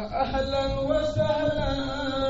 أهلا وسهلا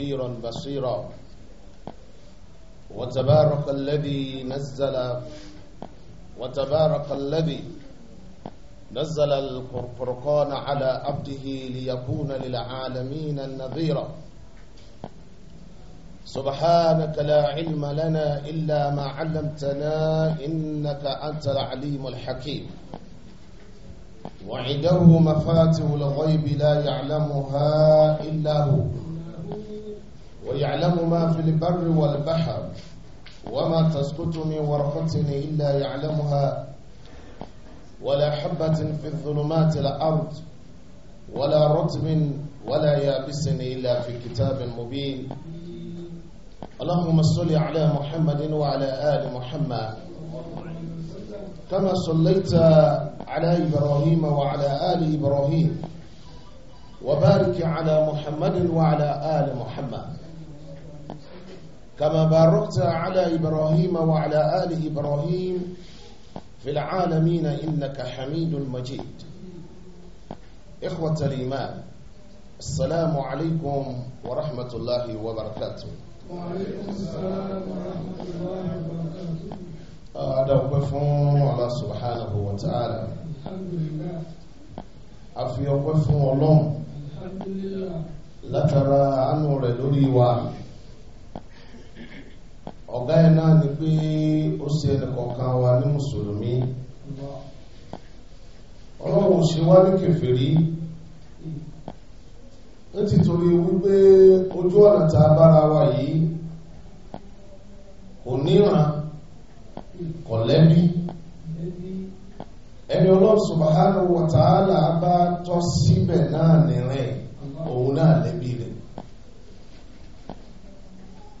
خبيرا بصيرا وتبارك الذي نزل وتبارك الذي نزل القرقان على عبده ليكون للعالمين نذيرا سبحانك لا علم لنا إلا ما علمتنا إنك أنت العليم الحكيم وعده مفاتح الغيب لا يعلمها إلا هو ما في البر والبحر وما تسقط من ورقة إلا يعلمها ولا حبة في الظلمات الأرض ولا رطب ولا يابس إلا في كتاب مبين اللهم صل على محمد وعلى آل محمد كما صليت على إبراهيم وعلى آل إبراهيم وبارك على محمد وعلى آل محمد كما باركت على إبراهيم وعلى آل إبراهيم في العالمين إنك حميد مجيد إخوة الإيمان السلام عليكم ورحمة الله وبركاته وعليكم السلام ورحمة الله وبركاته أدعو بفون الله سبحانه وتعالى الحمد لله أفي بفون الله الحمد لله لترى أنه لدري واحد ọ̀gá ẹ̀ náà ni pé ó ṣe ẹnìkọ̀ọ̀kan wa ní mùsùlùmí ọlọ́run ṣe wá ní kèfèrí ó ti torí wípé ojú ọ̀nà tá a bára wa yìí kò níran kò lẹ́bí ẹni ọlọ́run subhanahu wa bá tọ́ síbẹ̀ náà nìrìn òun náà lẹ́bí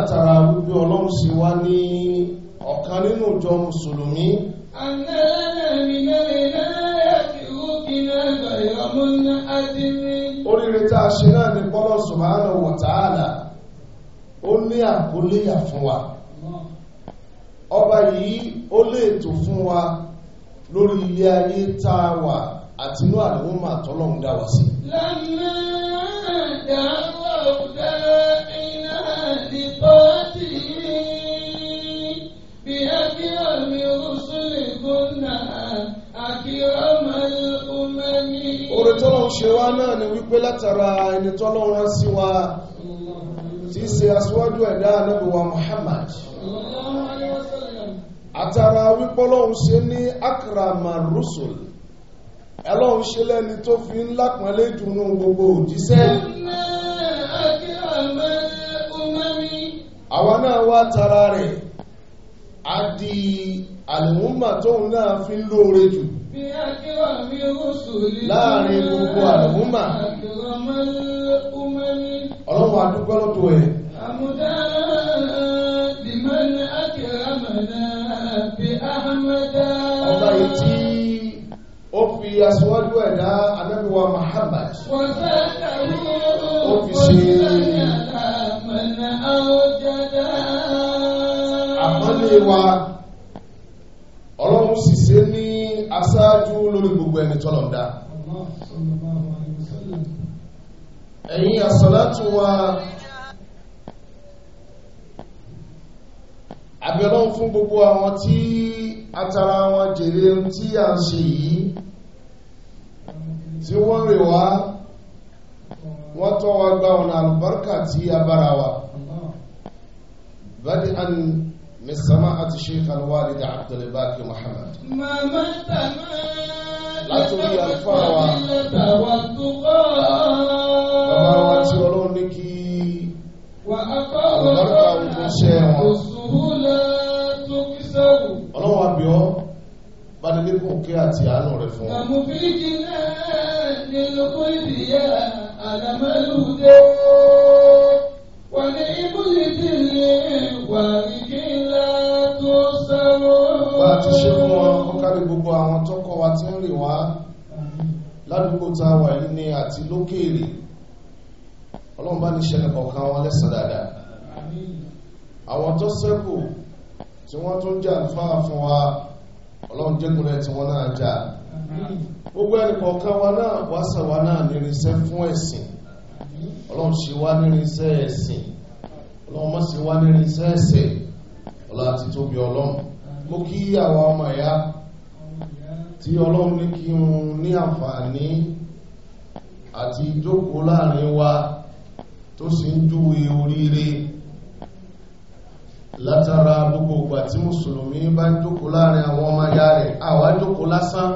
látara wípé ọlọ́run sì wá ní ọ̀kan nínú ìjọ mùsùlùmí oríire tá a ṣe náà ní bọ́lọ̀ subhanahu wa ta'ala ó ní àkóléyà fún wa ọba yìí ó lè tó fún wa lórí ilé ayé tá a wà àtinú àdéhùn màtọ́lọ́hún dá sí. lánàá dáhùn. ṣe wá náà ni wípé látara ẹni tọ́lọ́wọ́n sí wa tí ṣe aṣíwájú ẹ̀dá Ànábì Muhammad àtara wípé ṣe ní akrama rusul Ọlọ́run ṣe lẹ́ni tó fi ń lápọ̀nlé dùnú gbogbo òjíṣẹ́ àwa náà wá tara rẹ̀ a àlùmúmà tóun náà fi ń lóore jù láàrin gbogbo àlùmúmà ọlọ́run adúgbọ́ lọ́tọ̀ ẹ̀ ọba ìtí ó fi aṣíwájú ẹ̀dá anábíwá Muhammad ó fi ṣe àpọ́lé wa ọlọ́run sì ṣe ní aṣáájú lórí gbogbo ẹni tọ́lọ̀ dá ẹ̀yìn àsọ̀látù wa àbẹ̀lọ́n fún gbogbo àwọn tí atara wọn jèrè tí a ń ṣe yìí tí wọ́n rè wá wọ́n tọ́ wa gba ọ̀nà àlùbáríkà tí a bára wa bá di àni من سماعة الشيخ الوالد عبد الباقي محمد ما مات لا تولي الفاوى bàbá wa tí ọlọ́run ní kí àlùbáríkà ogun ṣe wọn ọlọ́run àbíọ́ bánilékùn kí àti àánú rẹ̀ fún wọn. àmúfíjì náà nílùú kó ìdíyà àdàmẹ́lú dé. ti ṣe fún wọn kó kárí gbogbo àwọn tó kọ́ wa tí ń rìn wá ládùúgbò tá wà yìí ni àti lókèèrè ọlọ́run bá ní ṣẹlẹ̀ kọ̀ọ̀kan wọn lẹ́sàn dáadáa àwọn tó ṣẹ́kù tí wọ́n tún jà fáà fún wa ọlọ́run jẹ́kùn rẹ̀ tí wọ́n náà jà gbogbo ẹni kọ̀ọ̀kan wa náà wáṣà wa náà nírinṣẹ́ fún ẹ̀sìn ọlọ́run ṣe wá nírinṣẹ́ ẹ̀sìn ọlọ́run má ṣe wá nírinṣẹ́ ẹ̀sìn ọlọ́run àti tóbi ọlọ́run mo kí àwọn ọmọ ẹ̀yà tí ọlọ́run ní kí n ní àǹfààní àti ìjókòó láàrin wa tó sì ń júwe oríire látara gbogbo ìgbà tí mùsùlùmí bá ń jókòó láàrin àwọn ọmọ ẹ̀yà rẹ̀ àwa jókòó lásán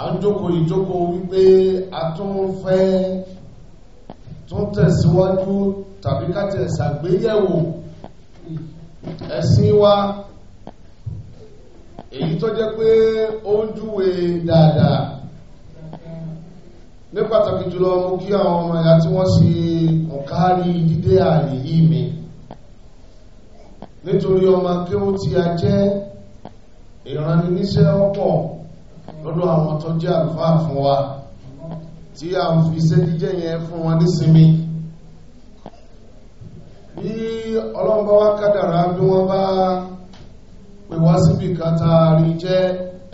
à ń jókòó ìjókòó wípé a tún fẹ́ tún tẹ̀síwájú tàbí ká tẹ̀sàgbéyẹ̀wò ẹ̀sìn wa èyí tó jẹ́ pé ó ń júwe dáadáa ní pàtàkì jùlọ mú kí àwọn ọmọ ìyá tí wọ́n sì ọ̀kárí dídé ààyè yìí mi nítorí ọmọ kí ó ti a jẹ́ ìrànníníṣẹ́ ọ̀pọ̀ lọ́dọ̀ àwọn tó jẹ́ àlùfáà fún wa tí a ń fi iṣẹ́ jíjẹ́ yẹn fún wọn nísinmi bí ọlọ́mbá wá kádàrá bí wọ́n bá pè wá síbi kan taari jẹ́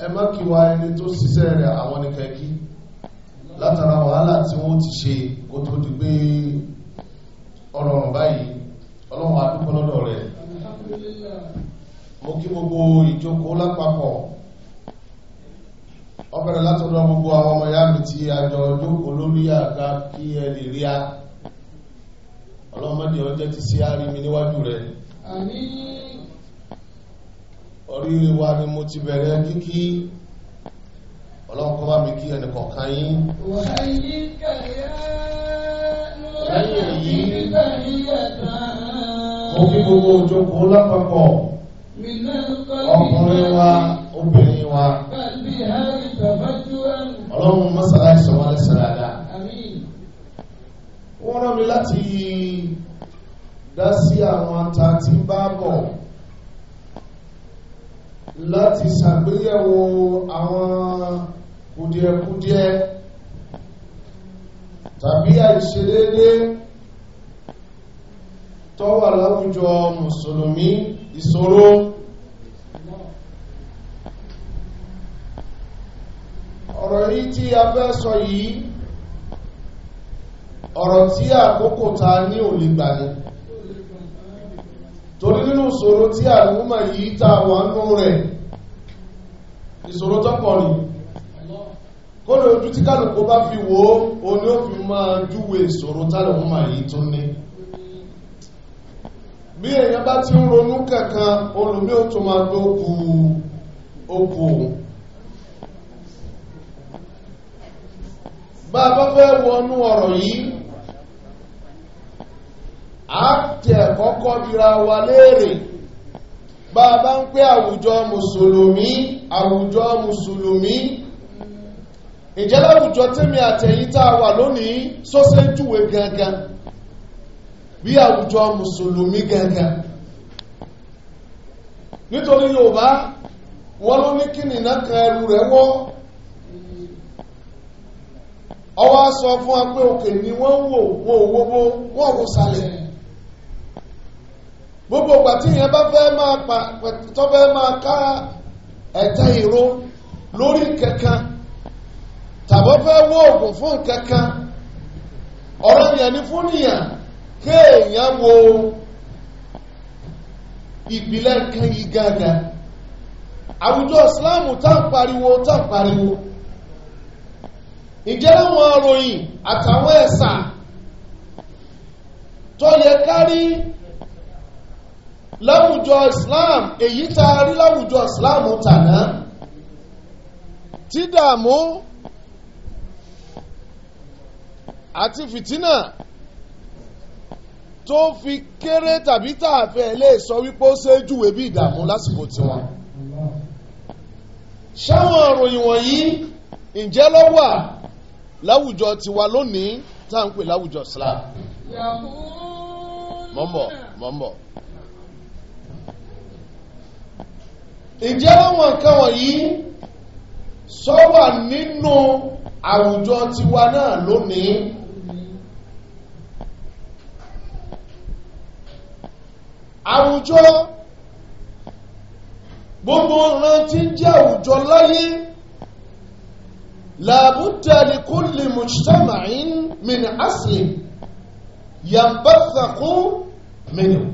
ẹ má kí wa ẹni tó ṣiṣẹ́ rẹ̀ àwọn nìkan kí látara wàhálà tí wọ́n ti ṣe kó tó di pé ọ̀rọ̀ báyìí ọlọ́run àdúgbò lọ́dọ̀ rẹ̀ mo kí gbogbo ìjókòó lápapọ̀ ọbẹ̀rẹ̀ látọ̀dọ̀ gbogbo àwọn ọmọ ya mi ti àjọ jókòó lórí àga kí ẹ lè rí a ọlọ́mọdé ọjọ́ ti sí àrí mi níwájú rẹ̀ oríire wa ni mo ti bẹ̀rẹ̀ kíkí ọlọ́run kọ́ bá mi kí ẹnì kọ̀ọ̀kan yín. lẹ́yìn èyí mo kí gbogbo òjòkó lápapọ̀ ọkùnrin wa obìnrin wa ọlọ́run mọ́sálá ìṣọ̀wá lẹ́sẹ̀ dáadáa. wọ́n rán mi láti dá sí àwọn ata tí ń bá bọ̀ láti ṣàgbéyẹ̀wò àwọn kùdìẹ̀kùdìẹ tàbí àìṣedéédé tó wà láwùjọ mùsùlùmí ìṣòro ọ̀rọ̀ yìí tí a fẹ́ sọ yìí ọ̀rọ̀ tí àkókò ta ní ò torí nínú ìṣòro tí àrùnmọ̀ yìí ta wà nú rẹ̀ ìṣòro tọ́pọ̀ ni kódò ojú tí kálùkù bá fi wò ó ní ó fi máa júwe ìṣòro tálùmọ̀ yìí tún ní bí èèyàn bá ti ń ronú kankan olùmí ó tún máa dókù okù àjẹ́ kọ́kọ́ bíra wa léèrè bá bá ń pé àwùjọ mùsùlùmí àwùjọ mùsùlùmí wà lónìí sọ́sẹ́júwe gangan bí àwùjọ mùsùlùmí gangan nítorí Yorùbá wọ́n ló ní kí nìna kan ẹrù rẹ̀ wọ́ sọ fún ni wọ́n wò wọ́n wọ́n wọ́n wọ́n sálẹ̀ gbogbo ìgbà tí yẹn bá fẹ́ máa pa tó fẹ́ máa ká ẹ̀tẹ́ ìró lórí kankan tàbó fẹ́ wó fún kankan ọ̀rọ̀ yẹn ni fún kéèyàn wo ìpìlẹ̀ nǹkan yìí àwùjọ ìsìláàmù pariwo tá pariwo ìjẹ́ àwọn aròyìn àtàwọn ẹ̀sà tó yẹ láwùjọ Islam èyí tá a rí láwùjọ Islam tàná tí dààmú àti fìtínà tó fi kéré tàbí tààfẹ́ lè sọ wípé ó ṣe é júwe bí ìdààmú lásìkò tiwọn. ṣáwọn òròyìn wọ̀nyí ǹjẹ́ ló wà láwùjọ tiwa lónìí tá à ń pè láwùjọ Islam. mọ̀mọ̀ mọ̀mọ̀. ìjẹ́ àwọn nǹkan wọ̀nyí sọ́wà nínú àwùjọ tiwa náà lónìí àwùjọ gbogbo ọ̀ràn tí jẹ́ àwùjọ láyé làbúdà li kulli mujtama'in min aslim yàmbáfàkú mìíràn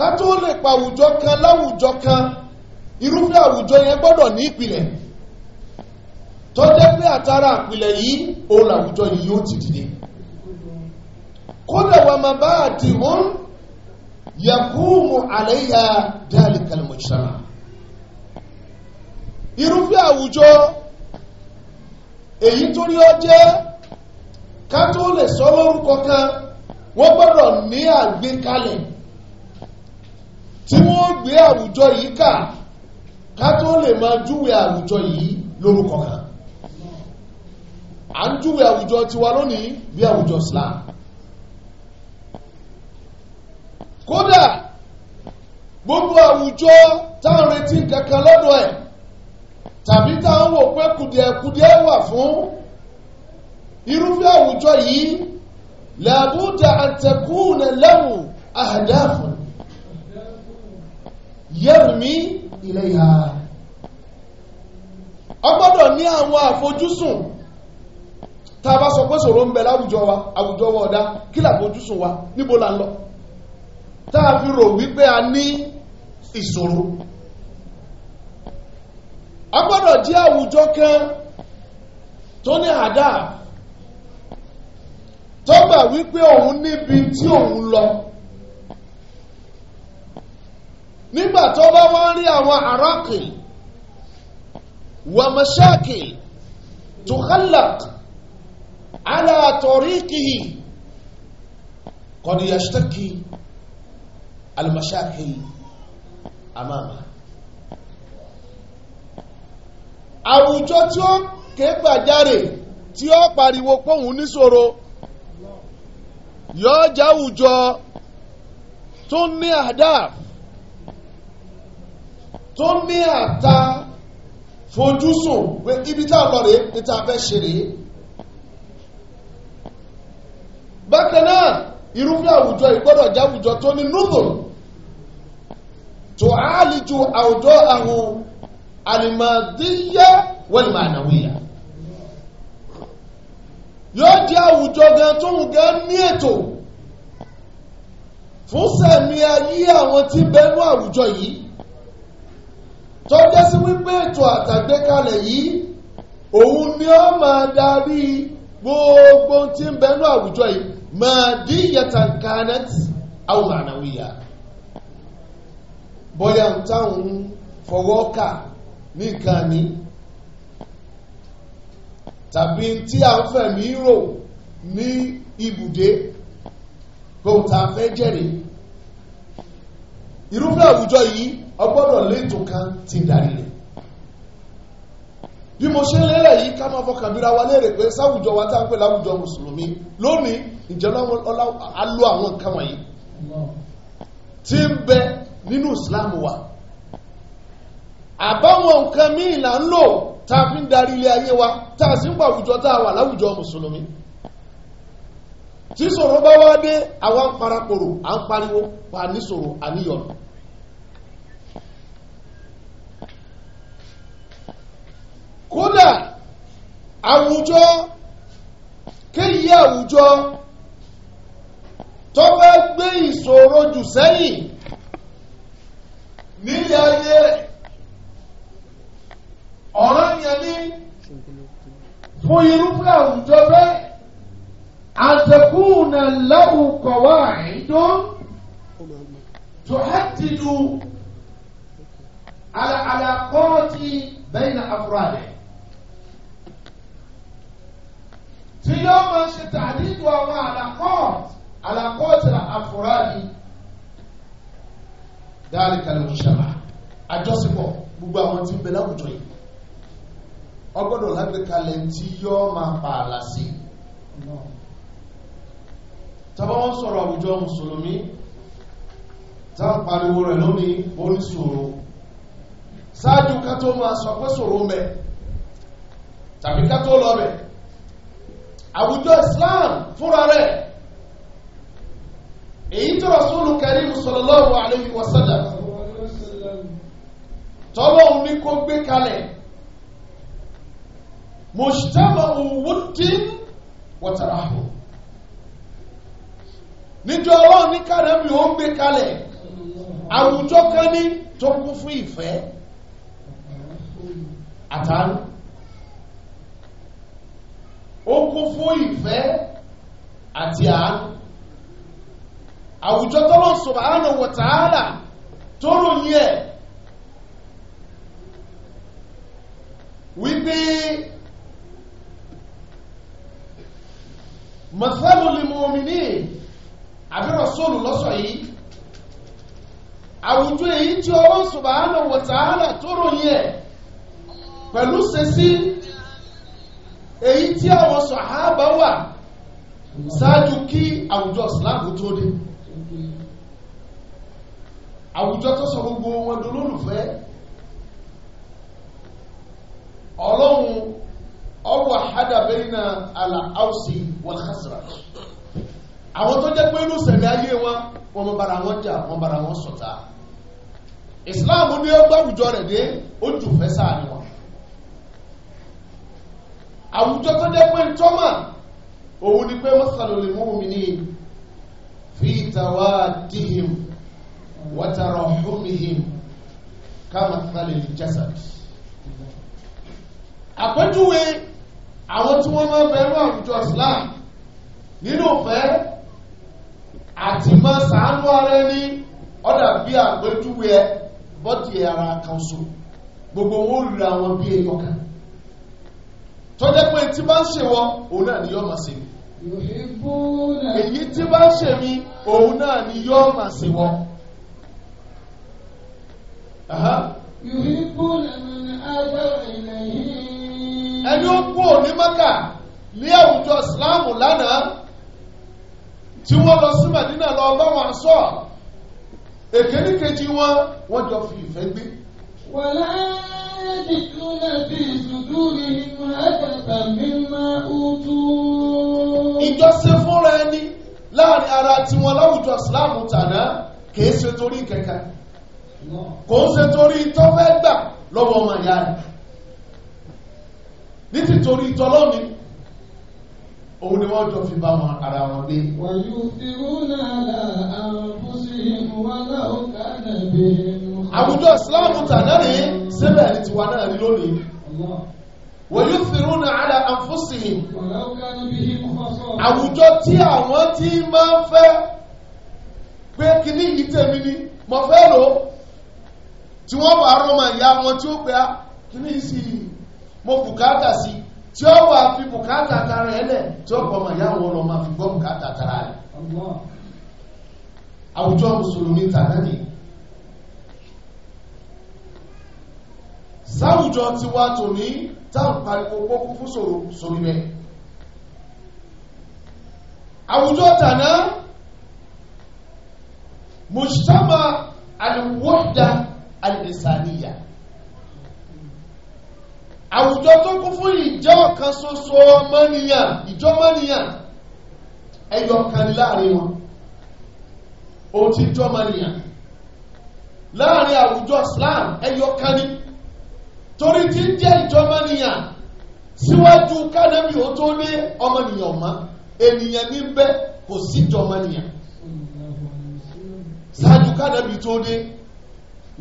ká tó lè pa àwùjọ kan láwùjọ kan irúfẹ́ àwùjọ yẹn gbọ́dọ̀ ní ìpìlẹ̀ tó jẹ́ pé àtàrà àpìlẹ̀ yìí òun làwùjọ yìí yóò ti dìde kódà wà máa bá àdìhún yakumu àlẹ́yà dáàlì kalmọ̀ṣára irúfẹ́ àwùjọ èyí tó rí ọ jẹ́ ká tó lè sọ lórúkọ kan wọ́n gbọ́dọ̀ ní àgbékalẹ̀ tí wọ́n gbé àwùjọ yìí kà ká tó lè máa júwe àwùjọ yìí lórúkọ kan à ń júwe àwùjọ tiwa lónìí bí àwùjọ Islam kódà gbogbo àwùjọ táwọn retí kankan lọ́dọ̀ ẹ̀ tàbí táwọn wò pé kùdìẹ̀kùdìẹ̀ wà fún irúfẹ́ àwùjọ yìí làbúdà àtẹkùn lẹ́wù àdáfù yẹ́rùmí ilẹ̀ ìhà ọgbọ́dọ̀ ní àwọn àfojúsùn ta bá sọ pé ṣòro ń bẹ láwùjọ wa àwùjọ wa ọ̀dá kí làfojúsùn wa níbo la ń lọ tá fi rò wípé a ní ìṣòro agbọ́dọ̀ jẹ́ àwùjọ kan tó ní àdá tó gbà wípé òun níbi tí òun lọ nígbà tó bá wá rí àwọn arákì wàmẹ́sàkì tukhalaq ala tariqihi qad yashtaki al-mashakil amama àwùjọ tí ó ké gbàjáre tí ó pariwo póhùn níṣòro yóò jáwùjọ tó ní àdáà tó ní àta fojúsùn pé ibi tá a lọ rèé ní tá a fẹ́ ṣe rèé bákan náà irúfẹ́ àwùjọ ìgbọ́dọ̀ jáwùjọ tó ní núdùn tó àálìjú àwùjọ àwọn àlìmọ̀díyẹ wẹ́lìmọ̀nàwíyà yóò jẹ́ àwùjọ gan tó ń gan ní ètò fún sẹ̀mí ayé àwọn tí bẹnu àwùjọ yìí tó jẹ́ sí wípé ètò àtàgbékalẹ̀ yìí òun ni ó máa darí gbogbo tí ń bẹnu àwùjọ yìí máa dí yẹta kanet àwọn ànáwìyà bóyá ń táwọn fọwọ́ kà ní nǹkan ní tàbí tí a ń fẹ̀mí rò ní ibùdé kò tá fẹ́ jẹ́rìí irúfẹ́ àwùjọ yìí ọgbọ́dọ̀ léètò kan ti darí rẹ̀ bí mo ṣe lélẹ̀ yìí ká máa fọkàn bíra wa léèrè pé sáwùjọ wa tá ń pè láwùjọ mùsùlùmí lónìí ìjọba alú àwọn nǹkan wọ̀nyí tí ń bẹ nínú ìsìláàmù wa àbáwọn nǹkan míì là ń lò tá a fi ń darí ilé ayé wa tá a sì ń pa tá a wà láwùjọ mùsùlùmí tí ṣòro bá wá dé àwọn ń parapòrò à ń pariwo pa níṣòro àníyọ̀nù kódà àwùjọ kéyìí àwùjọ tó fẹ́ gbé ìṣòro jù sẹ́yìn nílé ayé rẹ̀ yẹn ní fún irúfẹ́ àwùjọ bẹ́ẹ̀ àtẹkùnà lẹ́wù kọ̀wá àìdó tó hẹ́tìdù àlàkọ́ọ̀tì bẹ́yìn àfúrádẹ̀. tí yóò máa ṣe tàdídù àwọn àlàkọ́ọ̀tì àlàkọ́ọ̀tì àfúrádì dáàrí kalẹ̀ òṣìṣàlá àjọsìpọ̀ gbogbo àwọn tí ń bẹ láwùjọ yìí ọgbọ́dọ̀ lágbèkalẹ̀ tí yóò máa pààlà sí i tàbá wọ́n sọ̀rọ̀ àwùjọ mùsùlùmí tá ń pariwo rẹ̀ lónìí ó ní sòro ṣáájú ká tó máa sọ pé sòro mẹ́ tàbí ká tó lọ mẹ́ àwùjọ Islam fúnra rẹ̀ èyí tó Rasulu Karim sallallahu alaihi wasallam tọ́lọ́hun ní kó gbé kalẹ̀ mujtama'u wuddin wa tarahum níjọ́ ọlọ́run ní kàrẹ́mì ó ń gbé kalẹ̀ àwùjọ kan ní tó kún fún ìfẹ́ àtàánú ó kún fún ìfẹ́ àti àánú àwùjọ tọ́lọ́ subhanahu wa ta'ala tó ròyìn ẹ̀ wípé mathalu lil mu'minin àbírọ̀ sóòlù lọ́sọ̀ yìí àwùjọ èyí tí Allah subhanahu wa ta'ala tó ròyìn ẹ̀ pẹ̀lú sẹ́sí èyí tí àwọn sàhábà wà ṣáájú kí àwùjọ ìsìláàmù tó dé àwùjọ tó sọ gbogbo wọn dolólùfẹ́ ọlọ́run ọwọ́ àdàbẹ́yìn náà àlà áùsì wal khazraj àwọn tó jẹ́ pé inú sẹ̀lẹ̀ ayé wọn wọn bára wọn jà wọn bára wọn ṣọ̀tá ìsìláàmù ní ó gbáwùjọ rẹ̀ dé ó jù fẹ́ sáàrin wọn àwùjọ tó jẹ́ pé tọ́mà òun ni pé mọ́sàlù lè mú mi ní fi dìhìm wọ́tàrọ̀ fúnmihìm káàmà sálẹ̀ lè jẹ́sàd àpẹjúwe àwọn tí wọ́n máa bẹ̀rù àwùjọ islam nínú fẹ́ àtìmọ́ sàánú ara ẹni ọ̀dà bí àgbéjúwe ẹ bọ́dì ara kan so gbogbo wọn lura wọn bí èèyàn kan tó jẹ́ pé tí wọ ń ṣe wọn òun náà ni yọ́ máa ṣe mi èyí tí bá se ṣe mi òun náà ni yọ́ máa ṣe wọn. ẹni ó kú òní mọ́kà ní àwùjọ ìsìláàmù lánàá. tí wọ́n lọ sí Mẹ̀dínà lọ bá wọn sọ èké ní kejì wọn wọ́n jọ fi ìfẹ́ gbé. wàlá ẹ̀ẹ́dìkúnlẹ̀ bí ìsùdúrì ẹ̀ẹ́dẹ̀gbà mímọ́ ojú. ìjọsìn fúnra ẹni láàrin ara tiwọn láwùjọ ìsìláàmù tàná kìí ṣe torí kẹkẹ kò ń ṣe torí tọ́fẹ́ gbà lọ́wọ́ ọmọ ìyá rẹ̀ ní ti torí tọ́lọ́ni òun ni wọ́n jọ fi bá wọn ara wọn gbé. wọ́n yóò fi rúnà àwọn fúnṣe wọn náà ó ká nàbẹ̀. àwùjọ ìsìláàmù tàná rí síbẹ̀ ní tiwa náà rí lónìí. wọ́n yóò fi rúnà àlà àǹfọ̀sìn. àwùjọ tí àwọn tí máa ń fẹ́ pé kíní yìí tèmi ni mo fẹ́ lò tí wọ́n bá rọ́mọ ìyá wọn tí ó pẹ́ kíní yìí sì mo bùkátà sí i tí ó wà fi bùkátà tara ẹ lẹ tí ó pọmọ ìyá àwọn ọlọmọ fi gbọ́ bùkátà tara rẹ àwùjọ mùsùlùmí tànàní sáwùjọ ti wá tòní táwọn pariwo gbókú fún sòrò sórí rẹ àwùjọ tàná mujtama al-wahda al àwùjọ tó kún fún ìjọ kan ṣoṣo ọmọnìyàn ìjọ ọmọnìyàn ẹyọ kan ní láàrin wọn ohun tí jọ ọmọnìyàn láàrin àwùjọ Islam ẹyọ kan ní torí tí ń jẹ́ ìjọ ọmọnìyàn síwájú kánẹ́bì ó tó ní ọmọnìyàn mọ́ ènìyàn ní bẹ́ kò síjọ ọmọnìyàn ṣáájú kánẹ́bì tó dé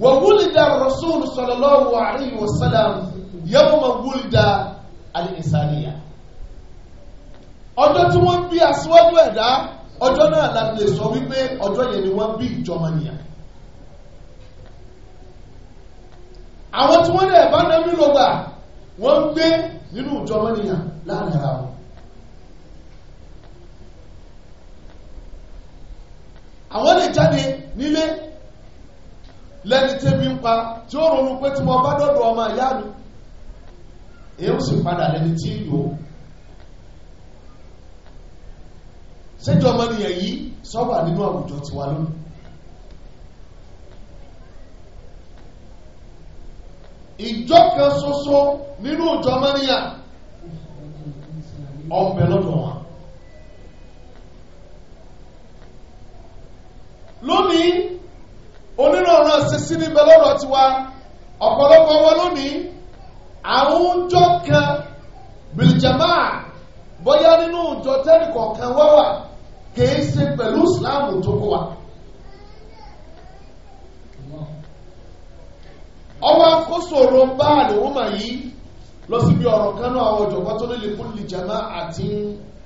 wọ̀wúlìdà Rasul sallallahu alaihi wasallam yawma wulida al-insaniya ọjọ́ tí wọ́n bí aṣíwájú ẹ̀dá ọjọ́ náà la lè sọ wípé ọjọ́ yẹn ni wọ́n bí ìjọmọnìyàn àwọn tí wọ́n lè bá nàmí lọ́gbà wọ́n ń gbé nínú ìjọmọnìyàn láàrin ara wọn àwọn lè jáde nílé lẹ́ni tẹ́bí ń pa tí ó ronú pé tí mo bá dọ́dọ̀ ọmọ ìyá mi èyí ó sì padà lẹni tí ń lò ó ṣéjọ ọmọnìyàn yìí sọ́wà nínú àwùjọ tiwa lónìí ìjọ kan ṣoṣo nínú ìjọ mọ́níyàn ọ̀bẹ lọ́dọ̀ wọn lónìí onírànràn sísí níbẹ̀ lọ́rọ̀ tiwa ọ̀pọ̀lọpọ̀ wọn lónìí àwọn ọjọ́ kan bìlìjàmá bóyá nínú ọjọ́ tẹ́lẹ̀ kọ̀ọ̀kan wá wà kìí ṣe pẹ̀lú ìsìláàmù tó kó wa. ọwọ́ akóṣòro báàlì wọ́n mà yí lọ síbi ọ̀rọ̀ kan náà àwọn ọ̀jọ̀gbọ́n tó lè kún lè àti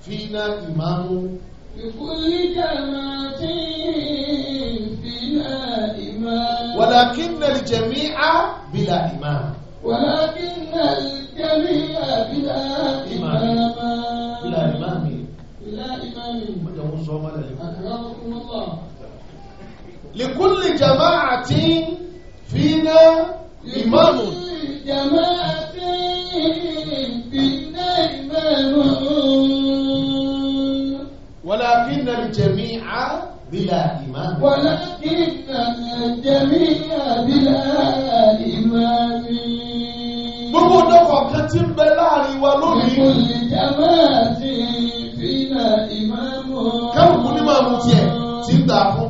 fínà ìmáàmù. ìkúlí jàmá tí fínà ولكن الجميع بلا إمام بلا إمام بلا إمام أكرمكم الله لكل جماعة فينا إمام لكل جماعة فينا إمام ولكن الجميع بلا إمام ولكن الجميع بلا tí ń bẹ láàrin wa lónìí. ìkùnlé jàmá àti ìfínà ìmáàmù. kẹ́rùkù ní máa mú tiẹ̀ tí ń tà fún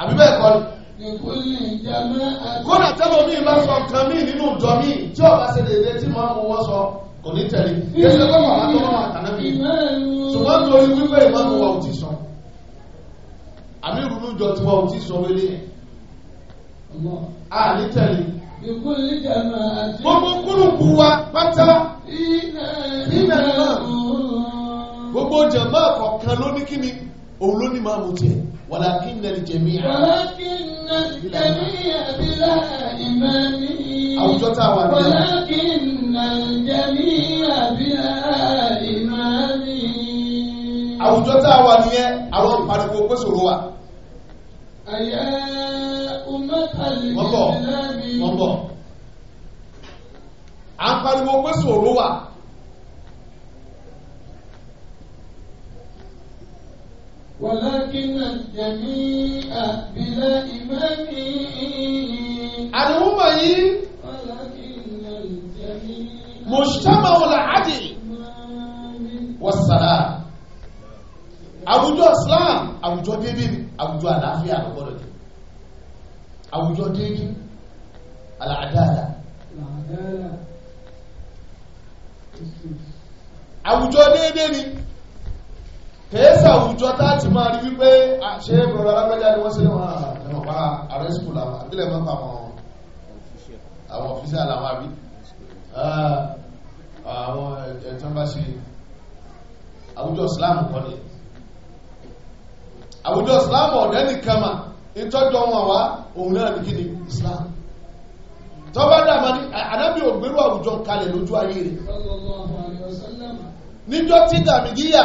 àbí bẹ́ẹ̀ kọ́ ni. ìkùnlé jàmá àti. kódà tẹ́lọ̀ mi bá sọ kan mí nínú ìjọ mi tí ọba ṣe lè dé tí màá mú wọ́n sọ kò ní tẹ̀lé. kẹ́sẹ̀ kọ́ màá tọ́ ṣùgbọ́n torí wípé ìmáàmù wa ò ti sọ. àmì ìrùnú ìjọ tiwa ò ti sọ Gbogbo kúrùkù wa pátá. Iná náà. Gbogbo jàmá kọ̀ọ̀kan ló ní kíni, òun ló ní máa mú tiẹ̀. Walakinna al-jami'a. Walakinna al-jami'a bila imani. Àwùjọ tá a wà ní. Walakinna al-jami'a bila imani. Àwùjọ tá a wà nìyẹn, àwọn pariwo pèsè òru wa. Àyà ummata al-Islam. wọ́n a à ń pariwo pé ṣòro wà ولكن الجميع بلا إمام àdìmúmọ̀ yìí mùsùlùmọ̀ wọlé àdì wọ́sàlá àwùjọ Islam àlàádáàlà. àwùjọ déédéé ni kèésà àwùjọ táàtì máa rí wípé ṣe é bọ̀rọ̀ alágbájá ni wọ́n ṣe wọn àtẹ̀wọ̀n pa ààrẹ skul àwọn àbílẹ̀ mọ́ pàmò àwọn ọ̀fíṣẹ́ àlàwọn àbí ah, àwọn ẹ̀tọ́ bá ṣe àwùjọ Islam kọ́ ni àwùjọ Islam ọ̀dẹ́ nìkan mà ìtọ́jọ́ wọn wá òun náà ní kí Islam tọ́ba dàmà ní ànábì ògbérú àwùjọ kalẹ̀ lójú ayé rẹ̀ níjọ́ tí dàmìgíyà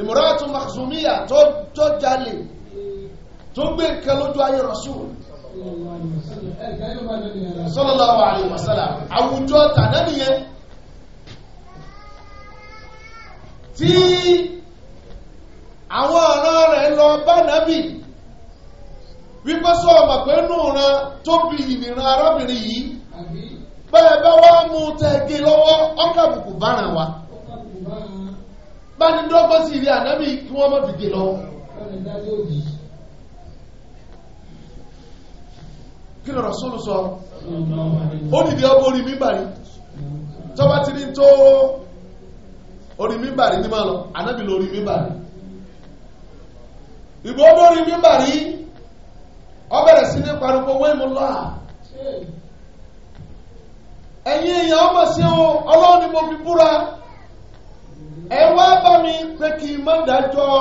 ìmọ̀ràn tó Makhzumiyya tó jalè tó gbé nǹkan lójú ayé Rasul sallallahu alaihi wasallam àwùjọ tàná nìyẹn tí àwọn ọ̀rọ̀ rẹ̀ lọ bá nàbì wípé sọ ọmọ pé nù ran tó bi ìnìran arábìnrin yìí bẹ́ẹ̀ bá wá mú tẹ́gẹ́ lọ́wọ́ ọkàbùkù bára wa bá ní dọ́gbọ́n sí ilé ànábì kí wọ́n mọ́ dìde lọ́wọ́ kí lọ́rọ̀ sọ ó dìde orí ti ní tó orí ní lọ ànábì lórí orí ọ bẹ̀rẹ̀ sí ní pariwo wẹ́ẹ̀mù ẹ̀yin èèyàn ọmọ sí o ọlọ́run ni mo fi búra ẹ wá bá mi pé kí n má dájọ́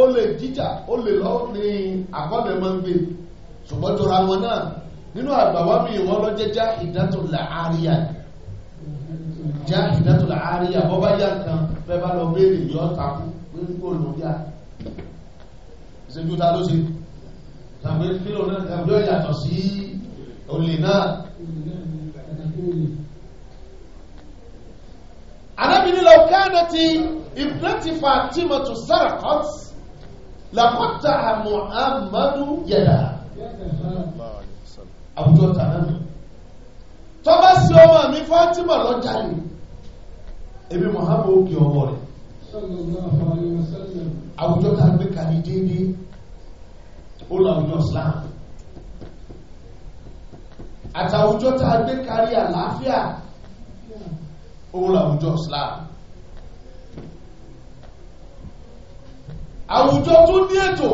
olè jíjà olè lọ ní àkọ́bẹ̀ máa ń gbé ṣùgbọ́n tó ra wọn náà nínú àgbàwá mi ìwọ́n lọ jẹ́ já ìdátò já ìdátò làáríyà bọ́ bá yá nǹkan fẹ́ bá lọ béèrè yọ takú pé kó lòó yá ìṣèjú ta ló ṣe tàbí kílò náà tàbí ọ̀yàtọ̀ sí olè náà arábìnrin lọ káàdà ti ìbìrẹ́tìfà tí mo tún sára kọ́t làkọ́ta àmọ́ àmọ́dú yẹ̀dà àwùjọ tàbí tọ́bá sí ọmọ mi fátímà lọ́jà ni ebi Muhammadu òkè ọmọ rẹ̀ àwùjọ tàbí kàní déédéé ó láwùjọ Islam àtàwùjọ tá a gbé kárí àlàáfíà ó láwùjọ Islam àwùjọ tó ní ètò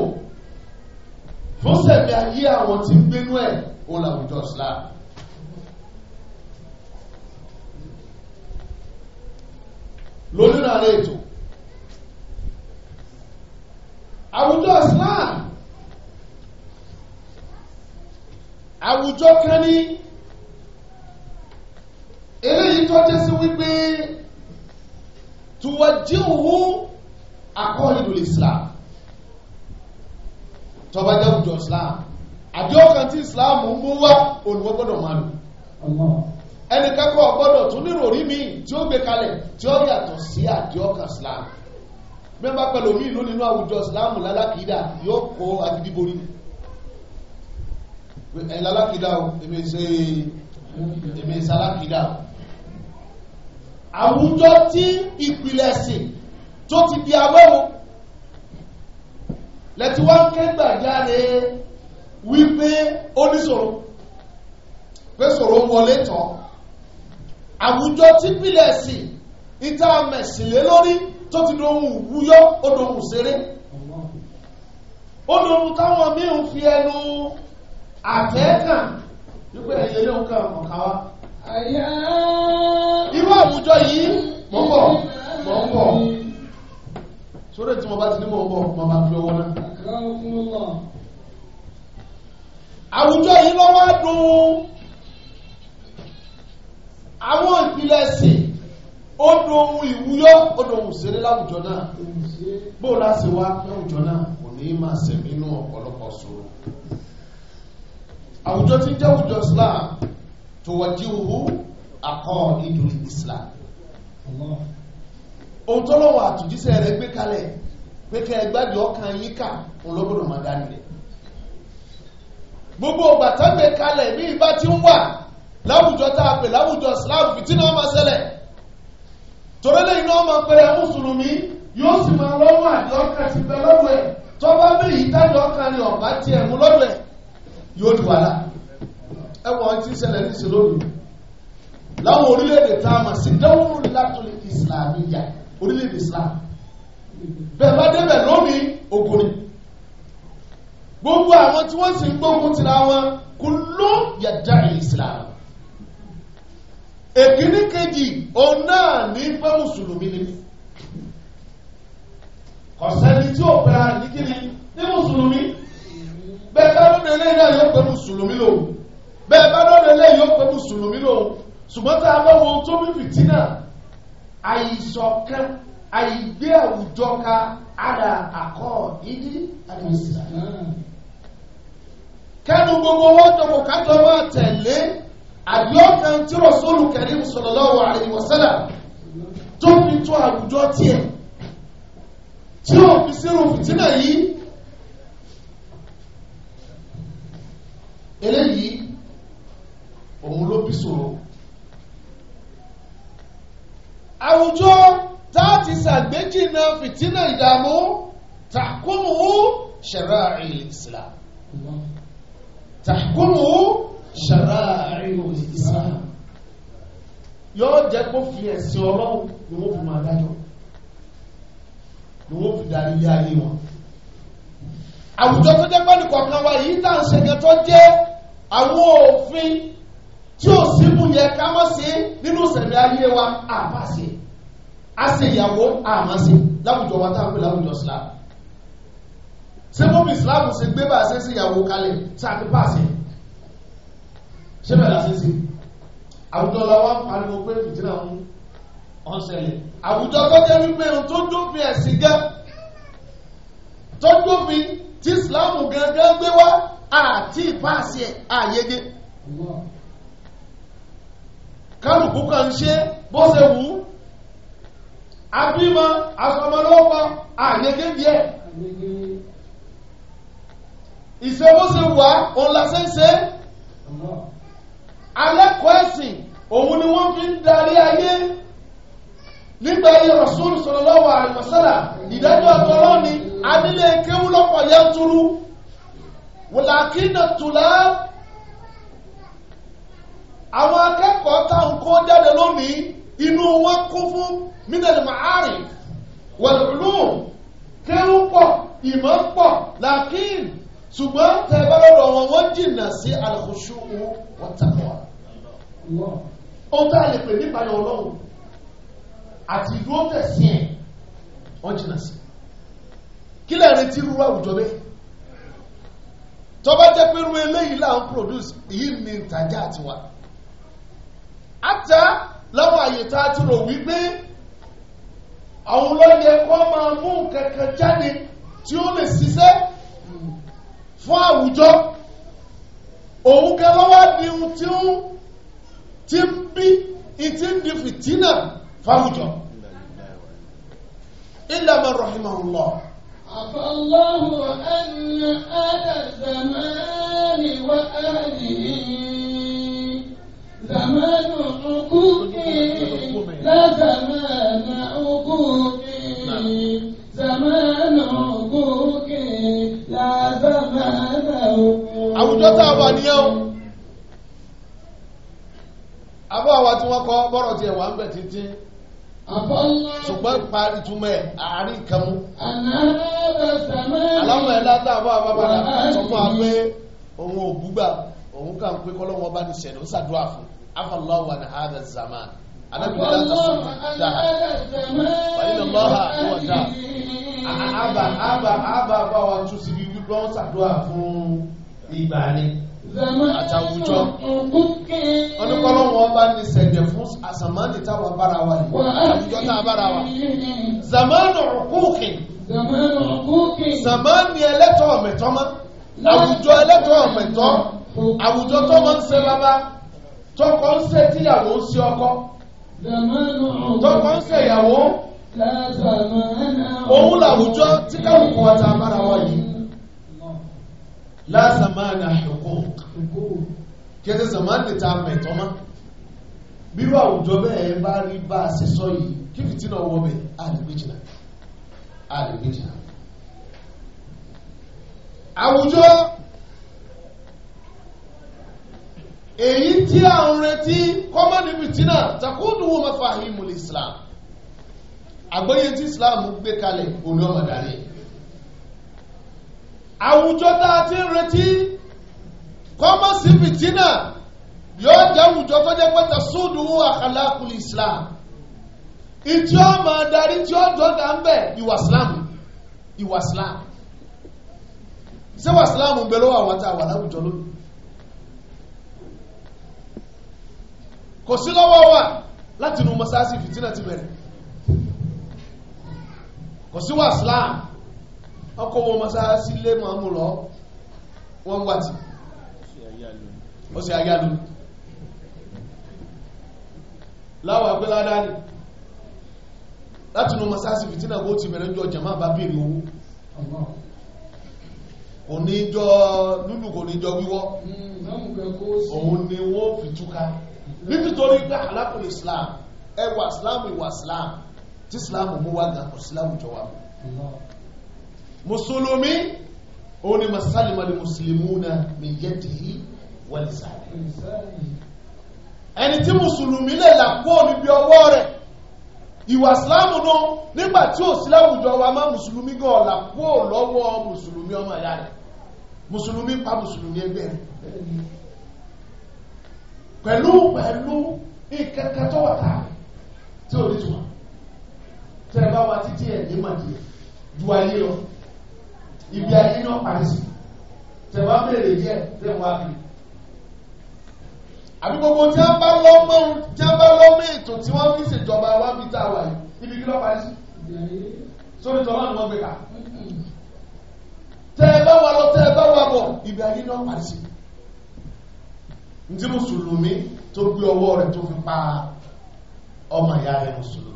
fún sẹ̀mí ayé àwọn tí ń gbénú ẹ̀ ó láwùjọ Islam lónìí náà lè ètò àwùjọ Islam àwùjọ kan ní eléyìí tó jẹ́ sí wípé tuwajihu akọ́lìdùl islam tọba jẹ́ àwùjọ islam àjọ́kan tí islam mú wá olùwọ́ gbọ́dọ̀ máa lò ẹnikẹ́kọ̀ọ́ gbọ́dọ̀ tún níròrí mi tí ó gbé kalẹ̀ tí ó yàtọ̀ sí àjọ́kan islam mẹ́mbà pẹ̀lú mi ìlú nínú àwùjọ islam lálákìídà yóò kó agidíborí ni ẹ̀yìn alákìdá o èmi ṣe èmi ṣe alákìdá o àwùjọ tí ìpìlẹ̀ sìn tó ti di awẹ́wò lẹ́tí wọ́n kẹ́gbàjáde wípé oníṣòro pé ṣòro wọlé tán àwùjọ tí ìpìlẹ̀ sìn ìta mẹ̀sìnlẹ̀ lórí tó ti dohun wúyọ́ ó dohun ṣeré ó dohun táwọn míì ń fi ẹnu àtẹ́ẹ̀kàn wípé ẹ̀yẹ ní ọkàn ọ̀kan wa. irú àwùjọ yìí mọ̀ ń bọ̀ mọ̀ ń bọ̀ sórí tí mo bá ti ní mọ̀ ń bọ̀ mo máa fi owó náà. àwùjọ yìí lọ́wọ́ dùn àwọn ìpìlẹ̀ ẹ̀sìn odò ohun ìwúyọ́ odò ohun ìṣeré láwùjọ náà bó láti wá láwùjọ náà kò ní máa sẹ̀mí inú ọ̀pọ̀lọpọ̀ sọ àwùjọ tí jẹ́ àwùjọ islam tó wájú owó àkọ́ ìdù islam ohun tó lọ́wọ́ àtúnjíṣẹ́ rẹ̀ gbé kalẹ̀ pé kẹ́ ẹgbàjọ ọkàn yíká olóbòdò máa dání rẹ̀ gbogbo ògbàtàgbé kalẹ̀ ní ìbá tí ń wà láwùjọ tá a pè láwùjọ islam fìtí náà máa ṣẹlẹ̀ torílẹ̀ iná máa pẹ̀lẹ̀ mùsùlùmí yóò sì máa lọ́wọ́ àjọ ọkàn ti bẹ lọ́wọ́ ẹ̀ tọ́ bá bí ìdájọ́ ọkàn ni ọ̀bá tiẹ̀ mú lọ́dọ̀ ẹ̀ yóò di wàhálà ẹwọ̀n tí ṣẹlẹ̀ ní ìṣòro yìí láwọn orílẹ̀-èdè tá a mọ̀ sí dáwọ́ látọ̀lẹ̀ ìsìlámíyà orílẹ̀-èdè islam bẹ́ẹ̀ bá débẹ̀ lónìí ògùnrin gbogbo àwọn tí wọ́n sì ń gbógun tira wọn kò ló yàjà islam èkíní kejì òun náà ní pé mùsùlùmí ni kọ̀sẹ́ni tí ò pẹ́ra ní kíni ní mùsùlùmí bẹ́ẹ̀ bá lọ́dọ̀ eléyìí náà yóò pé mùsùlùmí lòun bẹ́ẹ̀ bá lọ́dọ̀ eléyìí yóò pé mùsùlùmí lòun ṣùgbọ́n tá a bá wo tó bí fìtínà àìṣọ̀kan àìgbé àwùjọ ka ara àkọ́ ìdí àdìsí. tí Rasulu sallallahu alaihi wasallam tó fi tó àwùjọ tiẹ̀ tí ò fìtínà yìí. eléyìí òun ló bí sòrò àwùjọ táàtì sàgbéjìnà fìtínà ìdààmú tàkùnù ṣẹ̀ráàrí islam tàkùnù ṣẹ̀ráàrí islam yóò jẹ́ kó fi ẹ̀sìn ọlọ́run ni wọ́n fi máa dájọ́ ni wọ́n fi darí ilé ayé wọn àwùjọ tó jẹ́ pẹ́lú kọ̀ọ̀kan wa yìí tá à ń ṣẹ̀gẹ́ tó jẹ́ àwọn òfin tí ò sí mú yẹ ká mọ́ sí nínú ìṣẹ̀lẹ̀ ayé wa àbá sí a sì ìyàwó àmá sí láwùjọ wa táwọn pè láwùjọ Islam ṣé bóbi Islam ṣe gbé bá ṣe sí ìyàwó kalẹ̀ sáàtì bá sí ṣé bẹ̀rẹ̀ la ṣe sí àwùjọ làwọn pariwo pé fìtínà ń ọ̀sẹ̀lẹ̀ àwùjọ tó jẹ́ wípé ohun tó dófin ẹ̀sìn gan tó dófin tí Islam gangan gbé wá àti ìpáàsì ẹ̀ àyege kálùkù kan ń ṣe bó ṣe wù ú abímọ asọmọlọ́pọ̀ àyege díẹ̀ ìṣe bó ṣe wà òun la ṣe ń ṣe alẹ́kọ̀ọ́ ẹ̀sìn òun ni wọ́n fi ń darí ayé nígbà ayé Rasul sallallahu alaihi ìdájọ́ àtọ́rọ́ ni anílé kéwú lọ́pọ̀ yẹn túrú wòlákínà tùlá àwọn akẹ́kọ̀ọ́ táwọn kó jáde lónìí inú wọn kún fún mínàlì màárì wẹ̀lú kéwù pọ̀ ìmọ̀ pọ̀ làkín ṣùgbọ́n tẹ̀bá wọn wọ́n jìnnà sí àlùkùṣù wọn tàkọ̀ ó tá a lè pè nípa yọ ọlọ́run àti ìlú tẹ̀sí ẹ̀ wọ́n jìnnà sí kí lẹ́ẹ̀rin tí irú tó bá jẹ́ pé irú eléyìí là ń produce èyí ni ìtajà tiwa àtà láwọn àyè tá a ti rò wípé àwọn olóyè kọ́ máa mú nǹkan kan jáde tí ó lè ṣiṣẹ́ fún àwùjọ òun kan lọ́wọ́ ni ohun tí ó ti ń bí ìtí ń di fìtínà fáwùjọ. illa man rahimahullah. عفى الله أن أهل الزمان وأهله زمان عقوقي لا زمان عقوقي زمان عقوقي لا زمان عقوقي àwùjọ tá a wà nìyẹn o abọ́ àwa tí wọ́n kọ́ bọ́rọ̀ tiẹ̀ wà ń bẹ̀ títí ṣùgbọ́n parí túmọ̀ ẹ̀ àárín kan mú. aláwọ̀ ẹ̀ látà bá a bá padà sọ fún wa pé òun ò búgbà òun kà ń pé kọ́lọ́wọ́n bá ní sẹ̀dọ̀ ó ṣàdúrà fún afọláwà ní hàdà zaman alábìlá tasuma dáhà wàyí lọ́hà wọ̀ dá àbà àbà àbà bá wa tún síbi wípé wọ́n ṣàdúrà fún ìgbà ni àtàwùjọ ọlọ́pọ̀lọ́wọ́ ọba ní sẹ̀dẹ̀ fún àsàmánì táwọn bára wa ní àwùjọ táwọn bára wa zamanu ọkùnkìn zamani ẹlẹ́tọ̀ ọ̀mẹ̀tọ́mọ́ àwùjọ ẹlẹ́tọ̀ ọ̀mẹ̀tọ́ àwùjọ tọ́mọ ń ṣe bàbá tọkọ ń ṣe tíyàwó ń ṣe ọkọ tọkọ ń ṣe ìyàwó òun làwùjọ tí káwọn kọ̀ ọ̀tà bára wa yìí lásàmánà àhùn kí ẹ tẹ̀sán máa ń lè ta mẹ̀tọ́ mọ́ bírú àwùjọ bẹ́ẹ̀ bá rí bá a ṣe sọ yìí kí fìtí náà wọ́ bẹ̀ àdìgbéjìnà àdìgbéjìnà àwùjọ èyí tí a ń retí kọ́mọ́ ní fìtínà takúnù wọn mẹ́fà ìmùlẹ̀ Islam àgbọ́yé tí Islam gbé kalẹ̀ olóòmọ̀dárí àwùjọ tá a ti ń retí kọ́mọ̀sì fìtínà yóò jẹ́ àwùjọ tó jẹ́ pẹ́tẹ́ súdù àkàlàkùn islam ìtí ó máa darí tí ó dọ́gà ń bẹ̀ ìwà islam ìwà islam ṣé wà islam ń bẹ lọ́wọ́ àwọn tá a wà láwùjọ lónìí kò sí lọ́wọ́ wa láti nu mọ́sáàsì fìtínà ti bẹ̀rẹ̀ kò sí wà islam ọkọ̀ wọn mọ́sáàsì lé mọ́ àmúlọ́ wọn wà tì í ó sì ayánu láwọn agbéládá ni láti nù masáàsì fìtínà bó ti bẹ̀rẹ̀ jọ jàmá bá bèèrè owó kò ní jọ lúlù kò ní jọ wíwọ́ òun ni wọ́n fi túká nítorí pé àlápùn Islam ẹwà Islam ìwà Islam tí Islam mú wá gan kò Islam jọ wà mùsùlùmí òun ni masálìmọ̀ ni mùsùlùmí náà mi yẹ́ dìí ẹni tí mùsùlùmí lè là kó níbi ọwọ́ rẹ̀ ìwà sílámù náà nígbà tí ò sí láwùjọ wa má mùsùlùmí gan ọ̀là kó lọ́wọ́ mùsùlùmí ọmọ ìyá rẹ̀ mùsùlùmí pa mùsùlùmí ẹgbẹ́ rẹ̀ pẹ̀lú pẹ̀lú ìkẹ́kẹ́ tó wà táà tí ò ní jùmọ̀ tẹ́ ẹ bá wa títí ẹ̀ ní màdìyẹ ju ayé lọ ibi ayé náà parí sí tẹ̀ wá bèèrè díẹ̀ tẹ̀ wá àbí gbogbo tí wọ́n bá lọ́mọ tí wọ́n bá lọ́mọ ètò tí wọ́n fi ṣèjọba wá bí tá a wà ibi kí lọ́ọ́ parí sí sórí tọ́lá ni wọ́n gbé kà tẹ́ ẹ bá wà lọ tẹ́ ẹ bá wà bọ̀ ibi ayé náà parí sí ntí mùsùlùmí tó gbé ọwọ́ rẹ̀ tó fi pa ọmọ ìyá rẹ̀ mùsùlùmí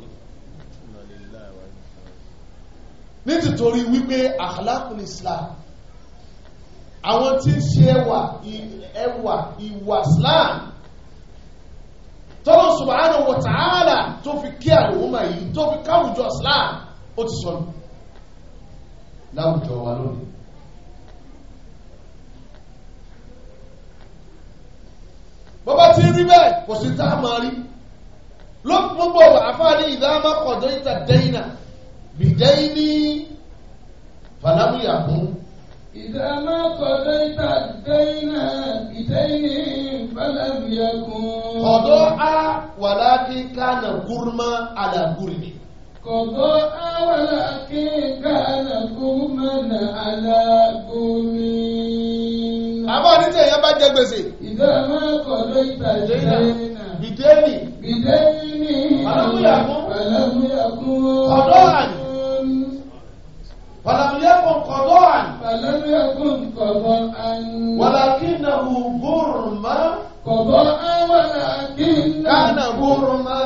nítorí wípé àhàlákùn Islam àwọn tí ń ṣe ẹwà ìwà Islam tọ́lọ́ subhanahu wa ta'ala tó fi kí àlòmà yìí tó fi káwùjọ islam ó ti sọnù láwùjọ wa lónìí bọ́bá tí rí bẹ́ẹ̀ kò sí tá a máa rí lọ́pọ̀lọpọ̀ àfáàní ìdáàmà kọ̀dọ̀ ìtàdẹ́yìnà bìdẹ́yìní fàlámù yàkún إذا ما قضيت الدين بدين فلم يكن قضاء ولكن كان غرما على غرم قضاء ولكن كان غرما على غرم àmọ́ ní tẹ̀yẹ́ bá jẹ gbèsè. ìdá máa kọ̀ ló ìgbà jẹ́nà. bìdẹ́nì. bìdẹ́nì. ọ̀dọ́ àná. فلم يكن قضاء فلم يكن قضاء ولكنه غرما قضاء ولكن كان غرما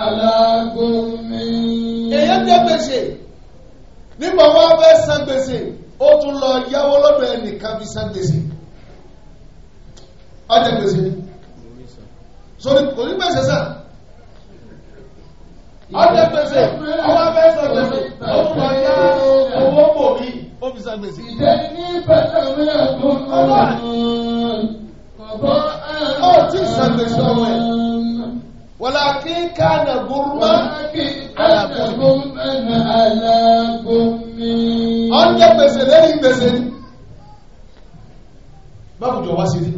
على غرم èyàn jẹ gbèsè nígbà wọn bẹ san gbèsè ó tún lọ yáwó lọ́dọ̀ ẹnìkan fi san gbèsè ọjọ gbèsè sórí kò ní gbèsè sàn ọjọ gbèsè ọwọ bẹ san gbèsè ó tún lọ yáwó ó fi sàgbèsí. ìjẹ́ ní bàtà mìíràn tó ń bọ̀ ọ̀bọ̀ àrùn. ó ti sàgbèsí ọmọ ẹ̀. walakin kana gurma alágúnmi. ọ̀n jẹ́ gbèsè lẹ́yìn gbèsè. báwo jọ wá sí rí.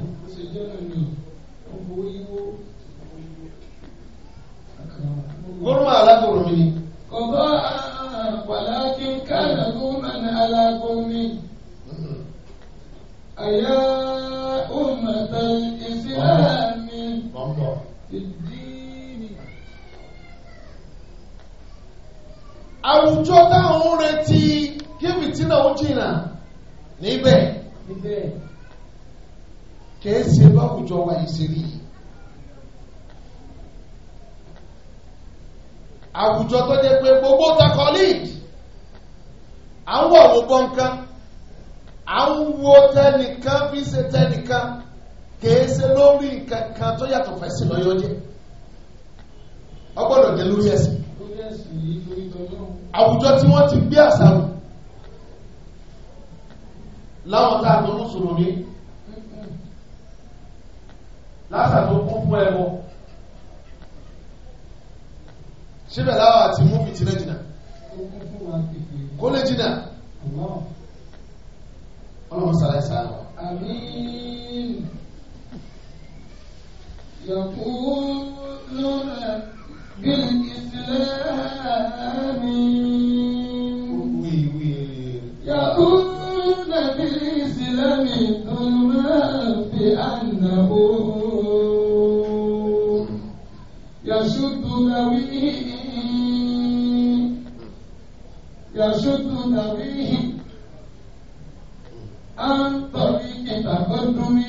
àwùjọ táwọn ń retí kí fìtínà ó jìnnà níbẹ̀ kìí ṣe wa ìṣèlú yìí àwùjọ tó jẹ́ pé gbogbo takọ́líìdì à ń wọ̀ wọ́n bọ́nkan à ń wo tẹnìkan fi ṣe tẹnìkan kìí ṣe lórí nǹkan tó yàtọ̀ fẹ́ sí lọ́yọ́ jẹ́ ọgbọ́dọ̀ jẹ́ lórí ẹ̀sìn àwùjọ tí wọ́n ti gbé àṣàrò láwọn tá a tó mùsùlùmí lásà tó kún fún ẹbọ síbẹ̀ láwọn àti mú mi jìnnà kó lè jìnnà ọlọ́run sàlẹ̀ sàlẹ̀. àmín yàtúwó lọ́rẹ̀. بالإسلام يأمن بالإسلام ظلما بأنه يشد نبيه يشد نبيه عن طريق تقدم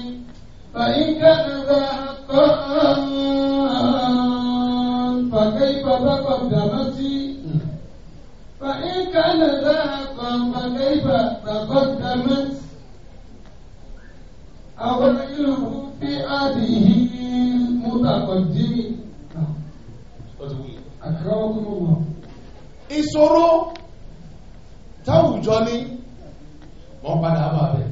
فإن كان ذا حقا كيف تقدمت فإن كان ذهبا فكيف تقدمت أو العلم في هذه المتقدم أكرمكم الله ìṣòro táwùjọ ní wọ́n padà bá rẹ̀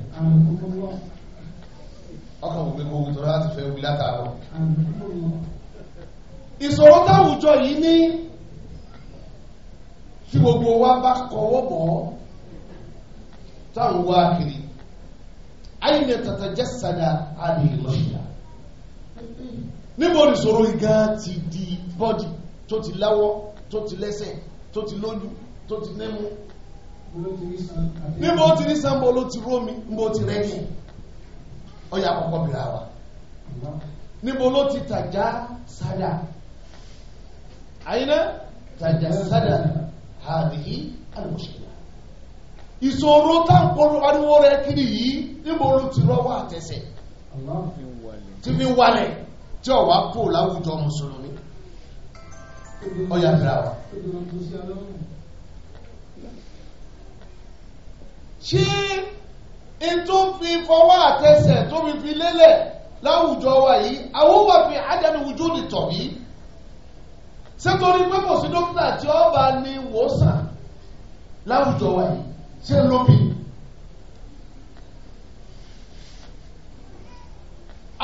ọkàn òpin kò wùtọ́ láti fẹ́ wí látàárọ̀ ìṣòro táwùjọ yìí ní tí gbogbo wa bá kọwọ́ bọ̀ táwọn wá kiri ayé tata jẹ́ sada àdé lọ́yà níbo ìṣòro ìgá ti di bọ́dì tó ti láwọ́ tó ti lẹ́sẹ̀ tó ti lójú tó ti nẹ́mú níbo ti ní sanbó ló ti rómi níbo ti rẹ́yìn ọyà àkọ́kọ́ bìrà wa níbo ló ti tàjá sada. أين تجسد هذه المشكلة ìṣòro táwọn ariwo rẹ̀ kiri yìí níbo ló ti rọ́wọ́ àtẹsẹ̀ tí fi wálẹ̀ tí ọ̀wá kò láwùjọ mùsùlùmí ọ̀yà bìrà wa. ṣé ètò fi fọwọ́ àtẹsẹ̀ tó fi fi lélẹ̀ láwùjọ wa yìí àwọn wà fi ádánu wùjú ni tọ̀bí ṣé torí pé kò sí dókítà tí ó bá ní wòsàn láwùjọ wa yìí ṣé lóbi.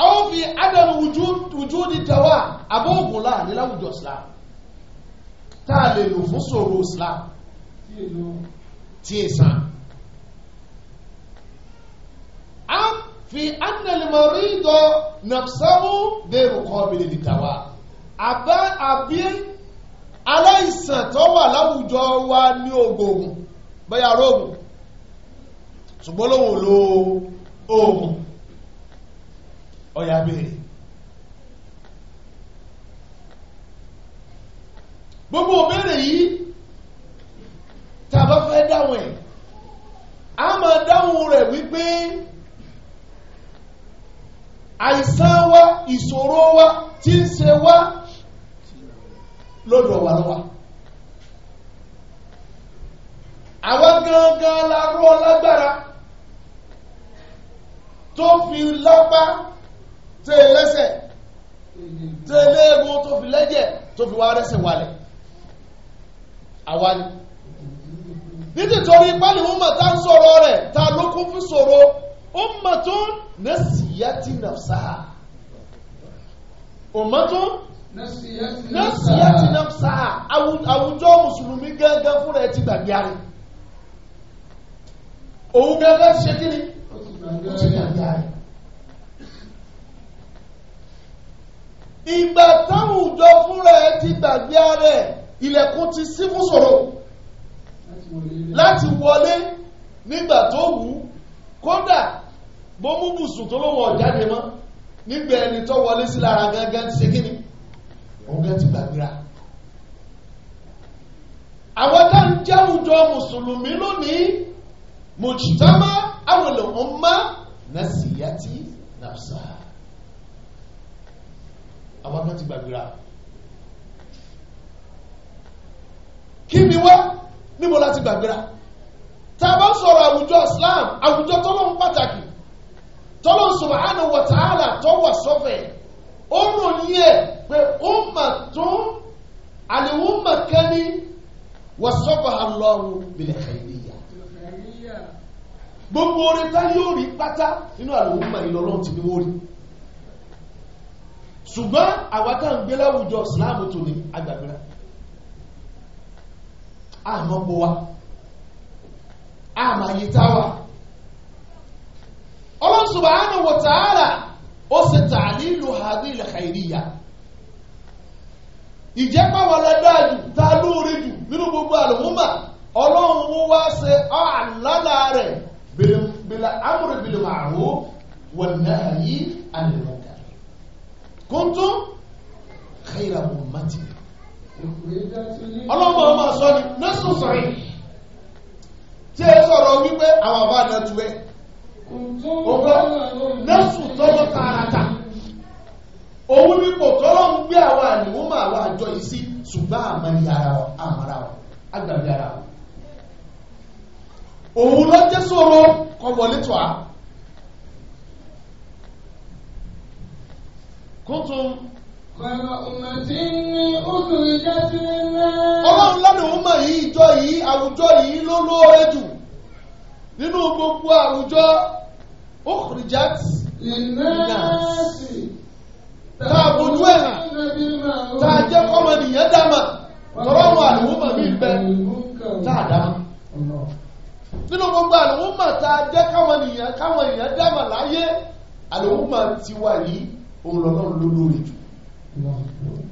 àwọn fi adam ojú ní tẹwà abóògùn láàrin láwùjọ Islam tá a lè lò fún sòrò Islam tí è sàn. a fi annal marido nafsahu bẹ́ẹ̀ rọ̀kọ́ bẹ́ẹ̀ ní tẹwà àbí aláìsàn tó wà láwùjọ wa ní ògògùn bẹ́yà rógùn ṣùgbọ́n lóhùn lo oògùn ọ̀yà béèrè gbogbo òbéèrè yìí tàbá fẹ́ dáhùn ẹ̀ a máa dáhùn rẹ̀ wípé àìsàn wa ìṣòro wa tí ń ṣe wá lọ́dọ̀ wà lọ́wà àwọn gangan la rọ́ tó fi lápá tẹ́ lẹ́sẹ̀ tẹ́ léegun tó fi lẹ́jẹ̀ tó fi wá rẹ́sẹ̀ nítìtorí pálí wọn mọ̀ tá ń sọ̀rọ̀ ta ló kún fún sọ̀rọ̀ ó mọ̀ tó nẹ́sìyá tí tó nẹ́sìyẹ́tì náà sáà àwùjọ mùsùlùmí gángan fúnra ẹ̀ ti gbàgbé ara òun gángan ti ṣe kí ni ó ti gbàgbé ara ìgbà táwùjọ fúnra ẹ̀ ti gbàgbé ara ilẹ̀kùn ti ṣí fún sọ̀rọ̀ láti wọlé nígbà tó wù ú kódà bó mú bùsùn tó lóun ọ̀jáde mọ́ nígbà ẹni tó wọlé sí lára gángan ti ṣe kí ni òun gẹ́ ti gbàgbéra àwọn tá ń jẹ́ àwùjọ mùsùlùmí lónìí mùjìtámá àwọn èèyàn má nasiyati nafsa àwọn kan ti gbàgbéra kí ni wá níbo láti gbàgbéra tá a bá sọ̀rọ̀ àwùjọ Islam àwùjọ tọ́lọ́ ń pàtàkì tọ́lọ́ subhanahu wa ta'ala tọ́wọ́ sọ́fẹ̀ẹ́. ó ròyìn ẹ̀ pé ó mà tó àlèwò mà kẹ́ni wàsọ́bà lọ́rùn bìlẹ̀ kàìlíyà gbogbo pata tá yóò rí pátá nínú àlèwò mà ìlọ́rùn ti ní wọ́n rí ṣùgbọ́n àwátá ń gbé láwùjọ ìsìláàmù tó ní agbàgbéra àmọ́gbò wa àmàyítáwà Allah subhanahu wa ó ṣe tàlílù hàbí ìlẹ̀kàìríyà ìjẹ́ pàwọ̀ lẹ́dáàjù tá a lóore jù nínú gbogbo àlùmúmà ọlọ́run ó wá ṣe àlálà rẹ̀ bèlè amúre bèlè màrú wọ̀n náà yí àlèmọ̀kà kúntún kẹ́yìrà mọ̀ mọ́tì ọlọ́mọ ọmọ sọ ni nẹ́sùn sọ̀rọ̀ tí ẹ sọ̀rọ̀ wípé àwọn àbá àdájú ẹ ọgbọ́ nẹ́sù tọ́lọ́ tààràtà òun ní kò tọ́lọ́ ń gbé ni àníwó mà àwọn àjọ yìí sí ṣùgbọ́n àmàlì ara wọn àmàrà wọn agbàgbé ara wọn òun lọ jẹ́ sọ̀rọ̀ kọ wọlé tó a kótó. ọlọ́run lọ́dún ó mọ̀ yìí ìjọ yìí àwùjọ yìí ló lóore jù nínú gbogbo àwùjọ ukhrijat linnasi tá a bójú ẹ̀ tá a jẹ́ kọ́mọ nìyẹn dáma tọ́rọ àwọn àlùmọ́ mi bẹ tá a dáma nínú gbogbo àlùmọ́ tá a jẹ́ káwọn ènìyàn káwọn ènìyàn dáma láyé àlùmọ́ ti wà yìí òun lólórí jù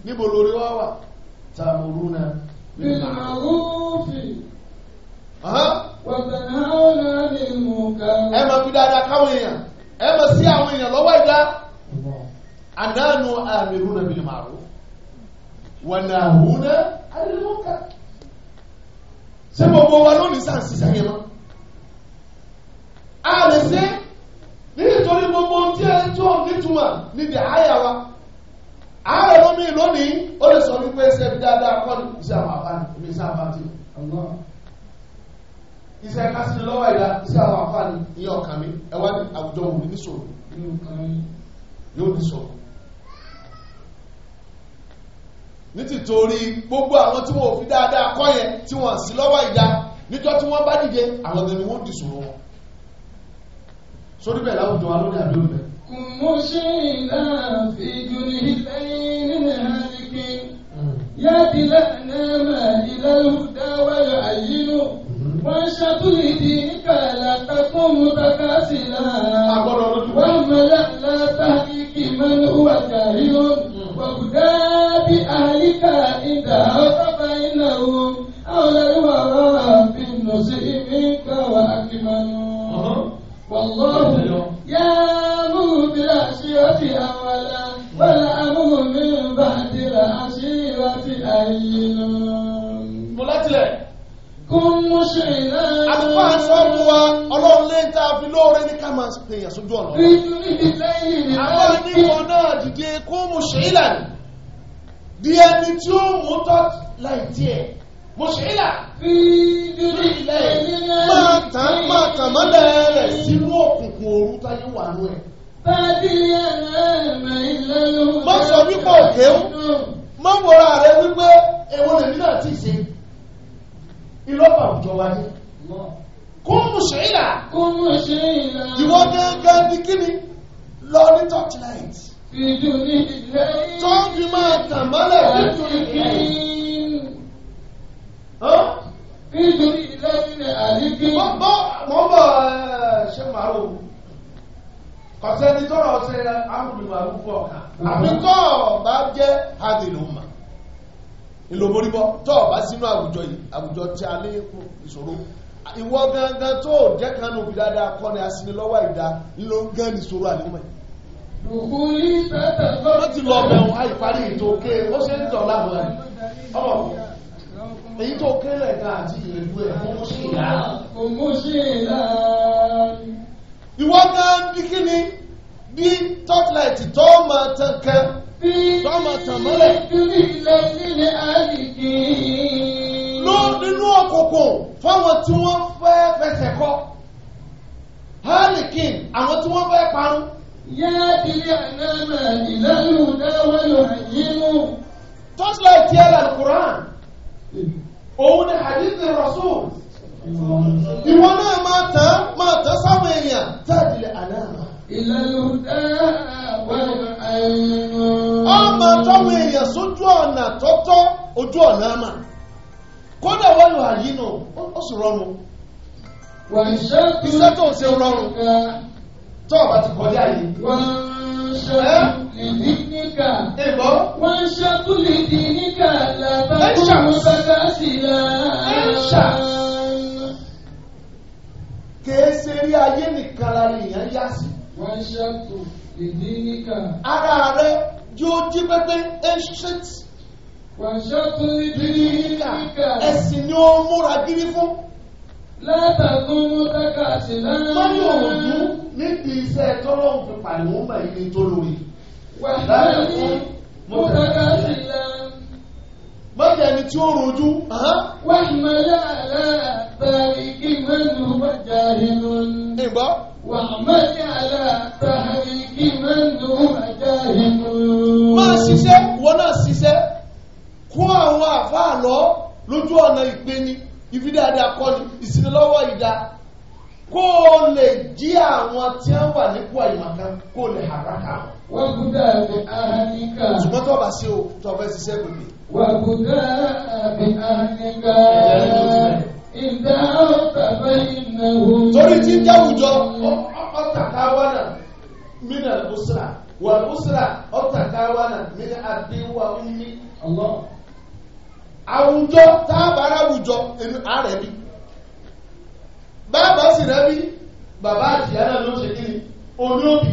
níbo lórí wá wà tá a mọ̀ rúnà. bí àwọn òfin. ẹ dada fi dáadáa káwọn èèyàn ẹ máa sí àwọn èèyàn lọ́wọ́ ìdá a àmìrúnà bil ma'ruf wa nahuna 'anil munkar ṣé gbogbo wa lónìí sàn sísẹ́ yẹn mọ́ a lè ṣe nítorí gbogbo tí ẹ tó nítumọ̀ níbi aya wa ààrẹ lómi lónìí iṣẹ́ kásí lọ́wọ́ ìdá iṣẹ́ àwọn àfáàní iye ọ̀kan mi ẹwà ní àwùjọ òun ní sọ̀rọ̀ nínú kan yóò ní sọ̀rọ̀ ní tìtorí gbogbo àwọn tí wọ́n fi dáadáa kọ́ yẹn tí wọ́n sí lọ́wọ́ ìdá níjọ́ tí wọ́n bá dìde àwọn ẹni wọ́n dì sọ̀rọ̀ wọn sórí bẹ́ẹ̀ láwùjọ wa lónìí àbí òbẹ̀. mo ṣe ìlànà ìjọ ní nínú وانشطوا دينك لا تكن متكاسلا وهم لا لا تهلك من هو كاره وابدا بأهلك إذا هوت فإنهم أولى الورى بالنصح منك وأكمل والله àdúgbò àṣọ mú wa ọlọ́run lé tá fi lóore ní ká máa pè yàn sójú ọ̀nà. àwọn oníwọ̀n náà dìde kó mú ṣe ìlànà di ẹni tí ó mú tọ́ láì díẹ̀ mọ̀ṣílá máa tàn máa tàn mọ́lẹ̀ rẹ̀ sínú òkùnkùn òru táyé wà ló ẹ̀. má sọ wípé òkè ń má wọra rẹ wípé èwo lèmi náà ti ṣe ìlọ́pàá òjò wa ní kúmù ṣílà kúmù ṣílà ìwọ gẹ́gẹ́ ní kíni lọ ní torchlight tó ń fi máa tàn mọ́lẹ̀ nítorí kíni nítorí ìlẹ́yìn àdíkí wọ́n bọ̀ ṣe màrò kọ̀sẹ́ni tọ́rọ̀ ṣe àwọn olùwàlúwọ̀ ọ̀ka mm-hmm. àbíkọ́ bá jẹ́ àdìlùmọ̀ ìlòmóríbọ́ tọ́ ọ̀bá sínú àwùjọ yìí àwùjọ tí a lé ìṣòro ìwọ gangan tó jẹ́ kanú bí dáadáa kọ́ ni asinilọ́wọ́ ìdá ló ń gán ìṣòro àlímọ̀ wọ́n ti lọ bẹ̀rùn àìparí ètò òkè ó ṣe ń tọ̀ láàmú ẹ̀ èyí tó kéré ẹ̀ka àti ìlú ẹ̀ kò mú sí ìlà kò mú sí ìlà ìwọ gan bí kíni bí tọ́tìláìtì tó máa tán tọ́mọ tàmọ́lẹ̀. ló nínú ọ̀kọ̀kọ̀ fáwọn tí wọ́n fẹ́ fẹsẹ̀ kọ harlequin àwọn tí wọ́n fẹ́ parun. yá ilé ànámà ìlànà náwó yòóyìnbó. tọ́sílẹ̀ tí ẹ lẹ́nu Quran òun ni hadith rasul ìwọ náà máa tán máa tán sáwọn èèyàn táàdì ànámà ọmọ tọ́wọ́ èèyàn sójú ọ̀nà tọ́tọ́ ojú ọ̀nà àmà kódà wọ́n lò àyí nù ó sì rọrùn iṣẹ́ tó ń ṣe rọrùn tó ọ̀bá ti kọjá yìí. kèé ṣe rí ayé nìkan lára èèyàn yá sí wọ́n ṣètò ìdí níkà. ara rẹ yóò jí pépé ancient. wọ́n ṣètò ìdí níkà. ẹ̀sìn ni ó múra gírí fún. látàkùn mọ́tàkà sí náà. sọ́ni òòjú níbi iṣẹ́ tọ́lọ́hùn pípa ni wọ́n bá yí ní tó lórí. wọ́n ṣètò mọ́tàkà sí náà mọ́jẹ̀ ni tí ó rojú. wàhálà àlàtàrí kí mẹ́nu bàjá inú. ìgbọ́. wàhálà àlàtàrí kí mẹ́nu bàjá inú. máa ṣiṣẹ́ wọ́n náà ṣiṣẹ́ kún àwọn àfáà lọ lójú ọ̀nà ìpeni ibi dáadáa kọ́ ni ìsinilọ́wọ́ ìdá kó o lè jí àwọn tí wọ́n wà nípò àyèmàkan kó o lè hàrákà. wọ́n gbúdọ̀ ní ahánìkà. ṣùgbọ́n tó o bá ṣe o tó o fẹ́ ṣiṣẹ́ gbèbè وبداء بأهلك إذا فبينهم torí tí jáwùjọ ọ̀tàkáwánà mínà ọ̀sùrà wà ọ̀sùrà ọ̀tàkáwánà mínà àdéhùwà ọ̀mí. àwùjọ tábàárà àwùjọ ẹnu ààrẹ bí bàbá sì rẹ bí bàbá àtìyá náà ló ṣe kí ni olóòbí.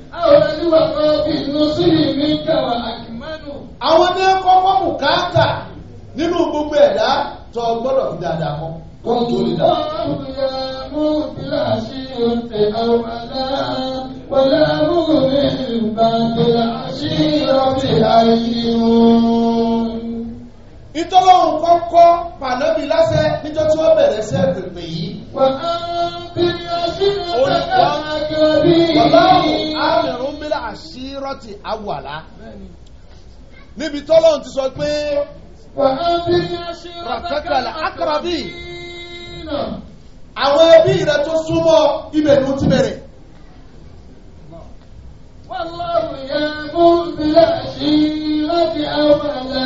àwọn ẹni wà fẹ́ bí nùsílì ní kàwà àkìmánù. àwọn ní kọ́kọ́ bùkátà nínú gbogbo ẹ̀dá tó gbọ́dọ̀ fi dáadáa kọ́ kó ń torí dá. ọlọ́run ya mú kíláàsì ọ̀tẹ̀ àwọn àdá wọlé àbúrò mi ìbàdàn àṣírí ọ̀tẹ̀ àyè ìtọ́lọ́hun kọ́kọ́ pànọ́bí lásẹ̀ níjọ́ tí wọ́n bẹ̀rẹ̀ sí ẹ̀pẹ̀pẹ̀ yìí. wọ́n á ń kiri ọṣìnà tẹ́lẹ̀ àjọbí. ọlọ́run àmìrún bílà àṣírọ́tì àwàlá. níbi tọ́lọ́hun ti sọ pé. àwọn ẹbí rẹ tó súnmọ́ ibẹ̀ ló ti bẹ̀rẹ̀. wọ́n lọ́rùn yẹn fún bílà àṣírọ́tì àwàlá.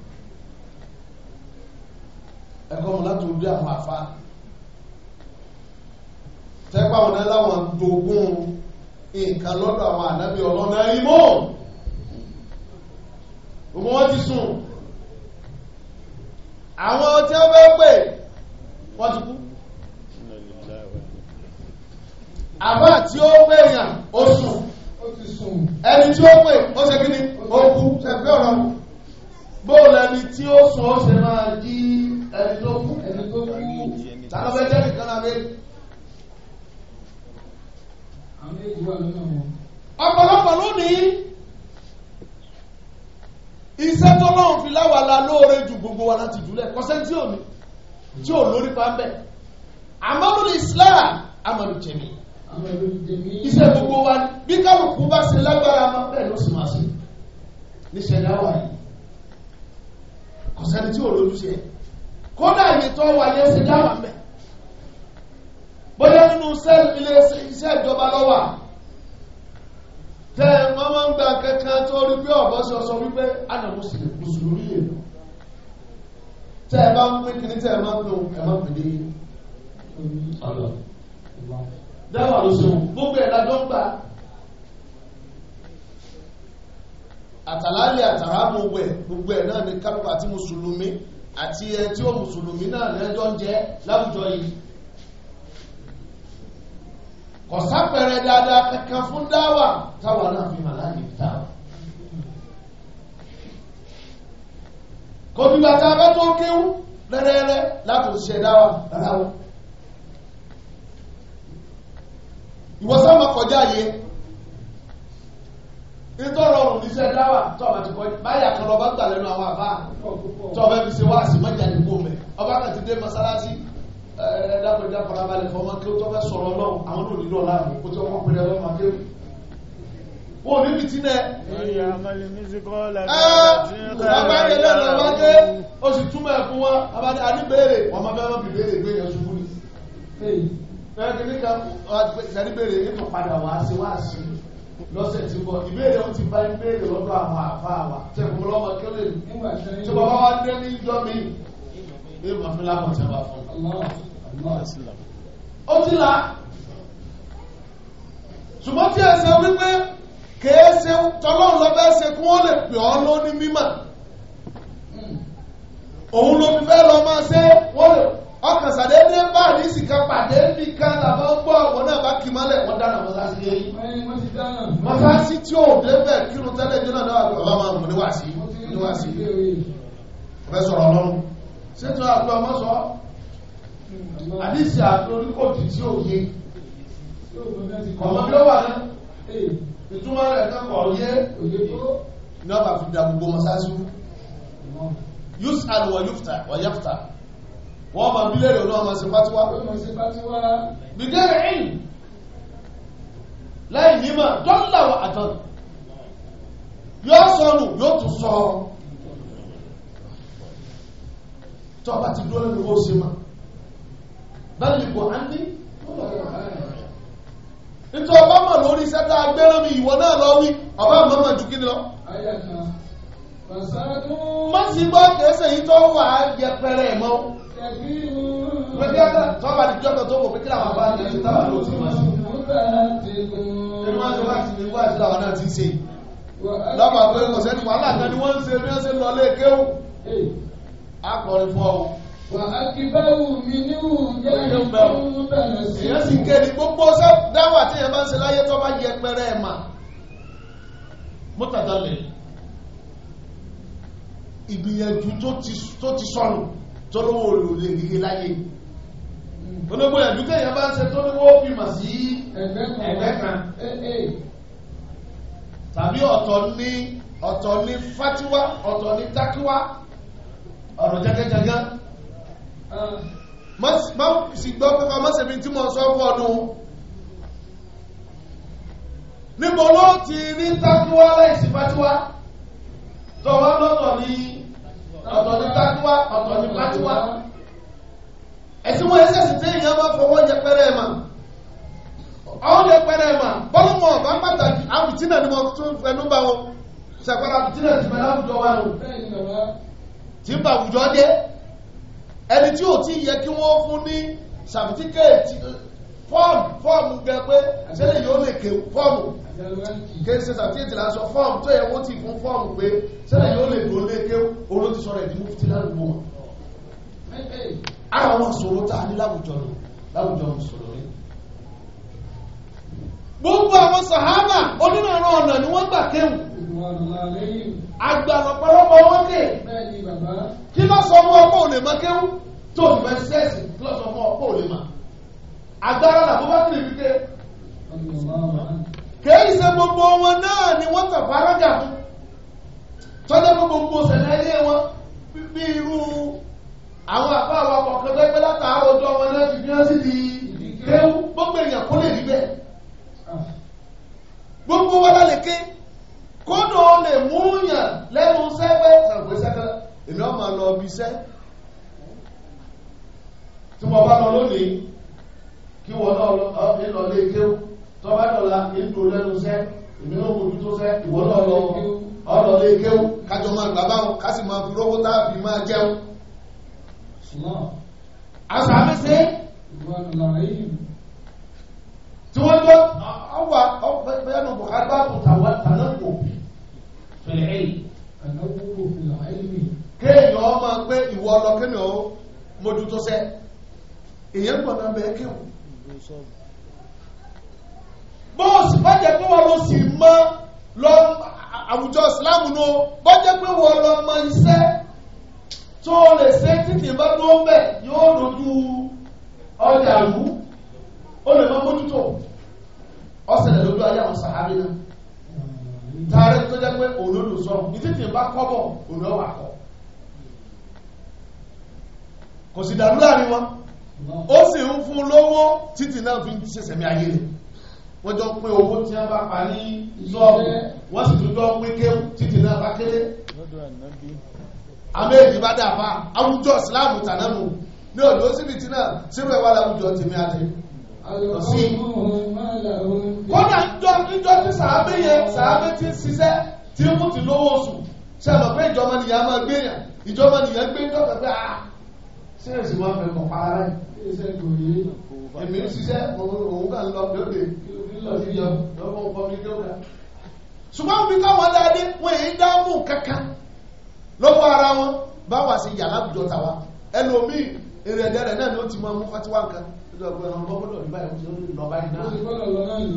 ẹ̀kọ́ wọn láti orí àwọn àfá tẹ́pà wọn náà láwọn dogun nǹkan lọ́dọ̀ àwọn ànábì ọlọ́nà imọ́ ọmọ wọn ti sùn àwọn tí ó pè wọ́n ti kú àbá tí ó pè èèyàn ó sùn ẹni tí ó pè ó ṣe kí ni ó kú ṣẹ̀fẹ́ ọ̀rọ̀ bóòlù ẹni tí ó sùn ó ṣe máa jí ẹni tó kú ẹni tó kú tàbí jẹ́ nìkan lábẹ́. ọ̀pọ̀lọpọ̀ lónìí iṣẹ́ tó lọ́hùn fi láwà lóore ju gbogbo wa láti jùlẹ̀ kọ́sẹ́ tí ò ní tí ò lórí pa ń bẹ̀ àmọ́lù Islam àmọ́lù jẹ̀mí iṣẹ́ gbogbo wa bí kálukú bá ṣe lágbára máa bẹ́ẹ̀ ló sì máa ṣe níṣẹ̀lẹ̀ àwà yìí kọ́sẹ́ tí ò lójúṣe ẹ̀ kódà àyè tó wà yẹn dáwà mẹ́ bóyá nínú ilé iṣẹ́ ìjọba lọ́wà tẹ máa ń gba kankan tó rí pé ọ̀bọ̀ ṣe ọ̀sọ̀ wípé àná mùsùlùmí yẹn tẹ ẹ bá ń pín kiri tẹ ẹ gbogbo ń gbà gbogbo gbogbo náà àti ẹ tí ó mùsùlùmí náà lẹ́jọ́ ń jẹ́ láwùjọ yìí kò sápẹ̀rẹ̀ dáadáa kankan fún dáwà táwa náà fi mà láàyè táwa. kò bí bàtà bá tó kéwú rẹ́rẹ́rẹ́ láti òṣìṣẹ́ dáwà rárá o. ìwọ sábà kọjá yẹn nítorí ọrùn níṣẹ́ dáwà tọ́ọ̀bà ti kọ́ báyà kan lọ́ba gbà lẹ́nu àwọn àbá tọ́ọ̀bà fi ṣe wáàsí mọ́jà ní gbòmẹ ọba kan ti dé mọ́sálásí ẹ̀ẹ́dàgbẹ̀dà farabalẹ̀ fọmọ kí ó tọ́ fẹ́ sọ̀rọ̀ ọlọ́run àwọn olùdílọ́ ọ̀làrùn ó tí wọ́n pèrè ọlọ́run akéwì wọ́n ní bìtí nẹ́ ẹ̀ẹ́dàgbẹ̀dà bá dé ó sì túmọ̀ ẹ̀kún wá abájá níbẹ̀rẹ̀ wọ́n máa bẹ́ẹ̀ bìbẹ̀rẹ̀ gbé lọ́sẹ̀ tí bọ̀ ìbéèrè ó ti bá ń béèrè lọ́dọ̀ àwọn àfa wa tẹ̀kùn lọ́mọ kí ó lè nígbà tí bàbá wa dé ní ìjọ mi ní ìmọ̀fínlá kan tẹ́ bá fún ó ti là ṣùgbọ́n tí ẹsẹ̀ wípé kèé ṣe tọ́lọ́run lọ́bẹ̀ ṣe kí wọ́n lè pè ọ́ lóní mímọ̀ hmm. òun ló fi fẹ́ lọ máa ṣe wọ́n lè ọkàn sàdédé bá ní sìkà pàdé bí kan tàbá ó gbọ́ àwọn náà bá kì mọ́lẹ̀ wọ́n dáná mọ́sáàsì lé yìí mọ́sáàsì tí ó débẹ̀ kírun tẹ́lẹ̀ jóná náà bàbá máa mú níwàásí níwàásí ọ̀fẹ́ sọ̀rọ̀ ọlọ́run ṣé tí wọ́n àpẹ ọmọ sọ àdìsí àtòríkòtì tí ó yé ọmọ bí ó wà náà ìtumọ̀ rẹ̀ kẹ́kọ̀ọ́ yé ní ọba fi dà gbogbo mọ́sáàsì yusuf alwa yufta wa yafta wọ́n ma bílẹ̀ rẹ̀ náà ma ṣe fátíwá bìgẹ́rẹ̀ ẹ̀yìn láì nímọ̀ dọ́láwà àtàn yóò sọ́nù yóò tún sọ tọ́bà ti dúró lórí owó ma bẹ́ẹ̀lì kò á ní nítorí ọba mọ̀ lórí sẹ́ta agbẹ́rẹ́ mi ìwọ náà lọ wí ọba mọ̀ mọ̀ jù kí ni lọ má sì gbọ́ kẹsẹ̀ yìí tó wà yẹpẹrẹ mọ́ Gbẹ̀gbẹ̀ ọ̀tọ̀ tọ́wà ní jọ́tọ̀ tó mọ̀ pé kílà wà bá ń jẹ́ táwà ló ti máa sí. Ẹgbẹ́ wọn tó bá ti ní wá ìlàwà náà ti ṣe. Lọ́pàá pé kò sẹ́ni wàhálà kan ni wọ́n ń ṣe bí wọ́n ṣe lọ lé kéwù. A kọrin fún ọ. Wà á kí báwù mi ní oúnjẹ ìfún bẹ̀rẹ̀ sí. Èyàn sì kéde gbogbo sẹ́ dáwà tí èèyàn bá ń ṣe láyé tó bá yẹ pẹrẹ ẹ̀ mà. Mọ́tàdálẹ̀ ìgbìyànjú tó ti sọnù tọ́lọ́wọ́ olùlé nílé láyé olóògbò ẹ̀dù tẹ́yà bá ń ṣe tó ní wọ́n fi mà sí ẹ̀gbẹ́ kan tàbí ọ̀tọ̀ ní ọ̀tọ̀ ní fatiwa ọ̀tọ̀ ní takiwa ọ̀rọ̀ jagajaga ah. má sì gbọ́ pípa mọ́sẹ̀mí tí mo sọ fún ọdún níbo ló ti rí takiwa láìsí fatiwa tọ́wọ́ lọ́tọ̀ ní ọ̀tọ̀ ní fatuwa ọ̀tọ̀ ní fatuwa ẹ̀sìn wọn ẹsẹ̀ sì tẹ́yìn yẹn máa fọwọ́ yẹ pẹ́rẹ́ ẹ̀ mà ọ̀hún yẹ pẹ́rẹ́ ẹ̀ mà bọ́lú wọn ọ̀bá pàtàkì àbùtínà ni mo tún fẹnu bá wọn ṣàpẹ́rẹ́ àbùtínà ti bẹ̀rẹ̀ àwùjọ wa nù tí ń bá àwùjọ dé ẹni tí ò tí yẹ kí wọ́n fún ní sàfitíkẹ́ẹ̀tì fọ́ọ̀mù fọ́ọ̀mù gẹ pé ṣẹlẹ̀ yóò lè kéwù fọ́ọ̀mù kéèsì sàfíìtì lásọ fọ́ọ̀mù tó yẹ wọ́n ti fún fọ́ọ̀mù pé ṣẹlẹ̀ yóò lè tó lé kéwù oró ti sọ̀rọ̀ ìdí mufti lárúgbó wọn. àwọn sọ̀rọ̀ tá a ní láwùjọ lò láwùjọ sọ̀rọ̀ rí. gbogbo àwọn sàhábà onírànràn ọ̀nà ni wọ́n gbà kéwù. àgbà lọ́pọ̀lọpọ̀ wọn dé. kí lọ́sọ̀ fún ọkọ̀ òlè máa kéwù tó ìfẹ́ sẹ́ẹ̀sì kí lọ́sọ̀ fún ọkọ̀ òlè máa agbára làbó bá kiri fi ké kèé ṣe gbogbo wọn náà ni wọ́n tàn farajà fún tọ́jà fún gbogbo ṣẹlẹ̀ ilé wọn bí irú àwọn àbá àwọn ọkọ̀ọ̀kan tó gbé látàárọ̀ ojú ọmọ náà ti gbé sí di kéwú gbogbo èèyàn kó lè rí bẹ́ẹ̀ gbogbo wọn lálẹ́ ké kódò lè mú yàn lẹ́nu sẹ́gbẹ́ èmi ọmọ lọ bí sẹ́ tí wọ́n bá lọ lónìí kí wọ́n náà lọ lé kéwù tọ́ba dọ̀la ètò lẹ́nu sẹ́ èmi náà kò bí tó sẹ́ ìwọ́n náà lọ ọ̀rọ̀ lé kéwù kájọ máa gbà báwọn ká sì máa fi rówó táàbì máa jẹun. àṣà mi ṣe tí wọ́n lọ ọwà ọgbẹ́nu Buhari bá kò tàwọn tàná kò bí fèrè ẹ̀yìn. kéèyàn ọmọ pé ìwọ lọ kéèyàn mójútó sẹ́ èèyàn gbọ́dọ̀ bẹ́ẹ̀ kéwù bọ́ọ̀sì bá jẹ́ pé wọ́n lọ sí mọ́ lọ àwùjọ islam nù bọ́ jẹ́ pé wọ́n lọ mọ iṣẹ́ tó lè ṣe títì bá dúró bẹ̀ yóò dojú ọjà rú ó lè mọ mójútó ọ̀sẹ̀lẹ̀ lójú ayé àwọn sàhábì náà tààrẹ tó jẹ́ pé òlòlò sọ ní títì bá kọ́bọ̀ òlòwà kọ́ kò sì dàrú láàrin wọn ó sì ń fún lówó títí náà fi ṣẹ̀ṣẹ̀ mi ayé rẹ̀ wọ́n jọ pé owó tí wọ́n bá pa ní sọ́ọ̀bù wọ́n sì tún jọ pé kéwù títí náà bá kéré àmẹ́ẹ̀dì bá dàbá àwùjọ ìsìláàmù tànámù ní ọ̀dọ̀ síbìtì náà síbẹ̀ wà láwùjọ tèmi àti sí kódà níjọ́ tí sàábé yẹn sàábé ti ń ṣiṣẹ́ tí ó mú ti lówó oṣù ṣẹlọ̀ pé ìjọba nìyà máa gbéyàn ìjọba nìyà gbé dọ́kà ṣé èsì wọn fẹ́ kọ̀ para yìí ṣé èsì ẹ̀kọ́ yìí èmi ń ṣiṣẹ́ òun kà ń lọ lóde lọ sí yọ lọ́wọ́ nǹkan mi lọ́wọ́. ṣùgbọ́n bí káwọn dáadé wọ́n èyí dáàmú kankan lọ́wọ́ ara wọn bá wà sí yàrá àbùjọ tàwa ẹlòmíì èrè ẹ̀dẹ́ rẹ̀ náà ni ó ti máa mú fatiwa nǹkan lọ́gbọ́n ẹ̀rọ gbọ́dọ̀ ní báyìí ó ti lọ báyìí náà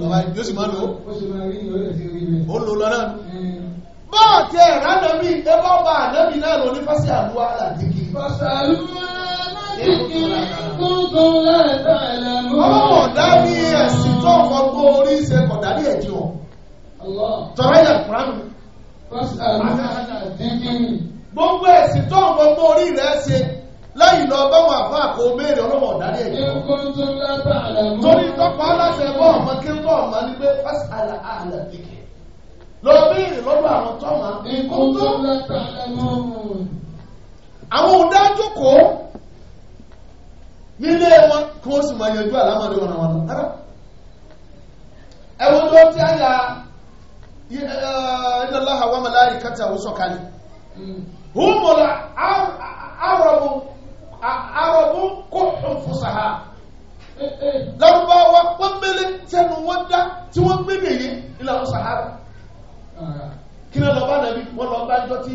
lọ́ba yóò sì máa lò ó lò lọ náà bọ́ọ̀ tí ẹ̀rọ ànábì ẹbọ́ bá ànábì náà lò ní fásitì àlùwà àlàdìgì fásitì àlùwà ọlọ́wọ̀ dárí ẹ̀sìn tó ọkọ̀ gbó orí ṣe kọ̀ dárí ẹ̀jì ọ̀ tọ́rọ yẹ kúránù gbogbo ẹ̀sìn tó ọkọ̀ gbó orí rẹ̀ ṣe lẹ́yìn lọ báwọn àfá àkó béèrè ọlọ́wọ̀ dárí ẹ̀jì ọ̀ torí tọ́pọ̀ aláṣẹ bọ́ ọmọ kí ń bọ́ ọmọ ní pé fásitì àlẹ́ dìkì lọ béèrè lọ́dọ̀ àwọn tọ́mà àwọn òdájókòó nílé wọn kí wọ́n sì máa yanjú àlámọ̀dé wọn àwọn ọ̀nà ẹwọ́n tó tí a yà inna Allaha wa malaikatahu sọ̀kalẹ̀ húnmọ̀lá arọ̀bù arọ̀bù kó fùsàhà lárúbáwá wọ́n mẹ́lẹ̀ tẹnu wọ́n dá tí wọ́n gbé nìyí ìlànà sàhárà kí ni lọ́ba nàbí wọ́n lọ́ jọ tí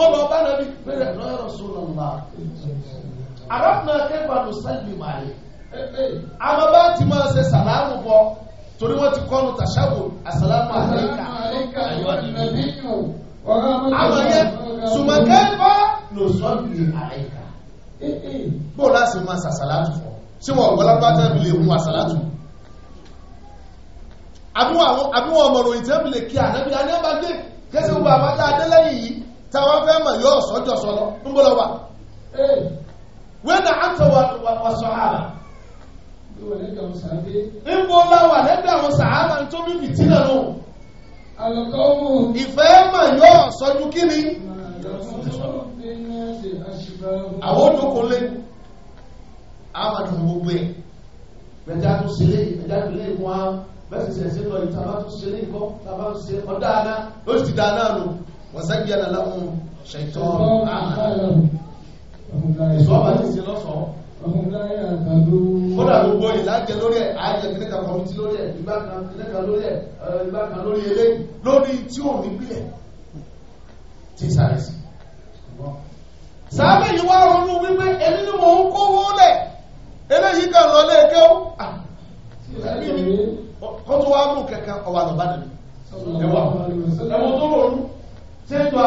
wọ́n lọ bá nàbí pẹ̀lú ẹ̀rọ ẹ̀rọ sọ́nà mà àrọ́pìnà kẹfà ló sáyé mà yẹ àmọ́ bá ti máa ṣe sàlámù bọ torí wọ́n ti kọ́nu tàṣàbò àsàlámù àlẹ́kà àwọn yẹn sùmọ̀ kẹfà ló sọ́ọ̀bì àlẹ́kà bó láti máa sàṣàlátù fọ́ sí wọn ọ̀gbọ́lápá tẹ́bí lè mú àsàlátù àbúwọn ọmọ ròyìn tẹ́bí lè kí ànábì anábàgbé kẹsì gbogbo àbájá táwa fẹ́ mọ̀ yóò sọ́jọ́ sọ́lọ́ ń bọ́ lọ wà wẹ́nà àtọwà wà sọ̀hárà ń bọ́ lọ wà lẹ́gbẹ̀ẹ́ àwọn sàhárà tó bí fìtínà nù ìfẹ́ mọ̀ yóò sọ́jú kí ni àwọn òdòkó lé àmàdù gbogbo ẹ̀ mẹ́ta tó sílé mẹ́ta tó lé wọn bẹ́ẹ̀ sì sẹ̀sẹ̀ lọ ìtàbá tó sílé nǹkan tàbá tó sílé ọ̀dáadáa ó sì dáadáa lò wọ́sẹ́gbẹ̀ẹ́ lọ́wọ́ ṣẹ̀tọ́ ìṣọ́bà ti ṣe lọ́sọ̀ọ́ kódà gbogbo ìlàjẹ lórí ẹ̀ ààjẹ kìnníkà kọmítí lórí ẹ̀ ìbákan lórí ẹ̀ ìbákan lórí ilé lórí tí ò ní bílẹ̀ tí sàrẹ̀sì sáàbẹ̀ yìí wá ronú wípé ẹni ni mò ń kówó lẹ̀ eléyìí kan lọ lẹ́ẹ̀kẹ́ ó kó tó wá mú kẹ̀kẹ́ ọwà lọ́bàdàn ẹwà ẹwà tó rọrùn ṣé ń jọ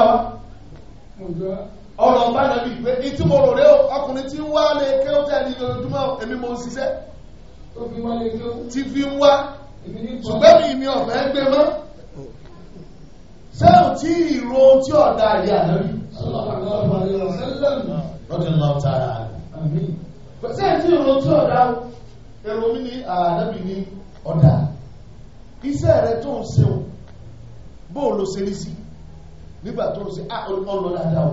àwọn ọ̀rọ̀ bá nàbí pé ìtí mo rò rẹ ọkùnrin tí ń wá lè ké ó tẹ̀ ní ojoojúmọ́ èmi mo ń ṣiṣẹ́ tí fi ń wá ṣùgbọ́n mi mi ọ̀fẹ́ ń gbé mọ́ ṣé ò tí ìró tí ọ̀dà ìyá nàbí lọ́dún lọ́wọ́ tààrà rẹ̀ ṣé ò tí ìró tí ọ̀dà èrò mi ní ànábì ní ọ̀dà iṣẹ́ rẹ̀ tó ń ṣeun bóòlù ṣe rí sí i nígbà tó ń ṣe ah, ọ̀nà dáadáa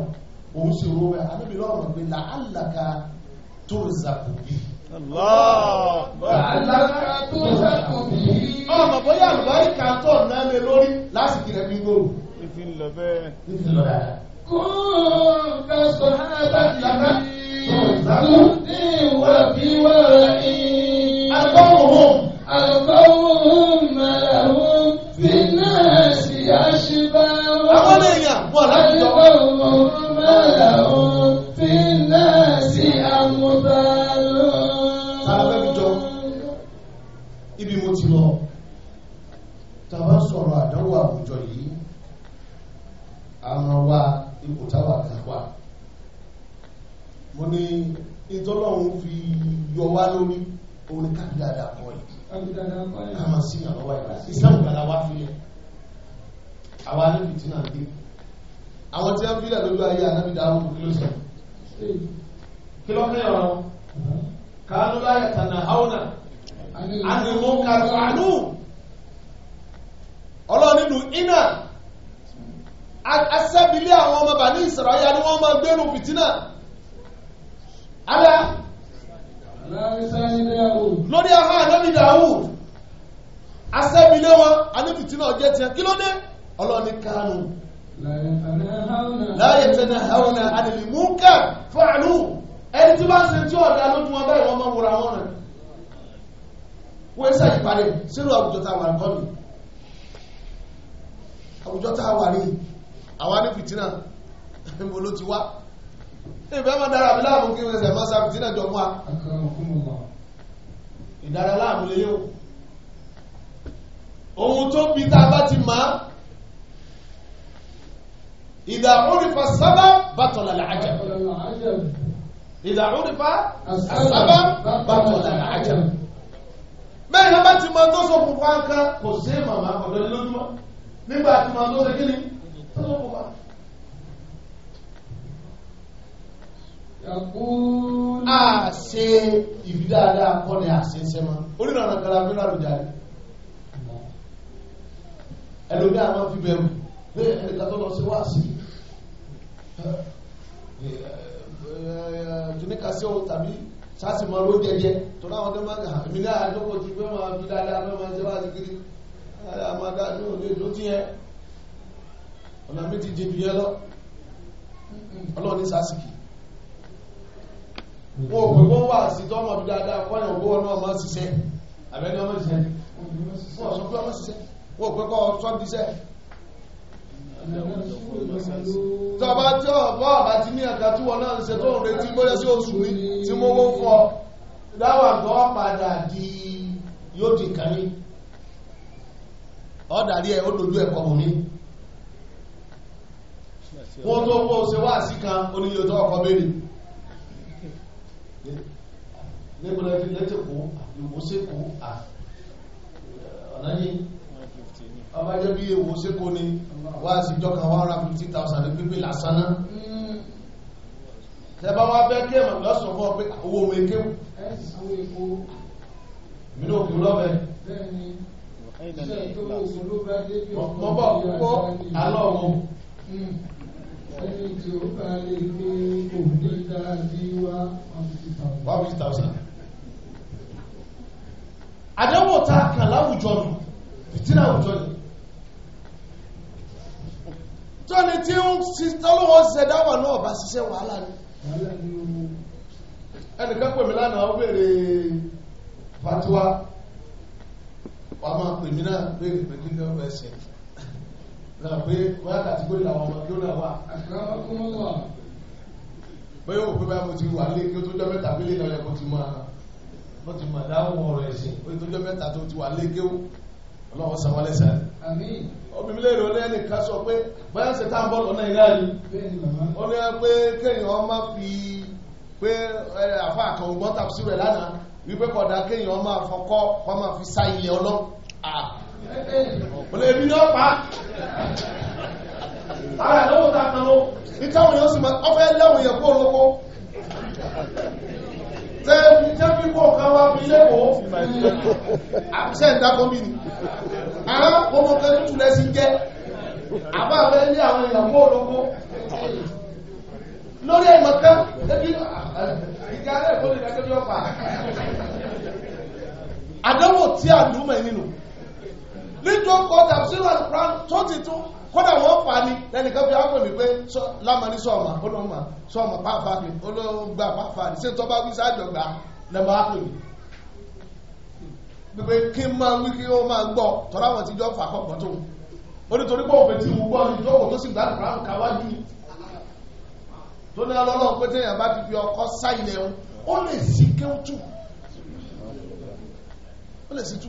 òun sì rú rẹ̀ anábì lọ́rọ̀ pé làálàkà tó zàkù bí làálàkà tó zàkù bí ọmọ bóyá àlùbáríkà tó náà lórí lásìkò rẹ̀ gbígbó Kún kásọ̀ àbájáde tó zàkù bí wà bí wà rí. Àgbọ̀wò. Àgbọ̀wò mẹ́rẹ̀ wọ́n àwọn èèyàn wà láti lọ. ibi mo ti lọ tàbá sọ̀rọ̀ àdánwò àwùjọ yìí àwọn wa ipò táwà kápá mo ní ìtọ́lọ́run fi yọ wá lórí orin kábíládà kan yìí kábíládà kan yìí a máa sí ìyànlọ́wọ́ ìgbà ìsáwùgbàlà wá fi yẹn àwọn anábì tí náà dé àwọn tí wọ́n bílẹ̀ lójú ayé anábì dáhùn kí ló sọ kí ló mẹ́rin ọ̀rọ̀ kánú láyà tànà áwọnà àdìmú kánú àánú ọlọ́run nínú iná asẹ́bílẹ̀ àwọn ọmọ bàní Ísírẹ́lì ni wọ́n máa gbẹ́rù fìtínà alá lórí ahọ́n anábì dáhùn asẹ́bílẹ̀ wọn anábì tí náà jẹ́ tiẹ̀ kí ló dé ọlọ́ni kánú láyé tẹ́nà haúnà àdìlìmúkà fàánú ẹni tí bá ń ṣe tí ọ̀dá lójú wọn báyìí wọ́n mọ́ wúra wọn rẹ̀ wọ́n ń sàyípadẹ̀ sínú àwùjọ táwà kọ́lù àwùjọ táwà ní àwọn ní fìtínà mo ló ti wá ìbẹ́ mọ́ dára mi láàmú kí wọ́n ṣe mọ́ sáà fìtínà jọ mọ́ ìdára láàmú lè yóò ohun tó bí ta bá ti máa إذا عرف السبب بطل العجب إذا عرف السبب بطل العجب bẹ́ẹ̀ yẹn bá ti máa tó sọ̀kùn fún aka kò sí màmá ọ̀dọ́ lójúmọ́ nígbà tí máa tó ṣe kí ni tó sọ̀kùn fún aka. àṣe ìlú dáadáa kọ́ ni àṣe ń sẹ́mọ́ onírànà kan la fi rárò jáde ẹlòmíà máa fi bẹ̀rù bẹ́ẹ̀ ẹnìkan tó lọ sí wá sí kìnníkà sí ọ tàbí sáàsì máa ló jẹjẹ tó láwọn tó máa ń hàn mí náà lóko ti fẹ́ máa fi dáadáa lọ́ máa ṣe wá sí kiri àmàdá ní òde ló ti yẹ ọ̀nà mi ti dìbì yẹn lọ ọlọ́run ní sáàsì kì wọn ò pè wọ́n wà sí tó ọmọ mi dáadáa kọ́ ẹ̀yàn owó náà máa ṣiṣẹ́ àbẹ́ni ọmọ ìṣẹ́ wọn ò sọ pé ọmọ ṣiṣẹ́ wọn ò pè kọ́ ọ tọba tí ọ̀pọ̀ ọ̀bá ti ní ẹ̀ka tí wọn náà ń ṣe tó ń retí bóyá sí oṣù mi tí mo mú fọ dáwà gan padà di yóò di kàní ọ̀dàrí ẹ̀ ó dojú ẹ̀kọ́ mọ̀ mi wọ́n tó pọ̀ ṣe wá sí kan oníyẹ tó ọkọ̀ bẹ́ẹ̀ ni lẹ́gbẹ̀rẹ̀ lẹ́tẹ̀kọ́ ìwòsẹ́kọ́ ọ̀nà yìí ọba jẹ́ bí ewu sékó ni wá sí jọkàn 150,000 ní pípé lásán tẹba wá bẹ́ kí ẹ̀mọ̀ lọ́sùn fún ọpẹ́ owó owó ekéwù mínú òkú lọ́bẹ̀ mọ́ bọ̀ púpọ̀ alọ́ ọmọ ẹni ta kà láwùjọ nù fìtínà àwùjọ nù tóni tí ń tọ́lọ́wọ́ ṣiṣẹ́ dáwà náà bá ṣiṣẹ́ wàhálà ni ẹnìkan pè mí lánàá ó béèrè fatuwa wàá máa pè mí náà béèrè pé kí ló ń ẹsẹ̀ náà pé wáyà kàtíkórì làwọn ọmọ ló náà wà. bóyá òpin báyà mo ti wà lé kí ó tó jọ mẹ́ta bí lè lọ yẹ kó ti máa dáhùn ọ̀rọ̀ ẹ̀sìn ó tó jọ mẹ́ta tó ti wà lé kéwù ọlọ́run san wọ́n lẹ́sẹ̀ obìnrin lè rọlẹ́ nìkan sọ pé báyọ̀ ṣe táwọn bọ́ọ̀lù náà ilé ayé ó ní pé kéèyàn ọmọ fi pé àfa àkàwọn gbọ́n tàbí síbẹ̀ lánàá wípé kódà kéèyàn ọmọ àfọkọ́ kọ́ máa fi sa ilẹ̀ ọlọ́ ọ̀lẹ́ èmi ni ó pa ara ẹ̀ lọ́wọ́ ta kan ló ìtàwọn yóò sì máa ọfẹ́ lẹ́wọ̀n yẹn kó olóko tẹ́ẹ̀mí tẹ́ẹ̀mí kò kan wá fi lẹ́wọ̀ àṣẹ ìdákọ́mí ni àwọn ọmọ kan ní túnlẹ̀ sí jẹ́ àbá abẹ́ ní àwọn ìyàwó olóko lórí ẹ̀mọ̀tán tẹ́bí ìjà rẹ̀ kó lè dákẹ́ bí ọ̀pá àdánwò tí àdúmọ̀ nínú nítorí kọjá sílẹ̀ tó ti tún kódà wọ́n pa ni lẹ́nìkan fi ápò mi pé lámàní sọ̀mà olóòmà sọ̀mà pàápàá mi olóògbà pàápàá ní ṣé tó bá wí sáàjọ gbà lẹ́mọ̀ ápò mi. pípé kí n máa wí kí ó máa gbọ́ tọ́lá wọn ti jọ fà kọ́kọ́ tó o nítorí pé òfin tí mo gbọ́ ni tó kò tó sì gbádùn rà ń káwájú tó ní alọ́lọ́ pé téèyàn bá ti fi ọkọ́ sá ilẹ̀ o ó lè sí kéwútù ó lè sí tú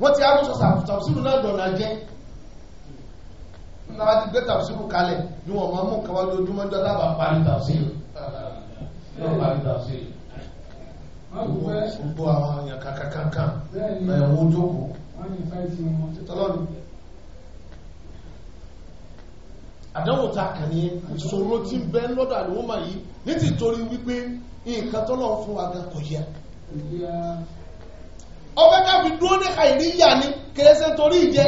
wọ́n ti arúsọ tàbùsùrù náà dọ̀nà jẹ́ náà ti gbé tàbùsùrù kalẹ̀ ní wọ́n máa mú kàwá lójúmọ́ jọ lábà parí tàbùsùrù gbogbo àwọn èèyàn kankankan ẹ̀wọ̀n ojókòó tọ́lọ́nù àdánwò ta kàn ní ìṣòro tí ń bẹ lọ́dọ̀ àdánwò mà yìí ní ti torí wípé nǹkan tọ́lọ́ fún wa gan kò yẹ ọfẹ́ ká fi dúró ní àìríyà ni kèrèsè torí ìjẹ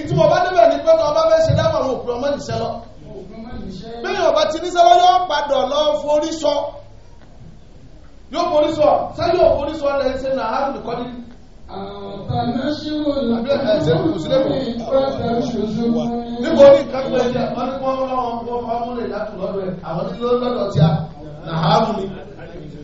ìtí mo bá débẹ̀ ní pẹ́tọ́ ọba fẹ́ ṣe dáhùn àwọn òpin ọmọ nìṣẹ́ lọ bẹ́ẹ̀ ọba ti ní sẹ́wọ́n yóò padà lọ forí sọ yóò forí sọ sẹ́yìn yóò forí sọ lẹ́yìn sẹ́yìn náà hàn nìkan ní. Níbo ní nǹkan pẹ̀lú wọ́n ní wọ́n wọ́n wọ́n múlẹ̀ látùlọ́dọ̀ ẹ̀ àwọn nílò lọ́dọ̀ tí a nàhámù ni.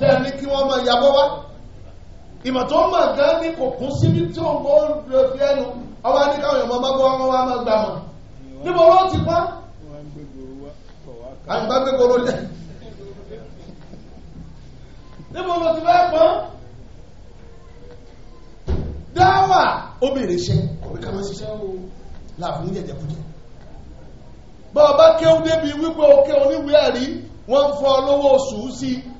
tẹ́ ẹ ní kí wọ́n máa yabọ́ wá ìmọ̀ tó mọ̀ gan ni kò kún síbi tí òun kò lè fi ẹnu ọwọ́ ní káwọn èèyàn máa gbọ́ wọn wá máa gbà mọ̀ níbo ló ti pa àgbà gbégboro lẹ níbo ló ti fẹ́ pọ́n dáwà ó bèrè iṣẹ́ kọ̀wé ká máa ṣiṣẹ́ o láàfin jẹjẹkújẹ bá ọba kéwú débi wípé o kéwú níwèé ẹ̀rí wọ́n ń fọ́ oṣù sí i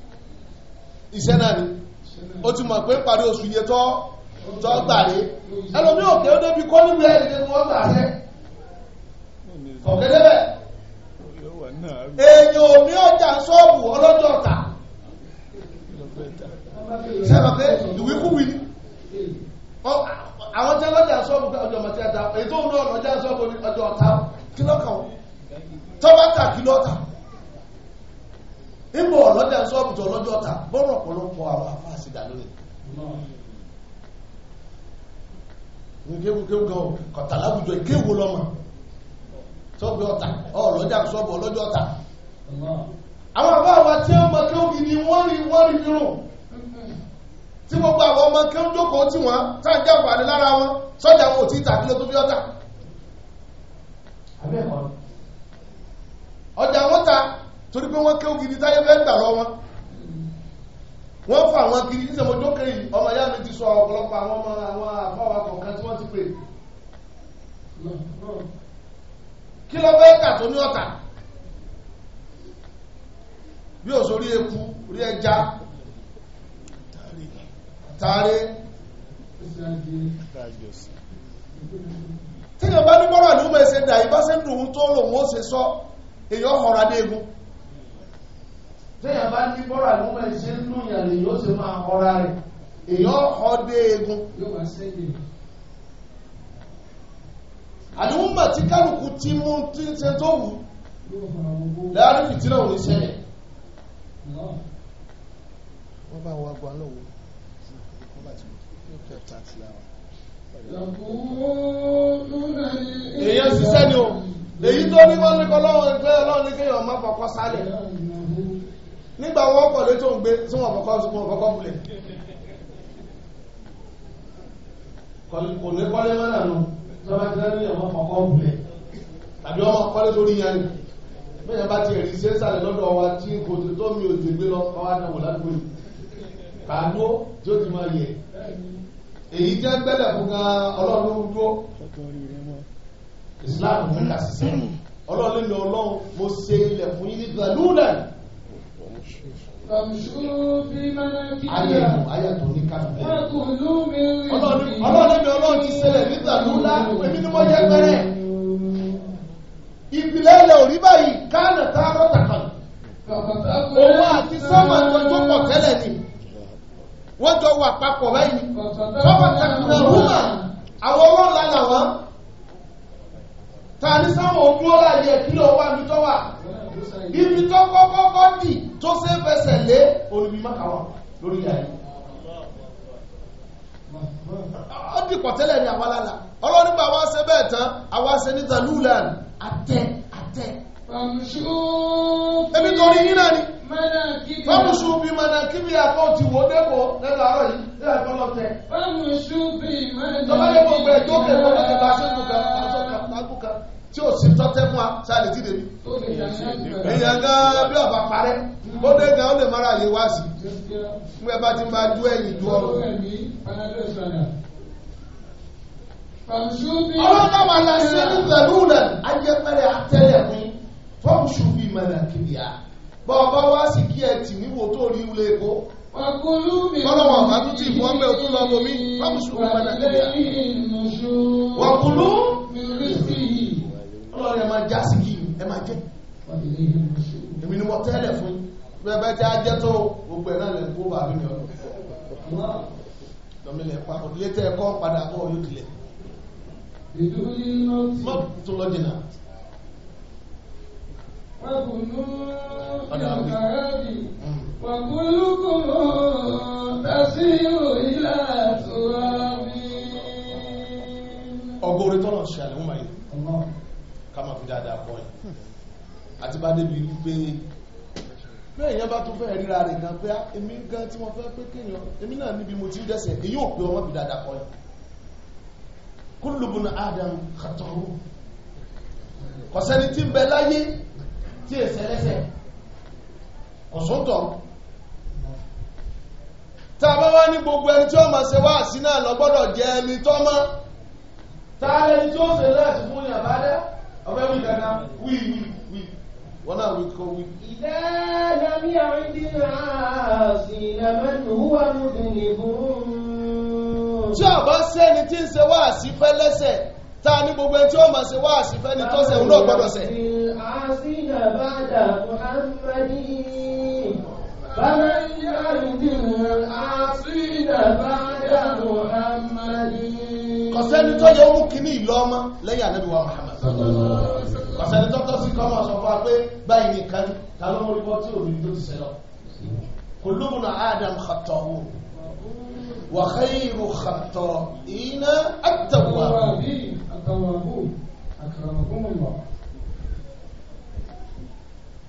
iṣẹ́ náà ni ó ti mọ̀ pé parí oṣù yẹ tọ́ tọ́ gbàrí ẹlòmí òkè ó débi kọ́ níbi ẹ̀yẹ wọn gbà rẹ̀ ọ̀gẹ́dẹ́ bẹ̀ èèyàn òní ọjà sọ́ọ̀bù ọlọ́jọ́ ọ̀tà sẹ́nà pé ìwíkúwì àwọn jẹ́ lọ́jà sọ́ọ̀bù ọjọ́ ọmọ tí a ta èyí tó ń lọ́ọ̀lọ́jà sọ́ọ̀bù ọjọ́ ọ̀tà kílọ́kàn tọ́wọ́tà kílọ́tà nígbà ọlọ́jà sọ́ọ̀bù tó lọ́jọ́ ọ̀tà bọ́rọ̀ ọ̀pọ̀lọpọ̀ àwọn àfáà sí nke lórí kéwùkéwù gan kọ̀tà láwùjọ ìkéwù lọ́mọ sọ́ọ̀bù ọ̀tà ọlọ́jà sọ́ọ̀bù ọlọ́jọ́ ọ̀tà àwọn àfáà wa tí wọ́n rí gbogbo àwọn ọmọ jókòó tí wọ́n jẹ́ àǹfààní lára wọn sọ́jà wọn ò tí tó ọjà wọn torí pé wọ́n kéwú gidi táyé fẹ́ gbà lọ wọn wọ́n fà wọn kiri ní sẹ́mọ̀ jókè ọmọ ìyá mi ti sọ ọ̀pọ̀lọpọ̀ àwọn ọmọ àwọn àfáwà kọ̀ọ̀kan tí wọ́n ti pè kí lọ fẹ́ kà tó ní ọ̀tà bí ò sórí eku rí ẹja tààrí tí yọ̀bá ní bọ́rọ̀ ní ó mẹ́sẹ̀ dà ìbá sẹ́ndùn tó lòun ó se sọ èyàn ọ̀rọ̀ adé egun téèyàn bá ní bọ́rọ̀ àlùmọ̀ ìṣe ń lù yàn lèyìn ó sì máa ọra rẹ̀ èyàn ọdẹ egun. àdéhùn bàtí kálukú tí mú tí ń ṣe tó wù láàrin fìtílẹ̀ òní ṣẹlẹ̀. wọ́n bá wọ agbọ̀n lọ́wọ́ wọ́n bá ti mú kí ọ̀tá ti lára. èyàn ṣiṣẹ́ ni èyí tó ní wọ́n ní kọ́ lọ́wọ́ ìgbẹ́ ọlọ́run ní kéèyàn má fọkọ́ sálẹ̀ nígbà wọ́n pọ̀lé tó ń gbé tí wọ́n kọ́kọ́ sọ kọ́kọ́ múlẹ̀ kò ní kọ́lé mọ́nà nù sọ́bá ti rẹ́ níyàn wọ́n kọ́kọ́ múlẹ̀ tàbí ọmọ kọ́lé tó ríyàn ní bẹ́yàn bá ti rí iṣẹ́ sàlẹ̀ lọ́dọ̀ wa tí kò tó tó mi ò ti gbé lọ ọwá dàmù èyí jẹ́ gbẹ́lẹ̀ fún gan ọlọ́run dúró Islam ní ọlọ́run lè lọ ọlọ́run mo ṣe ilẹ̀ fún yín ní Ayẹ̀mù ayẹ̀tò ní káfẹ́. Ọlọ́run mi ọlọ́run ti ṣẹlẹ̀ nígbà lúlá, èmi ni mo jẹ́ pẹ́rẹ́. Ìpìlẹ̀ ilẹ̀ òrí báyìí kánà tá a rọ́tà kan. Òun àti sọ́mà wọn tó pọ̀ tẹ́lẹ̀ ni. Wọ́n jọ wà papọ̀ báyìí. Sọ́mà takùnà rúmà, àwọn owó ńlá làwọn. Tàní sáwọn ogún ọ̀la yẹ kí lọ wá ibi tó wà. Ibi tó kọ́kọ́ kọ́ dì tó ṣe fẹsẹ̀ lé olùmímọ́ kàwọn lórí ayé ó dìpọ̀ tẹ́lẹ̀ ní àwálálà ọlọ́nígbà wá ṣe bẹ́ẹ̀ tán àwa ṣe níta lúlàn àtẹ àtẹ ẹbí torí yín náà ni fọ́mùsù bí mọ̀nàkí bí àkọ́ ti wò dẹ́kọ̀ lẹ́nu àárọ̀ yìí ní àkọ́ lọ́tẹ̀ fọ́mùsù bí mọ̀nàkí bí àkọ́ ti wò dẹ́kọ̀ lẹ́nu àárọ̀ yìí ní àkọ́ lọ́tẹ̀ tí ò sí tọ́tẹ́ fún wa sáàlì tí dèbí èyàn gan bí ọ̀bà parẹ́ ó dé gan ó lè mara yé wá sí fún ẹbá tí máa dú ẹ̀yìn dú ọrùn ọlọ́dọ̀ wà lásìí ní pẹ̀lú rẹ̀ ajẹ́pẹ̀rẹ̀ àtẹ́lẹ̀ fún fọ́ọ̀ṣù bí mẹ́rẹ̀ kìbíà bọ́ọ̀bá wá sí kí ẹ tì níwò tó rí ilé epo ọlọ́wọ̀n àtúntì ìfọ́nbẹ̀ òtún lọ́gbọ̀mí fọ́ọ̀ṣù bí mẹ́rẹ̀ kìbíà wọ́kùlú ọlọ́run ẹ máa já sí kí ẹ jẹ́ èmi ni mo tẹ́lẹ̀ fún bẹ́ẹ̀ tí a jẹ́ tó gbogbo ẹ̀ náà lè kó bàbí mi ọ̀rọ̀ lọ́mílẹ̀ papọ̀ ilé tẹ́ ẹ̀kọ́ padà bọ́ yóò dilẹ̀ mọ́ tó lọ jìnà ọ̀dà ọ̀gbìn وكلكم ká máa fi dáadáa kọ́ ẹ̀ àti bá débi wípé bẹ́ẹ̀ yẹn bá tún fẹ́ ríra rẹ̀ gan pé ah, èmi gan tí wọ́n fẹ́ pé kéèyàn èmi náà níbi mo ti dẹ́sẹ̀ èyí ò pé ọmọ fi dáadáa kọ́ ẹ̀ kullu bun adam khata'u kọ̀sẹ́ni tí ń bẹ láyé tí èsẹ̀ lẹ́sẹ̀ ọ̀sọ́tọ̀ tá a bá wá ní gbogbo ẹni tí ó máa ṣe wáàsí náà lọ gbọ́dọ̀ jẹ́ ẹni tọ́mọ́ tá a lẹni tí ó ṣe láti fún yàrá dẹ́ ọbẹ̀ wí dada wí wí wí wọn náà wí kọ wí. ìdá lámì àrídìnà sí ìlàmẹ́nu wà lóde nìbùn. tí ọba sẹ́ni tí ń ṣe wáàsí fẹ́ lẹ́sẹ̀ tá a ní gbogbo ẹni tí ó máa ṣe wáàsí fẹ́ ni tó ṣe òun náà gbọ́dọ̀ ṣe. àṣìyàn bá dà muhammadi bàbá ìyá àrídìnà àṣìyàn bá dà muhammadi. kọ̀sẹ́ni tó yẹ orúkìní ìlú ọmọ lẹ́yìn ànábì wa muhammad ọ̀sẹ̀ni tọ́tọ́ sí kọ́mọ̀ sọ fún wa pé báyìí nìkan ní ta ló mórí tí òmìnir tó ti sẹ́lọ kò lóhùn náà adam xatọ̀ wò wà xeyiru xatọ̀ iná àtàwà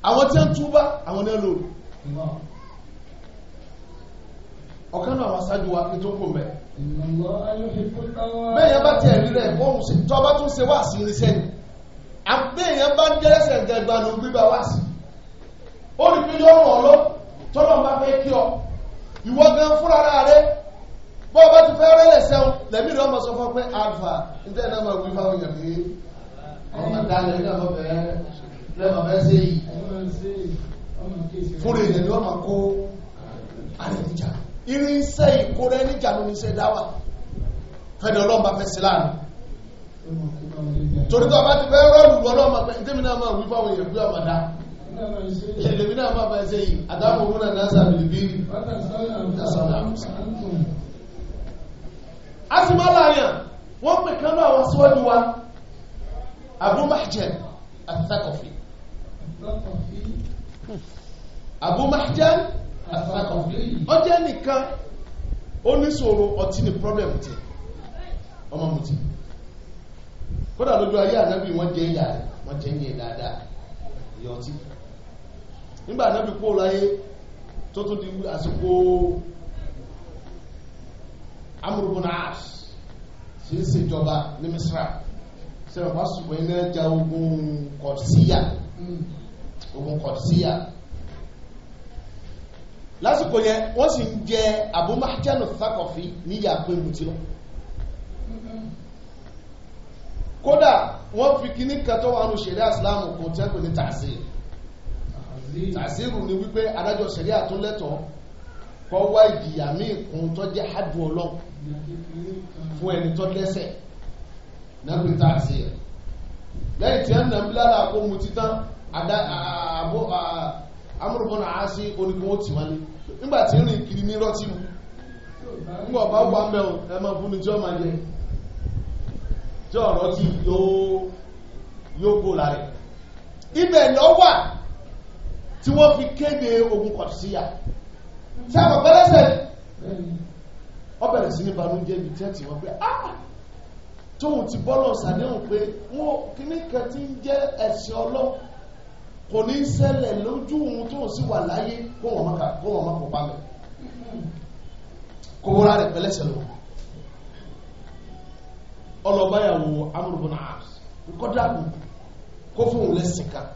àwọn tí wọ́n túbá àwọn náà lò ọ̀kan náà wà sáájú wa kí tó kò mẹ́ bẹ́yẹn bá tiẹ̀ rí rẹ̀ bọ́ọ̀hún sí tó bá tún ṣe wá sí irinṣẹ́ ni àbẹ́yẹn bá ń jẹ́rẹ́sẹ̀ gẹ̀gbàlù gbígbà wá sí ó rí pé yọ̀rùn ọ̀lọ́ tọ́lọ́ bá fẹ́ kí ọ ìwọ gan fúnra rẹ̀ bọ́ ọba ti fẹ́ rẹ́lẹ̀ sẹ́wọ̀n lẹ́mí rẹ̀ ọmọ sọ fún pé alfa níta ẹ̀ náà máa wí fáwọn èèyàn pé ọmọ irinṣẹ́ ìkóra ẹni jàdó ní iṣẹ́ dáwà fẹ́ni ọlọ́mbà fẹ́ sí láàrin torí tó bá ti fẹ́ rọ́ọ̀lù ọlọ́mbà pẹ́ ìdí mi náà máa wí fáwọn èèyàn bí ọmọdá èlèmi náà máa bá ṣe yìí àdáwò òun náà náà sàbìlì bí a sì máa láàyàn wọ́n pè kán náà wọ́n síwájú wa Abu Mahjan al-Thaqafi Abu Mahjan jẹ́ nìkan ó ọtí ni problem ti ọmọ mutí kódà lójú ayé ànábì wọ́n jẹ́ ìyà wọ́n jẹ́ ìyà dáadáa ìyà ọtí nígbà ànábì kó láyé tó tó di àsìkò amúrúbùnáàs sí ìṣèjọba ní misra sẹ́wọ̀n wá sùgbọ́n iná ogun hmm. ogun lásìkò yẹn wọ́n sì ń jẹ Abu Mahjan níyà pé mo kódà wọ́n fi kíní kan tó wà ní ṣẹ̀ríà kò tẹ́kù ní tàṣí tàṣírù ni wípé adájọ́ ṣẹ̀ríà tó lẹ́tọ̀ọ́ kọ́ wá ìjìyà míì kún tó jẹ́ hádùn ọlọ́run fún ẹni tó lẹ́sẹ̀ nẹ́bí tàṣí lẹ́yìn tí ẹ̀ ń nà ń bí lára àpò mu amúrùbọ́nà á sí onígun ó tì wálé nígbà tí ń rìn kiri ní rọ́tìmù nígbà bá wà mẹ́ o ẹ máa fún mi tí ó máa jẹ tí ọ̀rọ̀ tí yóò kó lára ibẹ̀ lọ tí wọ́n fi kéde ogun kọ̀tísíyà tí a mọ̀ pẹ́lẹ́sẹ̀ ọbẹ̀rẹ̀ sí ní banújẹ́ ibi tẹ́tì wọ́n pé ah tóun ti bọ́lọ̀ sàdéhùn pé wọ́n kìíní ti ń jẹ́ ẹ̀sìn ọlọ́pàá kò ní ṣẹlẹ̀ lójú ohun tó sì wà láyé kó wọ́n mọ́ka kó wọ́n mọ́kò pa mẹ́ kó wọ́n rẹ̀ pẹ̀lẹ́sẹ̀ lọ ọlọ́báyàwó amúrùbọ̀nà kọ́dà kù kó fún òun lẹ́sìn kan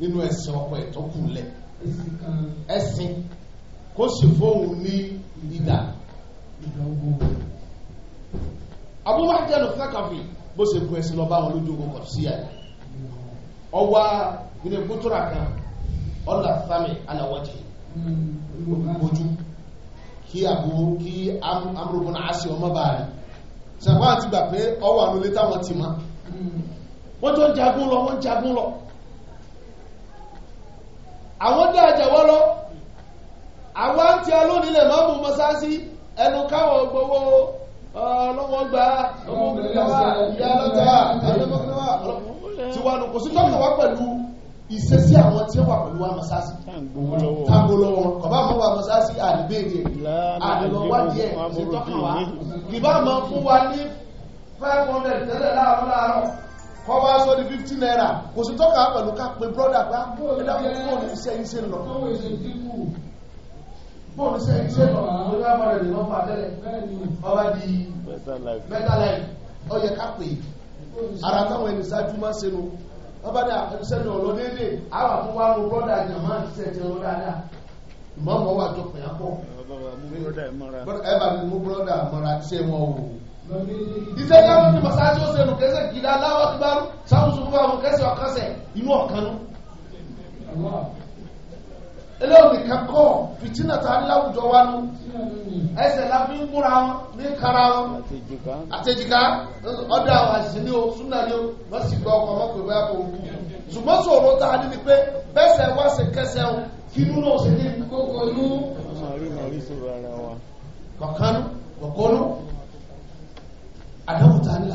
nínú ẹ̀sìn ọkọ̀ ẹ̀ tó kù lẹ̀ ẹ̀sìn kó sì fóun ní ìdá abúlé jẹ́ lọ́fẹ́ kàfí bó ṣe gbede bútúrà kan ọ̀nà sami aláwọ̀jì ojú kí àbúrú kí amúrúbùn àṣì ọmọ bá rí ṣàpá àti gbà pé ọwà ló lé táwọn ti ma wọ́n tó ń jagun lọ wọ́n ń jagun lọ àwọn dá àjàwọ́ lọ àwọn àti alónílẹ̀ máa mú mọ́sáàsì ẹnu káwọn gbowó ọlọ́wọ́n ah, ọmọ ìyá lọ́tà tí wà ìṣesí àwọn tí ó wà pẹ̀lú wa masasi tàbí lọ́wọ́ mọ́ wa masasi àdìbèrè àdìlọ́wádìí ẹ̀ ṣe tọ́kàn wá kìbá mọ́ fún wa ní 500 tẹ́lẹ̀ láàárọ̀ láàárọ̀ kọ́ wá sọ di 50 naira kò sí tọ́kàn pẹ̀lú ká pe brọ́dà pé ẹ̀dá ah, fún fóònù iṣẹ́ iṣẹ́ lọ fóònù iṣẹ́ iṣẹ́ lọ lórí àmọ́rẹ̀ lè lọ́fà tẹ́lẹ̀ ọba di better life ó yẹ ká pè ara táwọn ẹni wọ́n bá dà ẹ̀ṣẹ́ ní ọ̀lọ́ déédéé àwọn àtúntò wà ló bọ́dà jàmá ti ṣẹ̀ jẹ́ lọ́dà dà ìmọ̀ mọ́ wà tó pìyà pọ̀. ẹ bá mi mú bọ́dà mọ́ra ṣé wọn o. iṣẹ́ káwọn ní masáàsì ó ṣe nùkẹ́sẹ̀ kìlá aláwọ̀ tó bá sáwọn sùn fún àwọn kẹsẹ̀ ọ̀kẹsẹ̀ inú ọ̀kanú. o nìkan kọ́ fìtínà tá a láwùjọ wa nù la ń múra wọn ní kara wọn àtẹ̀jìká ọ̀dọ̀ àwọn àṣìṣe ní o súnà ní o sì ọmọ tá a ní ni pé wá sí o kí nínú o sì ní gbogbo inú kọ̀kánú kọ̀kọ́nú àdáwò tá a ní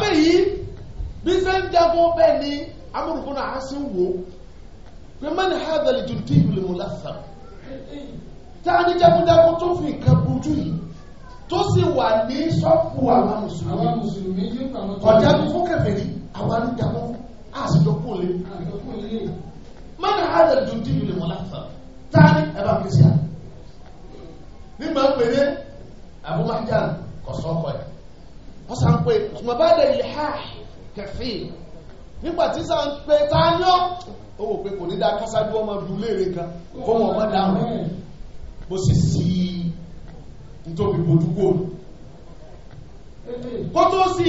ni yìí bí ni amúrùkún náà pé mẹ́ni hádàlì tó dí ìlú mọ́lásà táà ní jákújákú tó fi nǹkan bojú yìí tó sì wà ní sọ́pù àwọn mùsùlùmí ọ̀dà tó fún kẹfẹ̀rí àwọn anìjàmọ́ àṣìjọpọ̀lẹ̀ mẹ́ni hádàlì tó dí ìlú mọ́lásà táà ní ẹ̀bà kẹsì à é péré àbúmájàn kọ̀sọ́kọ̀ ẹ̀ wọ́n sá ń pé ọmọ bá dẹ̀ yìí ha kẹfì nígbà tí sá ń pé táà yọ ó wò pé kò ní dá kásájú ọmọ ìlú léèrè kan kó wọn mọ́ dáhùn bó sì sí nítorí bojú góòlù kó tó sí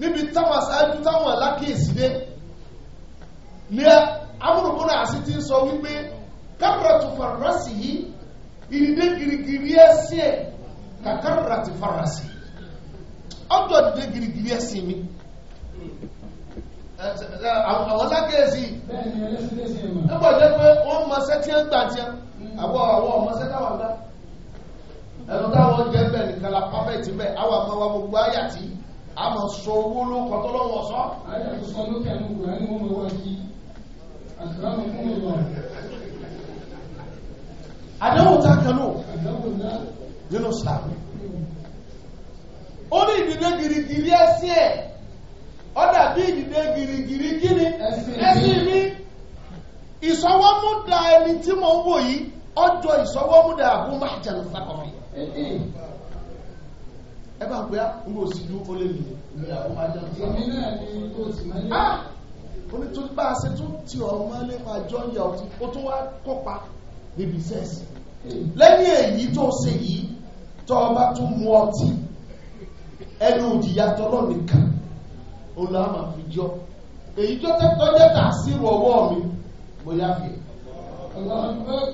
níbi táwọn aṣáájú táwọn alákèésí dé ní amúrùmúrà àti tí ń sọ wípé kábàrà tó farasì yìí ìdílé gírígírí ẹsẹ̀ ẹ̀ kàkàrà tó farasì ọjọ́ ìdílé gírígírí ẹsẹ̀ mi àwọn lákèésí nígbà jẹ́ pé wọ́n mọṣẹ́ tí ń gbà tí àwọn àwọn ọmọṣẹ́ táwọn gbà ẹnu táwọn jẹ́ bẹ̀ nìkan la pápẹ́ẹ̀tì bẹ̀ àwọn àmọ́ wa gbogbo ayà tí a mọ̀ sọ owó ló kọ́ tó lọ́wọ́ sọ. ayé àti sọ lókè ẹnu kò ẹni wọn wọ kí àtúrà mi fún mi lọ. àdéhùn tá a kan nù nínú sàmì ó ní ìdílé girigiri ẹsẹ̀ ó dàbí ìdìde gìrìgìrì kí ni ẹ̀sìn mi ìsọwọ́múdà ẹni tí mo ń wò yìí ọjọ́ ìsọwọ́múdà Abu Mahjan al-Thaqafi ẹ bá gbé ń bò sí ìlú olè mi ah! ní Abu Mahjan al-Thaqafi onítorí bá a ṣe tún ti ọmọ nípa àjọ ìyà ọtí ó tún wá kópa níbi sẹ́ẹ̀sì hmm. lẹ́yìn èyí tó ṣe yìí tó bá tún mu ọtí ẹnu òdìyàtọ̀ lọ́nìkan olùhàmà fi jọ èyí tó tọ́jẹ́ tà sírò ọwọ́ mi mo yá fi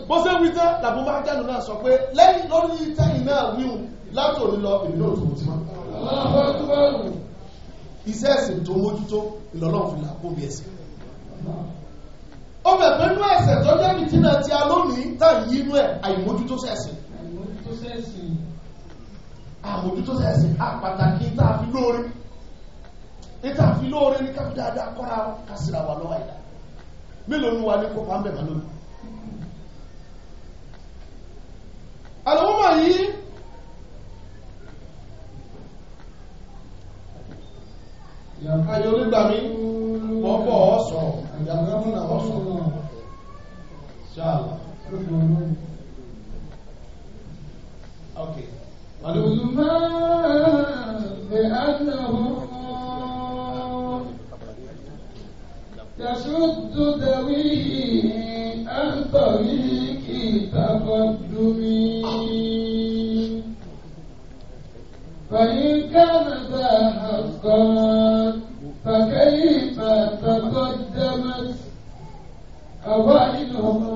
bó ṣe wí tán làbó bá jáde náà sọ pé lẹ́yìn lórí tẹ́yìn náà wíwù látòrí lọ èmi náà tó ti máa iṣẹ́ ẹ̀sìn tó mójútó ìlọ́lọ́ fi làbó bí ẹ̀sìn ó bẹ̀ pé inú ẹ̀sẹ̀ tó jẹ́ ìtìnà ti alónìí tàn yí inú ẹ̀ àìmójútó sẹ́sìn àmójútó sẹ́sìn àpàtàkì tá a fi lóore Ita fi lóore ní káfí dáadáa kọ́ra kásìlà wà lọ́wọ́ ìdá mélòó ní wa ní kópa ń bẹ̀rẹ̀ lónìí àlọ́wọ́mọ̀ yìí ayé onígbà mi mọ́ bọ̀ ọ̀sọ̀ ìjàmbá múnà ọ̀sọ̀ ṣáàlá ok. Àlùmọ́ bẹ̀ ánà hù تشد ذويه عن طريق تقدمي فإن كان ذا حقا فكيف تقدمت أوائلهم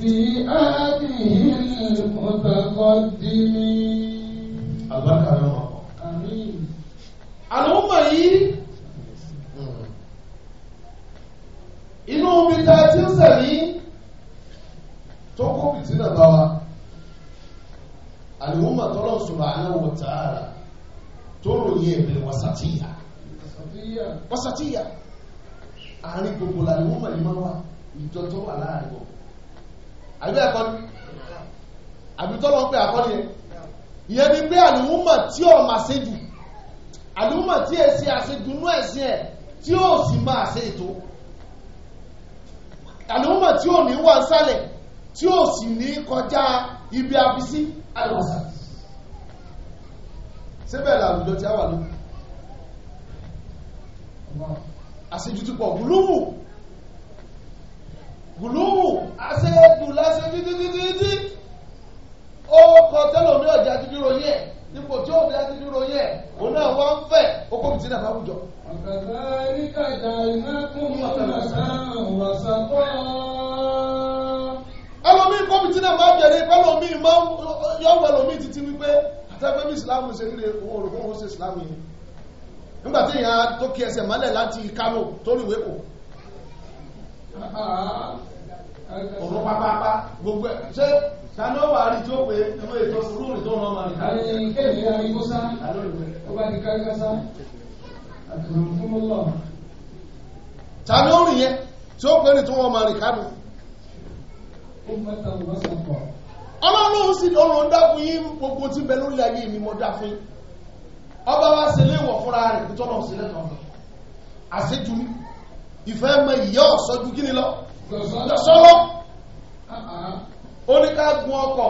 في أهله المتقدمين أبكر sẹ̀mí tó kó fìtínà bá wa àlùmọ̀ tọ́lọ̀ subhanahu wa ta'ala tó ròyìn ẹ̀bẹ̀rẹ̀ wasatiyya wasatiyya àárín gbogbo làlùmọ̀ yìí máa wà ìjọ tó wà láàrin wọn àbí ẹ̀kọ́ ni àbí tọ́lọ̀ pé àkọ́ni ẹ̀ ìyẹn ni pé àlùmọ̀ tí ọ̀ máa ṣe jù àlùmọ̀ tí èsì àṣejù nú ẹ̀sìn ẹ̀ tí ó sì máa ṣe ètò àlùmọ̀ tí ò ní wọ̀ sálẹ̀ tí ò sì ní kọjá ibi abisí àlùsà síbẹ̀ làwùjọ tí a wà lónìí àṣejútúpọ̀ gùlùmù gùlùmù àṣejù láṣejú títítítí ó kọ tẹ́lòmí ọ̀jà dídúró yẹ nípò tí ó bí á dídúró yẹ òun náà wọ́n ń fẹ́ ó kó bìtínà máwùjọ وكذلك جعلناكم أمة وسطا ẹlòmíì kọ́mìtì náà máa bẹ̀rẹ̀ pẹ́lòmíì máa yọ̀wọ̀ ẹlòmíì títí wípé àtẹ́fẹ́mí ìsìláàmù ṣe nílé owó olùkọ́ ó ṣe ìsìláàmù yìí nígbàtí ìyá tó kí ẹsẹ̀ mọ́lẹ̀ láti Kánò tó rí ìwékò ọ̀rọ̀ pápápá gbogbo ẹ̀ ṣé tani wà rí tí ó pé ẹmọ ètò rúùrù tó rán ọmọ rẹ̀ tàbí ó rìn yẹn tí ó pẹ́ ní tí wọ́n máa rìn kánú ọlọ́run sì lọ́rọ̀ dákun yí gbogbo tí bẹ lórí ayé mi mọ́ dáfin ọba wá sí léwọ̀ fúnra rẹ̀ ìtọ́nà sí lẹ́tọ̀ àṣíjú ìfẹ́ mọ ìyá ọ̀sọ́jú kí ni lọ lọ́sọ́lọ́ ó ọkọ̀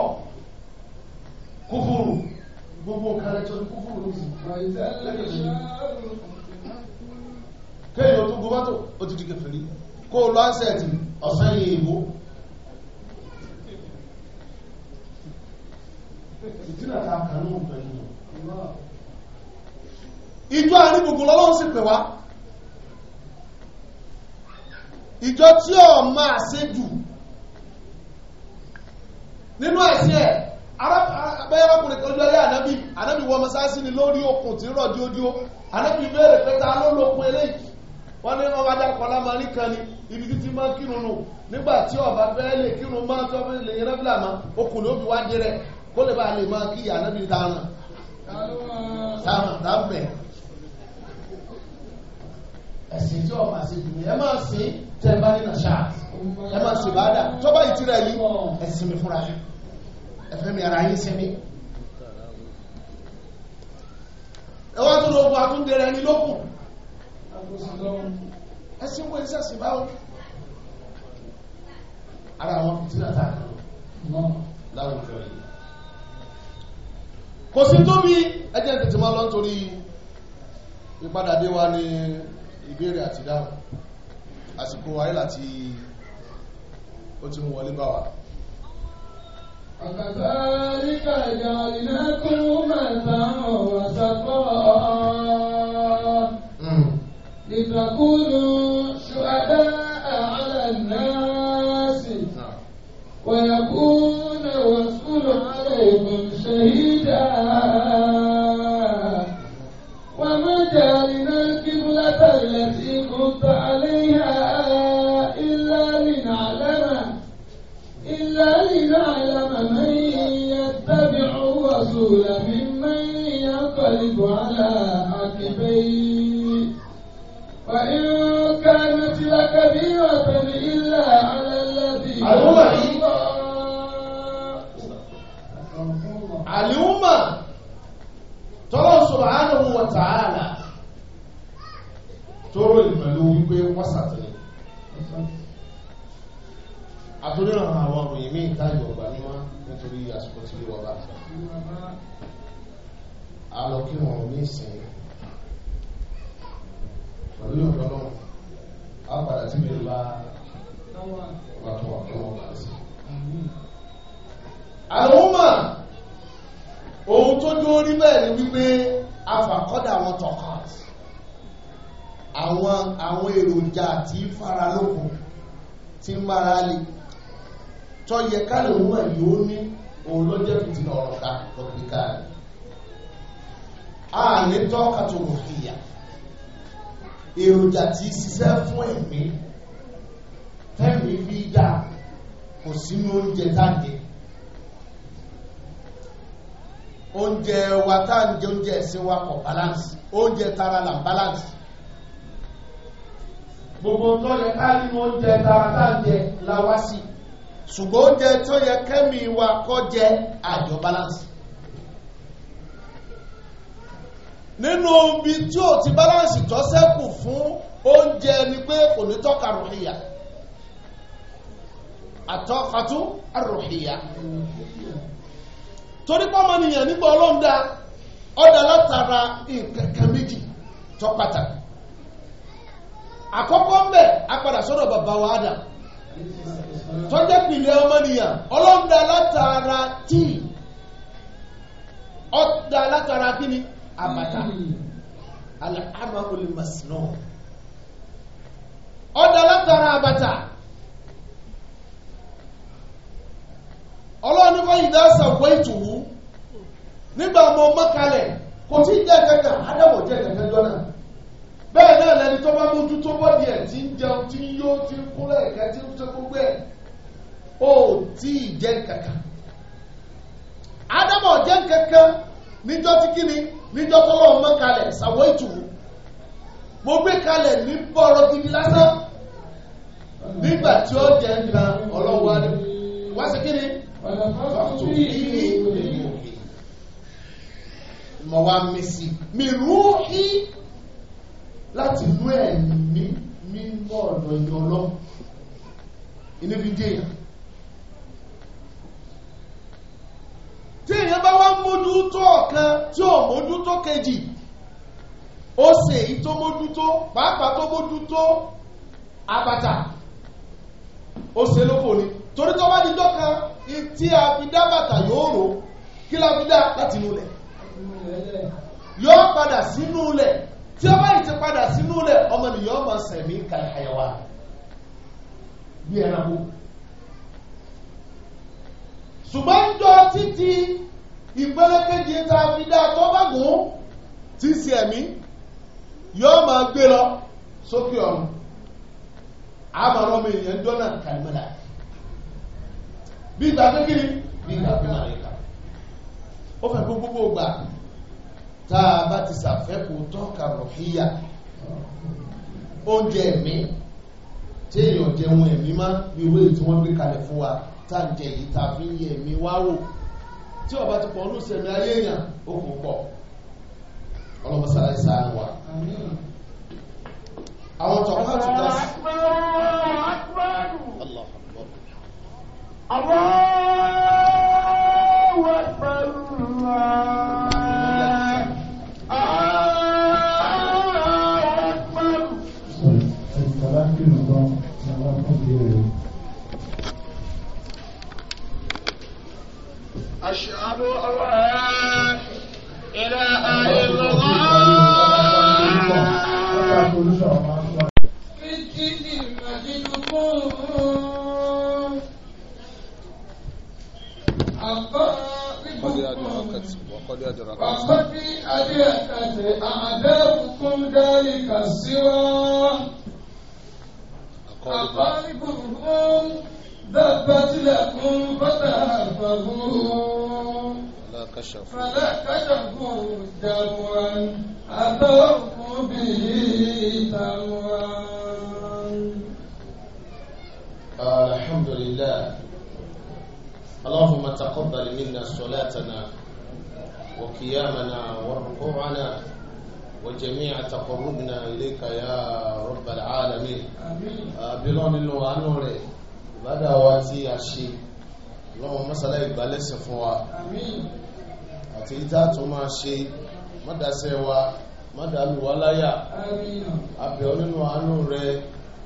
kúfùrù gbogbo kàrẹ́tọ̀ kúfùrù ló kéèyàn tó gún ó ti di kèfèrí kó lọ ọ̀sán yìí ìbò ìjọ àríbùkún lọ́lọ́run sì pè ìjọ tí ọ máa ṣe jù nínú ẹ̀sìn ẹ̀ abẹ́yẹ́rọ́kùnrin kan ànábì ànábì wọ́n ni lórí okùn tí rọ̀ díódíó ànábì bẹ́ẹ̀rẹ̀ pẹ́ta ló eléyìí wọ́n ní wọ́n bá dákọ̀ lámà nìkan ni ibi títí máa kírun nù nígbà tí ọba fẹ́ lè kírun máa tó fẹ́ lè yẹrẹ́ fìlà mọ́ okùn ló fi wá dé rẹ̀ kó lè bá lè máa kí ìyá náà bí dáhùn dáhùn dábẹ̀. ẹ̀sìn tí ọba ṣe dùn ẹ máa sìn tẹ́ bá nínú ṣáà ẹ máa sìn bá dà tọ́ba ìtura yìí ẹ̀sìn mi fúnra yìí ẹ̀fẹ́ mi ara yín sinmi. ẹwà tó lọ àtúndẹ̀rẹ̀ ẹni lókùn ẹsìn wo iṣẹ́ sì báwo ara àwọn fìtílà tá mọ́ láwùjọ yìí kò sí tó bí ẹjẹ́ tètè máa lọ nítorí ìpadàdé wa ní ìbéèrè àti dáhùn àsìkò ayé láti ó ti mú wọlé bá wa وكذلك جعلناكم أمة وسطا لتقولوا yẹ káàlì òun mọ̀ yìí ó ní òun ló jẹ́ fìtínà ọ̀rọ̀ ká lọ́kùnrin káàlì a ní tọ́ka tó wò fìyà èròjà tí ṣiṣẹ́ fún ẹ̀mí fẹ́mi fi dà kò sínú oúnjẹ táǹdé oúnjẹ wa táǹdé oúnjẹ ẹ̀sìn wa kọ̀ balance oúnjẹ tara là balance gbogbo tó yẹ ká nínú oúnjẹ tara táǹdé la wá sí i ṣùgbọ́n oúnjẹ tó yẹ kẹ́mì wa kọ́ jẹ àjọ balance nínú ibi tí ò ti balance tọ́ sẹ́kù fún oúnjẹ ni pé kò ní tọ́ka rùhìyà àtọ́katú àrùhìyà torí pọ́mọ́nìyàn nígbà ọlọ́ndà ọ̀dà látara nǹkan méjì tó pàtàkì àkọ́kọ́ ń bẹ̀ apàdà bàbá wa Adam tọ́jẹ́ pìlẹ̀ ọmọnìyàn ọlọ́run ọ látara tíì ọ̀dà látara kíni àbàtà alàmà olùmọ̀sánà ọ̀dà látara àbàtà ọlọ́run ní fọ́yìn dá sàwọ́ ìtùwú nígbà ọmọ kò tí jẹ́ kankan adáwọ̀ jẹ́ kankan bẹ́ẹ̀ náà lẹni tó bá mójú tó bọ́dì ẹ̀ tí ń jẹun tí ń yó tí ń kúnlẹ̀ ẹ̀kẹ́ tí ń ṣe gbogbo ẹ̀ ó tí ì jẹ́ kankan ádámọ̀ jẹ́ kankan níjọ́ tí kíni níjọ́ tó lọ́wọ́ mọ́ kalẹ̀ sàwọ́ ìtùwù mo gbé kalẹ̀ ní bọ́ọ̀rọ̀ gidi lásán nígbà tí ó jẹ́ ìlà ọlọ́wọ́ adé wá sí kíni mọ̀ wá mí sí mi rú hí láti inú ẹ̀mí mímọ́ ọ̀nà ìyọlọ́ inú fi dé èèyàn tí èèyàn bá wá mójú tó ọ̀kan tí ò mójú tó kejì ó ṣe èyí tó mójú tó pàápàá tó mójú tó abàtà ó ṣe lóko ni torí tó bá di dọ́kan tí a fi dá bàtà yóò rò kí la fi dá láti inú lẹ̀ yóò padà sínú lẹ̀ tí ó bá yìí ti padà sínú lẹ̀ ọmọnìyàn ọmọ sẹ̀mí kàìkàìwà bí ẹranko ṣùgbọ́n jọ títí ìgbélékejì ta fi dá tó bá gùn tí sẹ̀mí yóò máa gbé lọ sókè ọ̀run àmàrọ̀ ọmọ èèyàn jọ́nà kàìmọ́lá bí ìgbà kékeré bí ìgbà kékeré ó fẹ́ gbogbo gbà tá a bá ti sàfẹ́kù tán kàròhíyà oúnjẹ ẹ̀mí tí èèyàn jẹun ẹ̀mí má bí owó èyí tí wọ́n gbé kalẹ̀ fún wa tá ń jẹ èyí tá fi ń yẹ ẹ̀mí wá wò tí ọba ti pọ̀ lóṣẹ̀ mi ayé èèyàn ó kò pọ̀ ọlọ́mọsára ìsá wa. àwọn tọ̀pá tó dá sí. Allahu Akbar. مرفوعات إلى آل الغار في الدين مجنون وقد أدركت أعداؤكم ذلك السوى أقاربهم دبت لكم فتهفروا فلا كشفوا فلا كشفوا دوا أدركوا به توا الحمد لله اللهم تقبل منا صلاتنا وقيامنا وركوعنا وجميع تقربنا إليك يا رب العالمين آمين بلون الوانوري ìbádà wa tí a ṣe lọ́wọ́ mọ́sálá ìgbálẹ́sẹ̀ fún wa àti ìta tó máa ṣe mọ́dásẹ́ wa mọ́dálù wa láyà abẹ̀ onínú àánú rẹ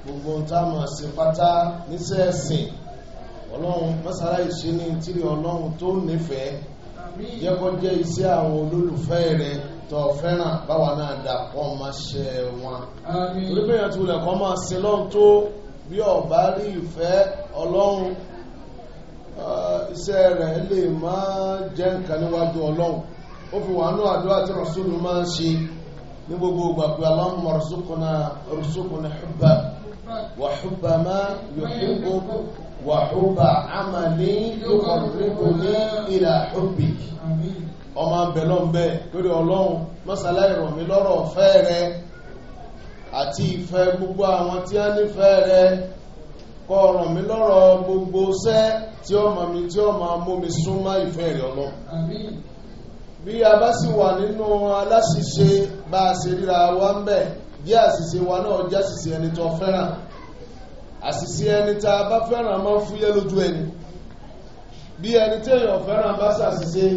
gbogbo tá a máa ṣe pátá níṣẹ́ ẹ̀sìn ọlọ́run mọ́sálá ìṣe ní tírí ọlọ́run tó nífẹ̀ẹ́ jẹ́kọ́ iṣẹ́ àwọn olólùfẹ́ rẹ tó fẹ́ràn báwa náà dà máa ṣe wọn torí bẹ́yàn tó lẹ̀kọ́ máa ṣe lọ́n tó bí ọ̀bá rí ìfẹ́ ọlọ́run iṣẹ́ rẹ̀ lè máa jẹ́ nǹkan níwájú ọlọ́run ó fi wà ní àdúrà tí rọ̀súlù máa ń ṣe ní gbogbo ìgbà pé Allahumma rọ̀súkùnà rọ̀súkùnà hubba wà hubba ma yuhibbu wà hubba amali yuqarribuni ila hubbik ọmọ abẹ̀lọ́mbẹ̀ lórí ọlọ́run mọ́sálá ìrọ̀mí lọ́rọ̀ ọ̀fẹ́ rẹ̀ àti ìfẹ́ gbogbo àwọn tí a nífẹ̀ẹ́ rẹ kó ràn mí lọ́rọ̀ gbogbo iṣẹ́ tí ó mọ̀ mi tí ó máa mú mi súnmọ́ ìfẹ́ rẹ ọlọ́run bí a bá sì wà nínú aláṣìṣe bá a ṣe ríra wa ń bẹ̀ bí àṣìṣe wa náà jẹ́ àṣìṣe ẹni tó fẹ́ràn àṣìṣe ẹni tá a bá fẹ́ràn máa ń fúyẹ́ lójú ẹni bí ẹni téèyàn fẹ́ràn bá ṣàṣìṣe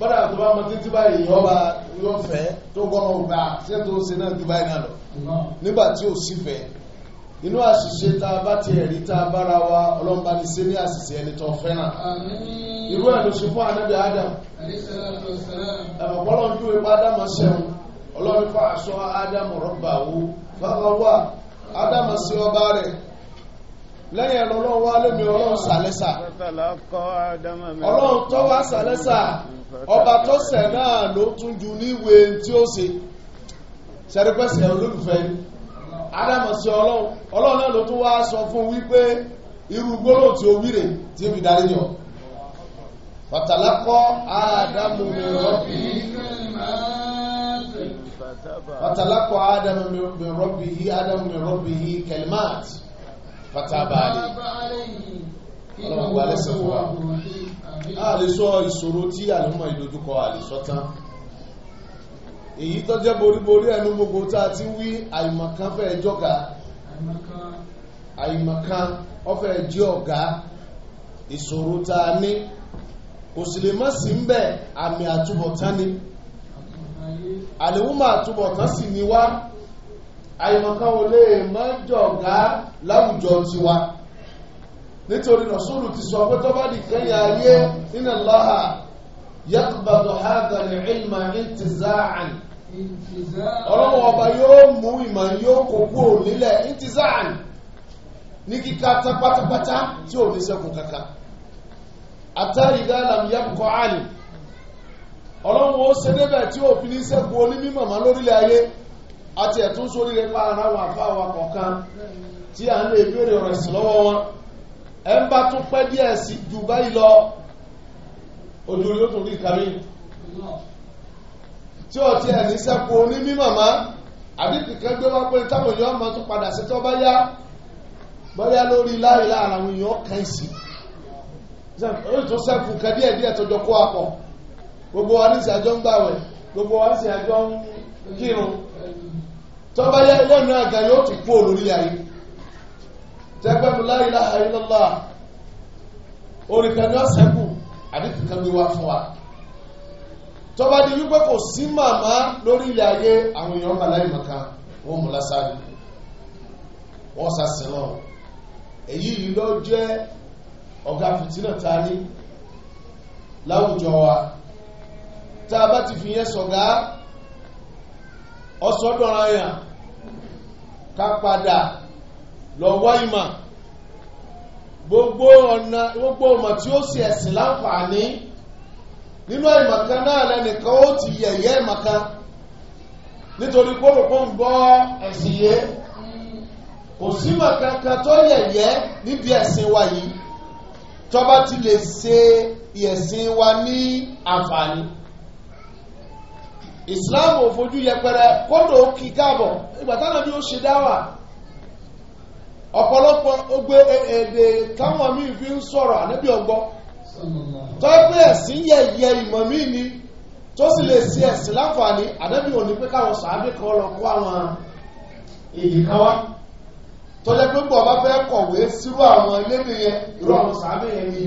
bọ́dà tó bá mọ títí báyìí ọba yóò fẹ́ tó gbọ́nà ògbà ṣé tó ṣe náà ju báyìí náà lọ nígbà tí ò sí fẹ́ inú àṣìṣe tá a bá ti ẹ̀rí tá a bára wa ọlọ́mọba ní ṣe ní àṣìṣe ẹni tó fẹ́ràn irú ẹ̀ ló ṣe fún anábì Adam ẹ̀mọ̀pọ̀lọ́ ń dúwe bá Adam ṣẹ̀wọ̀n ọlọ́run fún aṣọ Adam rọ́bà wo fáwọ́wà Adam sí ọba rẹ̀ lẹ́yìn ẹ̀rọ ọlọ́run wá lẹ́mi ọlọ́run sàlẹ́sà ọlọ́run tó sàlẹ́sà ọba tó sẹ náà ló tún ju níwe tí ó ṣe ṣẹ́rípẹ́sẹ̀ olólùfẹ́ adámọ̀sí ọlọ́run ọlọ́run náà ló tún wá sọ fún wípé irú gbólóhùn tí ó wíre tí ó fi darí yọ pàtàlákọ́ ádámù mi rọ́bì pàtàlákọ́ ádámù mi rọ́bì yí mi ọlọ́run gba lẹ́sẹ̀ fún wa a lè sọ ìṣòro tí àlùmọ̀ ìdojúkọ àlèsọ tán èyí tó jẹ́ boríborí ẹnu gbogbo tá a ti wí àìmọ̀kan fẹ́ jọ́gà àìmọ̀kan ọfẹ́ jẹ́ ọ̀gá ìṣòro tá a ní kò sì lè mọ́ sí ń bẹ̀ àmì àtúbọ̀tán ni àlèwúmọ̀ àtúbọ̀tán sì ni wá àìmọ̀kan ò lè mọ́ jọ̀gá láwùjọ tiwa nítorí rọ̀súlù ti sọ pé tó bá di kẹ́yà ayé inna Allaha yaqbadu hadha al-ilma intiza'an ọlọ́wọ́ ọba yóò mú ìmọ̀ yóò kó gbò nílẹ̀ intiza'an ní kíká tán pátápátá tí ò ní sẹ́kùn kankan àtàrí dáadáa yabqa alim ọlọ́run ó ṣe débẹ̀ tí ó fi ní sẹ́kùn onímọ̀ mọ́ lórílẹ̀ ayé àti ẹ̀tún sórí rẹ̀ pa ara kọ̀ọ̀kan tí à ń lè béèrè ọ̀rọ̀ ìsìn lọ́wọ́ wọn ẹ ń bá tún pẹ́ díẹ̀ sí ju báyìí lọ ojú orí tún rí ìkàrí tí ó ti ẹ̀ní sẹ́kù oní mímọ̀ má àdìtì kan gbé wá pé táwọn èèyàn máa tún padà sí tó bá yá bọ́yá lórí láì láàrin àwọn èèyàn kan sí ó tún sẹ́kù kan díẹ̀ díẹ̀ tó jọ kó apọ̀ gbogbo wa ní ìsìnàjọ́ ń gbàwẹ̀ gbogbo wa ní ìsìnàjọ́ ń kírun tó bá yá ilé náà gan yóò tún kú òlórí ayé tẹ́gbẹ́nu la ilaha illallah oríkẹ́ni ọ̀sẹ̀kù àdìtì kan gbé wá fún wa tọ́ba di wípé kò sí màmá lórí ilẹ̀ ayé àwọn èèyàn ọba láì mọ̀ká wọ́n mú lásàrí wọ́n sàsìn náà èyí yìí ló jẹ́ ọ̀gá fìtínà ta ní láwùjọ wa tá a bá ti fi yẹn sọ̀gá ọ̀sọ́dọ̀ranyàn ká padà lọ wá ìmọ̀ gbogbo ọ̀nà gbogbo ọmọ tí ó ṣe ẹ̀sìn láǹfààní nínú ìmọ̀kan náà lẹ́nìkan ó ti yẹ̀yẹ́ ìmọ̀kan nítorí pọ́lọ̀pọ́ ń gbọ́ ẹ̀sìn yé kò sí mọ̀kankan tó yẹ̀yẹ́ níbi ẹ̀sìn wa yìí tọ́ba ti lè ṣe ẹ̀sìn wa ní àǹfààní ìsìláàmù ò yẹpẹrẹ kódò kí ìgbà táwọn ni ó ṣe dáwà ọ̀pọ̀lọpọ̀ ogbe èdè e, e, táwọn míì fi ń sọ̀rọ̀ ànábì ọgbọ́ tó pé ẹ̀sìn yẹ̀yẹ ìmọ̀ míì ni tó sì lè sí ẹ̀sìn láǹfààní ànábì òní pé káwọn sàábì kan lọ kó àwọn èdè kan wá tó jẹ́ pé bọ̀ bá fẹ́ kọ̀wé sírú àwọn ilébì yẹn irú àwọn sàábì yẹn ni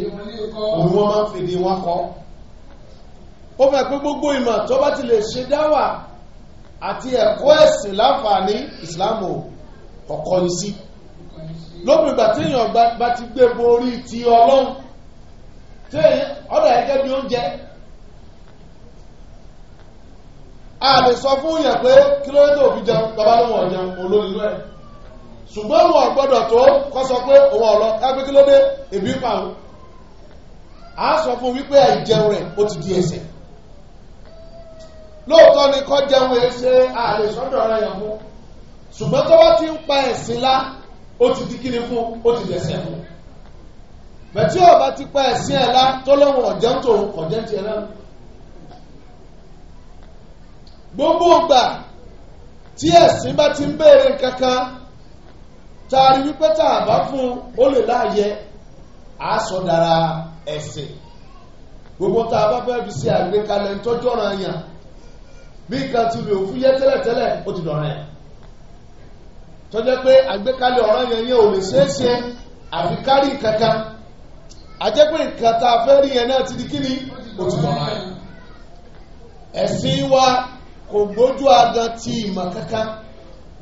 òun wọn máa ń fèdè wọn kọ́ ó fẹ́ pé gbogbo ìmọ̀ tó bá ti lè ṣe dáwà àti ẹ̀kọ́ ẹ̀sìn láǹfààní ìsìláàmù ọ̀kọ́ni sí. Si lópin ìgbà tí èèyàn bá ti gbé borí ti ọlọ́run tí ọ̀dọ̀ ẹ̀jẹ̀ bí oúnjẹ a lè sọ fún èèyàn pé kí ló tó fi jẹun bàbá ló wọ̀n jẹun olórí rẹ̀ ṣùgbọ́n wọn gbọ́dọ̀ tó kọ́ sọ pé òun ọ̀lọ́ kápẹ́ kí ló dé èbí pa òun a sọ fún wípé àìjẹun rẹ̀ ó ti di ẹ̀ṣẹ̀ lóòótọ́ ni kọ́ jẹun èé ṣe àlè sọ́dọ̀ ọ̀rọ̀ yẹn fún ṣùgbọ́n tó bá ti ń pa ẹ̀sìn lá ó ti di kíni fún ó ti dẹ̀sẹ̀ fún bẹ̀tí ọba ti pa ẹ̀sìn ẹ̀lá tó lọ́wọ́ ọ̀jẹ́ tó ọ̀jẹ́ ti ẹ̀lá gbogbo ọgbà tí ẹ̀sìn bá ti ń béèrè kankan taari wípé tá a bá fún ó lè láàyè àásọ dára ẹ̀sìn gbogbo tá a bá fẹ́ fi ṣe àgbékalẹ̀ tọ́jọ́ ọ̀ràn yàn bí nǹkan ti lè òfin yẹ tẹ́lẹ̀tẹ́lẹ̀ ó ti dọ̀ràn yàn tó jẹ́ pé àgbékalẹ̀ ọ̀ràn yẹn yẹn ò lè ṣeé ṣe àfi kárí nǹkan kan àjẹ́ pé nǹkan tá a fẹ́ rí yẹn náà ti di kíni òtítọ́ ẹ̀sìn wa kò gbójú agan ti ìmọ̀ kankan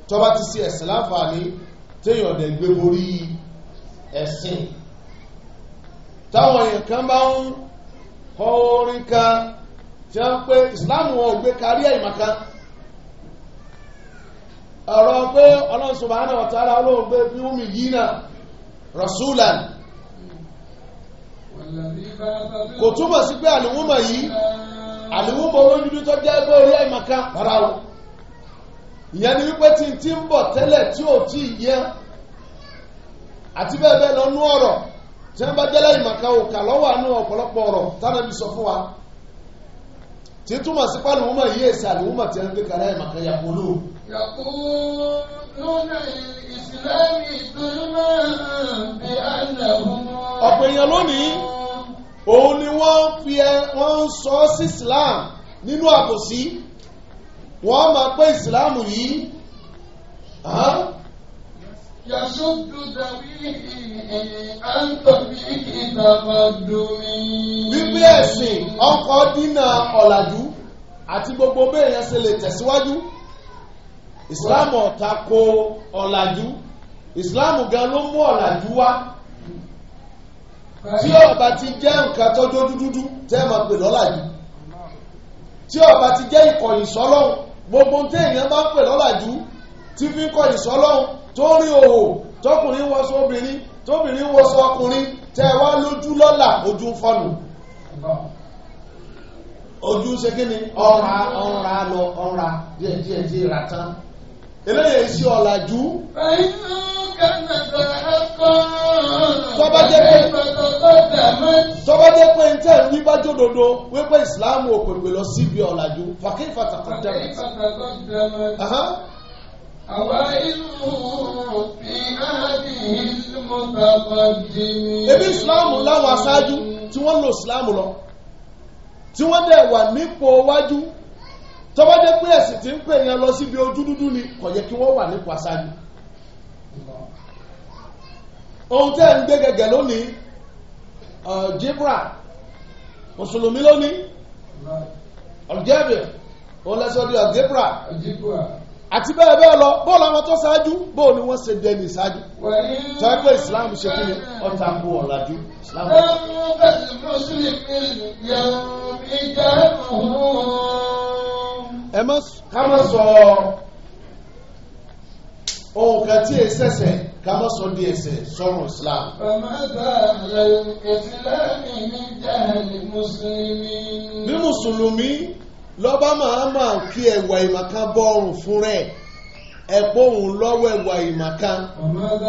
tó ti ṣe ẹ̀sìn láǹfààní téèyàn dẹ̀ gbé borí ẹ̀sìn táwọn èèyàn kan bá ń kọ orin kan tí wọ́n pé ìsìláàmù wọn ò gbé kárí àìmọ̀ kan ọ̀rọ̀ pé Ọlọ́run subhanahu wa ta'ala Ọlọ́run gbé bí ó mì yí náà rasulan kò túmọ̀ sí pé àlùwúmọ̀ yìí àlùwúmọ̀ olóyúdú tó jẹ́ pé orí àìmọ̀ká rárá o ìyẹn ni wípé tí tí ń bọ̀ tẹ́lẹ̀ tí ò tí ì yẹ àti bẹ́ẹ̀ bẹ́ẹ̀ lọ ọ̀rọ̀ tí wọ́n bá jẹ́lẹ̀ àìmọ̀ká ò kà lọ́wọ́ àánú ọ̀pọ̀lọpọ̀ ọ̀rọ̀ tánàbí sọ fún wa tí ń túmọ̀ sí pálù wúmọ̀ yí èsì àlùwúmọ̀ tí ń gbé kalẹ̀ ìmọ̀kan yàkúlù. ọ̀pọ̀ èèyàn lónìí òun ni wọ́n fi ẹ wọ́n ń sọ sí Islam nínú àbòsí wọ́n máa pé Islam yìí يصد ذويه أن تبيه تقدمي. wípé ẹ̀sìn ọkọ̀ dínà ọ̀làjú àti gbogbo bẹ́ẹ̀yẹn ṣe lè tẹ̀síwájú islam ọ̀ta ko ọ̀làjú islam gan ló mú ọ̀làjú wá tí ọba ti jẹ́ nǹkan tọ́jú dúdúdú tẹ́ máa pè lọ́làjú tí ọba ti jẹ́ ìkọ̀yìn sọ́lọ́hún gbogbo téèyàn bá pè lọ́làjú tí fi ń kọ̀yìn sọ́lọ́hún tó rí òhò tọkùnrin wọṣọ obìnrin tóbìnrin wọṣọ ọkùnrin tẹ wá lójú lọ́là ojú fọ́nù ojú ṣe kí ni ọ̀ra ọ̀ra lọ ọ̀ra díẹ̀ díẹ̀ díẹ̀ rà tán sí ọ̀làjú. tọ́bajẹ́ pé tọ́bajẹ́ pé ń ní bájú dodo wípé ìsìláàmù òpèpè lọ síbi ebi ìsìláàmù láwọn aṣáájú tí wọ́n lo ìsìláàmù lọ tí wọ́n dẹ̀ wà nípò wájú tó bá jẹ́ pé ẹ̀sìn tí ń pè yẹn lọ síbi ojú dúdú ni kò yẹ kí wọ́n wà nípò aṣáájú ohun tẹ́ ń gbé gẹ́gẹ́ lónìí jibra mùsùlùmí lónìí ọ̀jẹ̀bẹ̀ òun lẹ́sọ̀dí àti bẹ́ẹ̀ bẹ́ẹ̀ lọ bóòlù àwọn tó ṣáájú bóòlù ni wọ́n ṣe dẹni ìṣáájú tó ẹgbẹ́ ìsìláàmù ṣe kí ni ọ̀tá bu ọ̀làjú ìsìláàmù. ẹ má sọ ohun kan tí èyí ṣẹ̀ṣẹ̀ ká má sọ di ẹ̀ṣẹ̀ sọ̀rọ̀ ìsìláàmù. bí mùsùlùmí lọ́ba mahama kí ẹ̀wà ìmàkan bọ́ ọrùn fún rẹ̀ ẹ̀pọ̀ òun lọ́wọ́ ẹ̀wà ìmàkan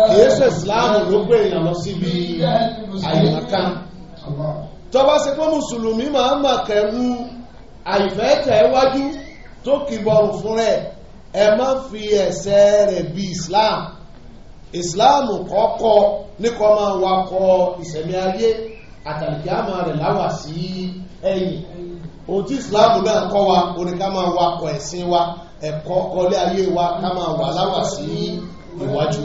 kìí ṣe ìsìláàmù ló gbé èèyàn lọ síbi àìmàkan tọ́ba ṣe pé mùsùlùmí mahama kẹrù àìfẹ́ tẹ̀ tó kì bọ́ fún rẹ̀ ẹ má fi ẹ̀ṣẹ̀ rẹ̀ bí islam islam kọ́kọ́ ní kọ́ máa wakọ̀ ìṣẹ̀mí ayé àtàlìkíámà rẹ̀ láwà sí ẹ̀yìn ohun tí ìsìláàmù náà kọ́ wa ó ká máa wa kọ ẹ̀sìn wa ẹ̀kọ́ kọlé ayé wa ká máa wà láwà sí iwájú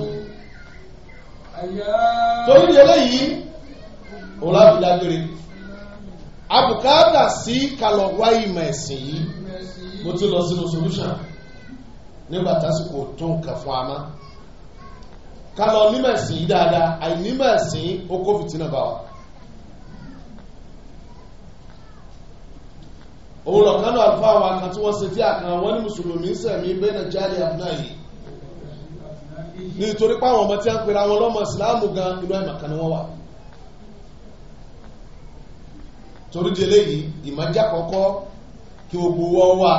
torí ní eléyìí òun láti dágbére abùkátà sí kalọ̀wá ìmọ̀ ẹ̀sìn yìí mo ti lọ sínú solution nígbà tásìkò tó nǹkan fún amá kalọ̀ nímọ̀ ẹ̀sìn yìí dáadáa àìnímọ̀ ẹ̀sìn ó kó fìtínà bá wa. òun lọ̀kánú àlùfáàwà kan tí wọ́n ṣe tí àkàn wọ́n ní mùsùlùmí sẹ̀mí bẹ́ẹ̀nà jáde àbúnáyì nítorí páwọn ọmọ tí a ń pera wọn lọ́mọ ìsìláàmù gan inú àìmọ̀kan ni wọ́n wà torí di eléyìí ìmọ̀já kọ́kọ́ kí gbogbo wọ́n wà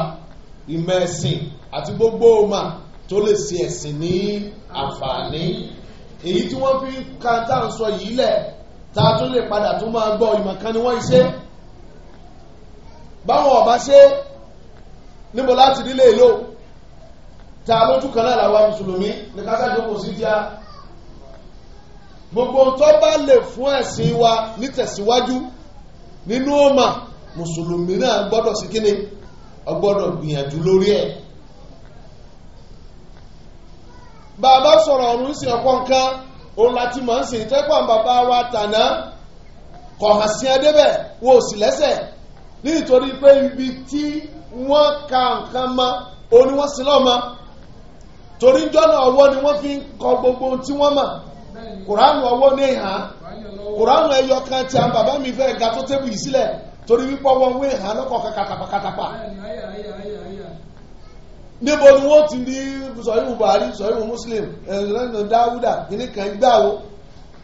ìmọ̀ ẹ̀sìn àti gbogbo ọmọ tó lè ṣe ẹ̀sìn ní àǹfààní èyí tí wọ́n fi ń ka táà ń sọ yìí lẹ̀ tá a tó lè padà tó máa gbọ́ ìmọ̀kan ni wọ́n ṣe báwọn ọba ṣe níbo láti nílé ìlò ta lójú kan náà làwọn mùsùlùmí ní kásájú kò sí díá gbogbo tó bá lè fún ẹ̀sìn wa nítẹ̀síwájú nínú ọmọ mùsùlùmí náà gbọ́dọ̀ sí kíni ọgbọ́dọ̀ gbìyànjú lórí ẹ̀ bàbá sọ̀rọ̀ ọ̀run sí ọ̀pọ̀ nǹkan òun láti mọ̀ ń sìn tẹ́pọ̀ bàbá wa tàná kọ̀hàn sí ẹdẹ́bẹ̀ wo sì lẹ́sẹ̀ nítorí pé ibi tí wọ́n ka nǹkan mọ́ onye wọ́n sì lọ́mọ torí jọ́nà ọwọ́ ni wọ́n fi ń kọ gbogbo ohun tí wọ́n mọ̀ kùránù ọwọ́ ní ìhà kùránù ẹyọ kan tí àwọn bàbá mi fẹ́ ga tó tébù yìí sílẹ̀ torí wípọ́ wọn wé ìhà lọ́kọ̀ ti muslim ẹ̀rọ dáwúdà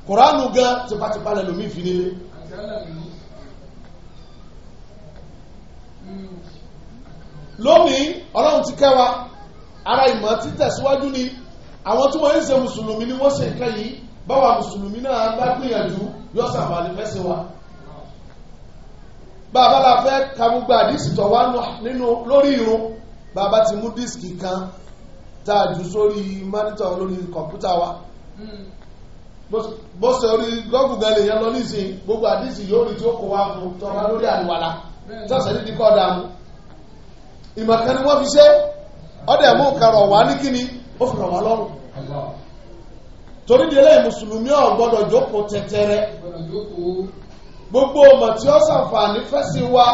kùránù gan tipátipá lẹ́nu mi fi lónìí ọlọ́run ti kẹwa ara ìmọ̀ títẹ̀síwájú ni àwọn tí wọ́n ń ṣe mùsùlùmí ni wọ́n ṣe nǹkan yìí báwa mùsùlùmí náà bá gbìyànjú yóò sàmàlì mẹ́sìn wa bàbá la fẹ́ ka gbogbo àdísì tó wá nínú lórí irun bàbá ti mú dísìkì kan tá a jù sórí mánítọ̀ lórí kọ̀ǹpútà wa bó ṣe orí gọ́gùn gan lè yẹn lọ nísìnyí gbogbo àdísì yóò rí tí ó kó wa fún tọ́ra lórí àríwá tọ́sẹ̀ ní kíkọ́ dàmú ìmọ̀kan ni wọ́n fi ṣe ọdẹ mú kẹrọ wá ní kíni ó fi rọ̀ wá lọ́rùn torí délé mùsùlùmí ò gbọ́dọ̀ jókòó tẹ̀tẹ̀rẹ̀ gbogbo ọmọ tí ó ṣàǹfààní fẹ́sí wa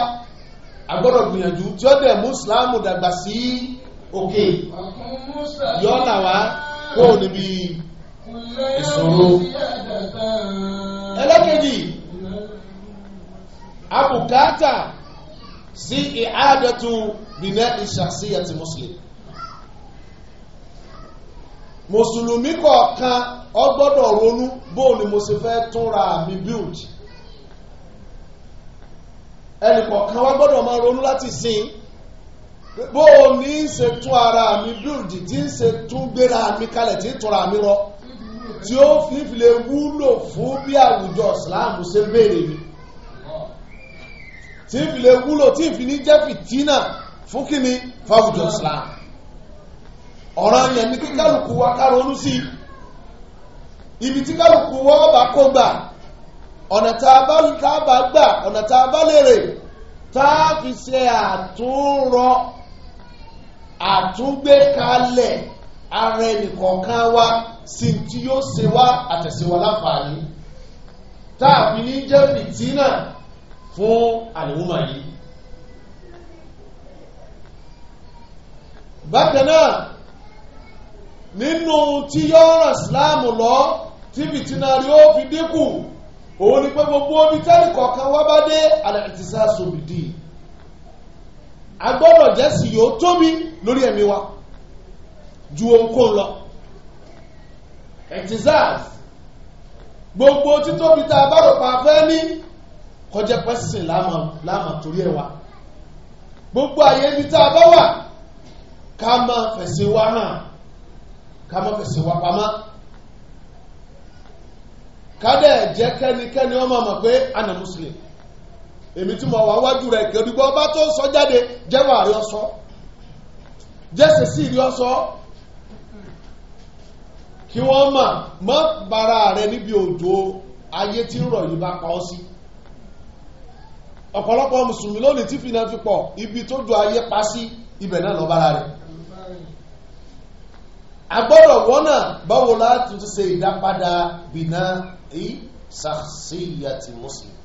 agbọ́dọ̀ gbìyànjú tí ó dẹ̀ mú ìsìláàmù dàgbà sí òkè yọ́nà wá kó níbi ìṣòro ẹlẹ́kejì abùkátà sí ìhádẹ́tù bìnẹ́ ìṣàṣeyàtì mùsùlùmí mùsùlùmí kọ̀ọ̀kan ó gbọ́dọ̀ ronú bóò ni mo ṣe fẹ́ túnra mi build ẹnì kọ̀ọ̀kan wa gbọ́dọ̀ máa ronú láti sìn bóò ní í ṣe tún ara mi build tí ń ṣe tún gbéra mi kalẹ̀ tí ń túnra mi rọ tí ó fi lè wúlò fún bí àwùjọ Islam ṣe béèrè mi tí ń fi lè wúlò tí ń fi ní jẹ́ fìtínà fún kíni fáwùjọ islam ọ̀ràn yẹn ni kí kálukú wa ká ronú sí ibi tí kálukú wa ọba kó gbà ọ̀nà tá a bá gbà ọ̀nà tá a bá lérè tá a fi ṣe àtúnrọ àtúngbékalẹ̀ ara ẹnìkọ̀ọ̀kan wa sí tí yóò ṣe wá àtẹ̀síwọ́ láǹfààní tá ní jẹ́ fìtínà fún àlùmọ̀ yìí bákan náà nínú tí yóò ràn síláàmù lọ tí fìtínà rí ó fi dínkù òun ni pé gbogbo omi tẹ́lẹ̀ kọ̀ọ̀kan wá bá dé àlàtìsá sòmìdì agbọ́dọ̀ jẹ́ sí yóò tóbi lórí ẹ̀mí wa ju ohunkóhun lọ ẹ̀tìsáàs gbogbo títóbi tá a bá rò pa fẹ́ ní kọjá pẹ́sìn láàmà torí ẹ̀wà gbogbo ayé ibi tá a bá wà ká máa fẹ̀sìn wa hàn ká máa fẹ̀sìn wa pamọ́ kádẹ̀ jẹ́ kẹ́nikẹ́ni wọ́n máa mọ̀ pé ana muslim èmi tí mo wà wájú rẹ̀ kẹ́dùgbọ́ ọba tó sọ jáde jẹ́wọ́ àrí ọsọ jẹ́sẹ̀ sí ìrí ọsọ kí wọ́n mà má bàrà rẹ̀ níbi òjò ayé tí ń rọ̀ yìí bá pa ọ́ sí ọ̀pọ̀lọpọ̀ mùsùlùmí lónìí tí fìnà fi pọ̀ ibi tó ju ayé pa sí ibẹ̀ náà lọ́bára rẹ̀ agbọ́dọ̀ wọ́nà báwo láti tún ṣe ìdápadà bìnà èyí sàṣíyà ti mùsùlùmí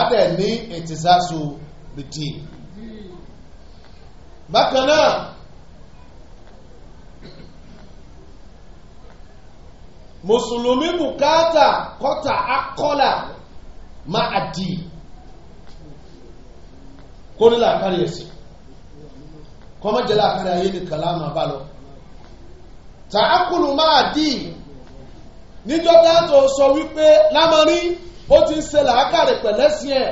adẹ̀ ní ètìsáṣù bìtì bákan náà mùsùlùmí bùkátà kọ́ta akọ́là máa dì kó ní làákàrí ẹ̀sìn kọ́ mọ́ jẹ́ làákàrí ayé nìkan láàmà bá lọ tààkùlù máa dì níjọ́ dáàtò sọ wípé lámọ́rí ó ti ń ṣe làákàrí pẹ̀lẹ́sìn ẹ̀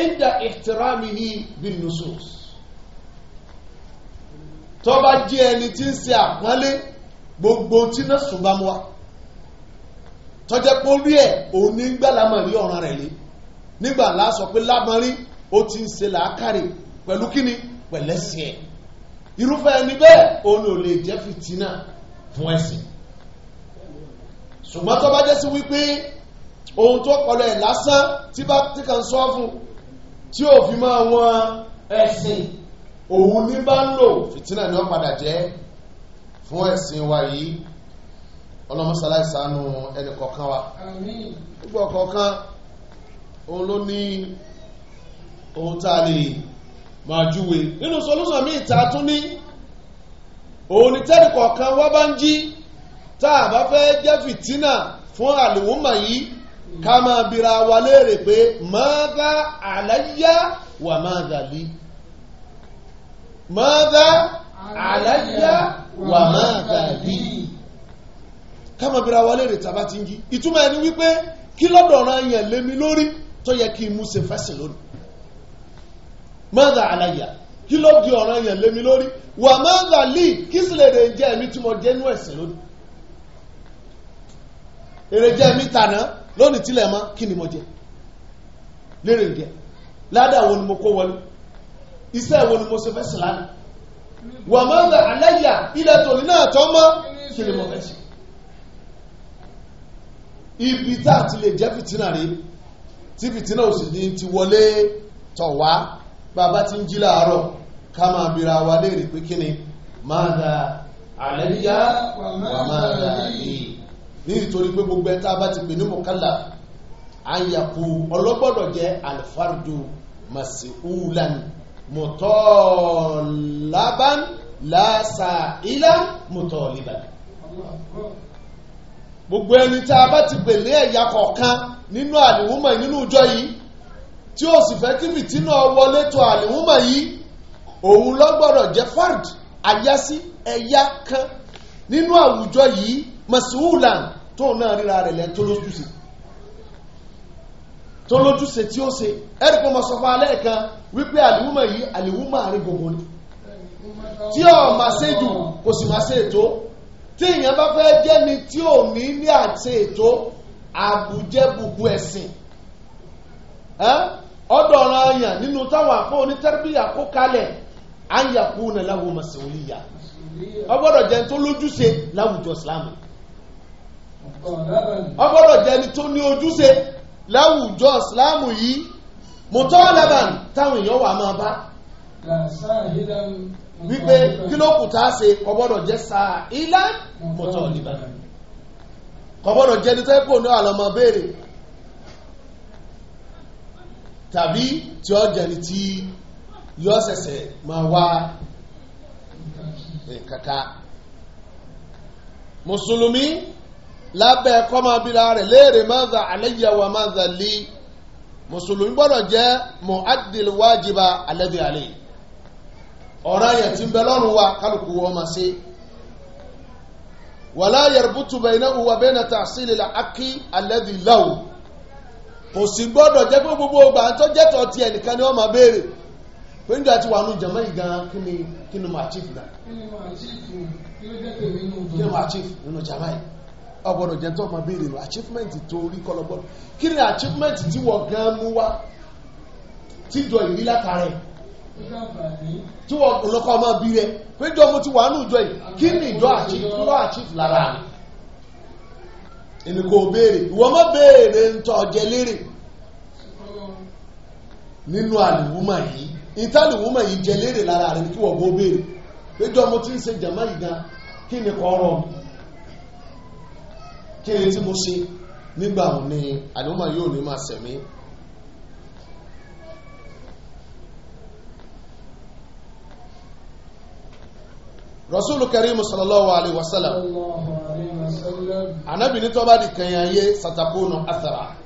inda ihtiramihi bin nusus tó bá jẹ́ ẹni tí ń ṣe àpọ́nlé gbogbo tí náà sùn bá wa tọ́jẹ́ pé ó rí ẹ̀ òun ní gbàlámọ̀ rí ọ̀ràn nígbà lásọ pé lábọ́nrí ó ti ń ṣe làákàrè pẹ̀lú kíni pẹ̀lẹ́sì ẹ̀ irúfẹ́ ẹni bẹ́ẹ̀ òun ò lè jẹ́ fìtínà fún ẹ̀sìn ṣùgbọ́n tó bá jẹ́ sí wípé ohun tó kọlọ̀ ẹ̀ lásán tí bá tí kàn sọ fún tí ò fi máa wọn ẹ̀sìn òun ní bá ń lò fìtínà ni wọ́n padà jẹ́ fún ẹ̀sìn wa yìí ọlọ́mọsáláìsánú ẹnì kọ̀ọ̀kan wa gbogbo ọ̀kọ̀ọ̀kan òun ló ní ohun tá a lè máa júwe nínú solúsàn míì tá a tún ni tẹ́lẹ̀ kọ̀ọ̀kan wá bá ń jí tá a bá fẹ́ jẹ́ fìtínà fún àlùwùmọ̀ yìí ká máa bira wa léèrè pé mọ́dá àlàyé wà máa dàbí mọ́dá àlàyé wà máa dàbí ká máa bira wa léèrè tá a ti ń jí ìtumọ̀ ẹni wípé kí lọ́dọ̀ ọ̀ràn yẹn lémi lórí tó yẹ kí n mú ṣe fẹ́sìn lónìí mọ́dà àlàyà kí ló di ọ̀ràn yẹn lémi lórí wà mọ́dà lì kí sì lè rèéjẹ́ èmi tí mo jẹ́ inú ẹ̀sìn lónìí èrèjẹ́ mi tàná lónìí tilẹ̀ mọ́ kí ni mo jẹ́ lérè jẹ́ ládà wo ni mo kó wọlé iṣẹ́ wo ni mo ṣe fẹ́sìn lánàá wà mọ́dà àlàyà ilẹ̀ tòlí náà tọ́ mọ́ kí ni mo fẹ́ ibi tá a ti lè jẹ́ fìtínà rèé tí fìtínà ò sì ní ti wọlé tọ̀ wá bàbá ti ń jí láàárọ̀ ká máa bira wa léèrè pé kíni máa da àlẹ́yà wà máa da èyí ní ìtorí pé gbogbo ẹ̀ta bá ti pè ní mọ̀kálà àyàkú ọlọ́gbọ́dọ̀ jẹ́ alfardu masiulan mutolaban lásà ilá mutoliban gbogbo ẹni tí a bá ti pè ní ẹ̀yà kọ̀ọ̀kan nínú àlìwúmọ̀ nínú ìjọ yìí tí ó sì fẹ́ kí fìtínà wọlé tó àlìwúmọ̀ yìí òun ló gbọ́dọ̀ jẹ́ fard ayásí ẹ̀yà kan nínú àwùjọ yìí masuulan tó náà ríra rẹ̀ lẹ́ tó lójúṣe tó lójúṣe tí ó ṣe ẹ̀rí pé mo sọ alẹ́ kan wípé àlìwúmọ̀ yìí àlìwúmọ̀ àrí ni tí ọ̀ máa ṣe jù kò sì máa ṣe ètò tí èèyàn bá fẹ́ ni tí ò ní ní àti ètò àbùjẹ́bùbù ẹ̀sìn ọ̀dọ̀ ọ̀ràn ayàn nínú táwọn àfọ onítẹ́rẹ́bíyà kó kalẹ̀ ayàkú nà láwùjọ màsíwòlíyà ọgbọ́dọ̀ jẹni tó lójúṣe láwùjọ islam ọgbọ́dọ̀ jẹni tó ní ojúṣe láwùjọ islam yìí mọ̀tọ́ laban táwọn èèyàn wà máa bá. wípé kí ló kù tá a ṣe kọ́bọ́dọ̀ jẹ́ sáà ilá mọ̀tọ́ ọ̀lẹ́bà kọ́bọ́dọ̀ jẹ́ nítorí pò ní àlọ́mọ béèrè tàbí tí ó jẹni tí yọ ṣẹ̀ṣẹ̀ máa wá kàkà mùsùlùmí lábẹ́ kọ́mọbíra rẹ̀ léèrè mọ́za àlẹ́yẹwà mọ́za lé mùsùlùmí gbọ́dọ̀ jẹ́ mọ́ adìl wájibà alẹ́bí àlẹ́yẹ ọ̀ràn yẹn ti ń bẹ lọ́rùn wa kálukú wọn máa ṣe wàlá yarbutu bainahu wa baina tahsilil haqqi alladhi lahu kò sì gbọ́dọ̀ jẹ́ pé gbogbo ọgbà tó jẹ́tọ̀ ti ẹnìkan ni wọ́n máa béèrè pé nígbà tí wà nù jẹ̀mọ́ ìgan kí ni kí ni màá chief náà kí ni màá chief nínú jàmá yìí ọgbọ́dọ̀ jẹ́ tó máa béèrè lọ achievement tó rí kọlọgbọ́dọ̀ kí ni achievement tí wọ́n gan mú wá tí dọ̀ ìrí látara ẹ̀ tí wọ́n olókọ́ ọmọ bí rẹ̀ péjọ mo ti wà ní ìjọ yìí kí ni ìjọ àti kúrò àti lára mi èmi kò béèrè ìwọ mọ́ béèrè ń tọ́ ọjẹ́ lérè nínú àlùwúmọ̀ yìí ìtàlùwúmọ̀ yìí jẹ lérè lára rẹ̀ kí wọ́n bó béèrè péjọ mo ti ń ṣe jàmá yìí gan kí ni kọ́ ọ̀rọ̀ mi kí ni tí mo ṣe nígbà òní àlùwúmọ̀ yóò ní máa sẹ̀mí rasulu karimu sallallahu alaihi wasallam anabi ní tó bá di kẹyànyé satakunu athara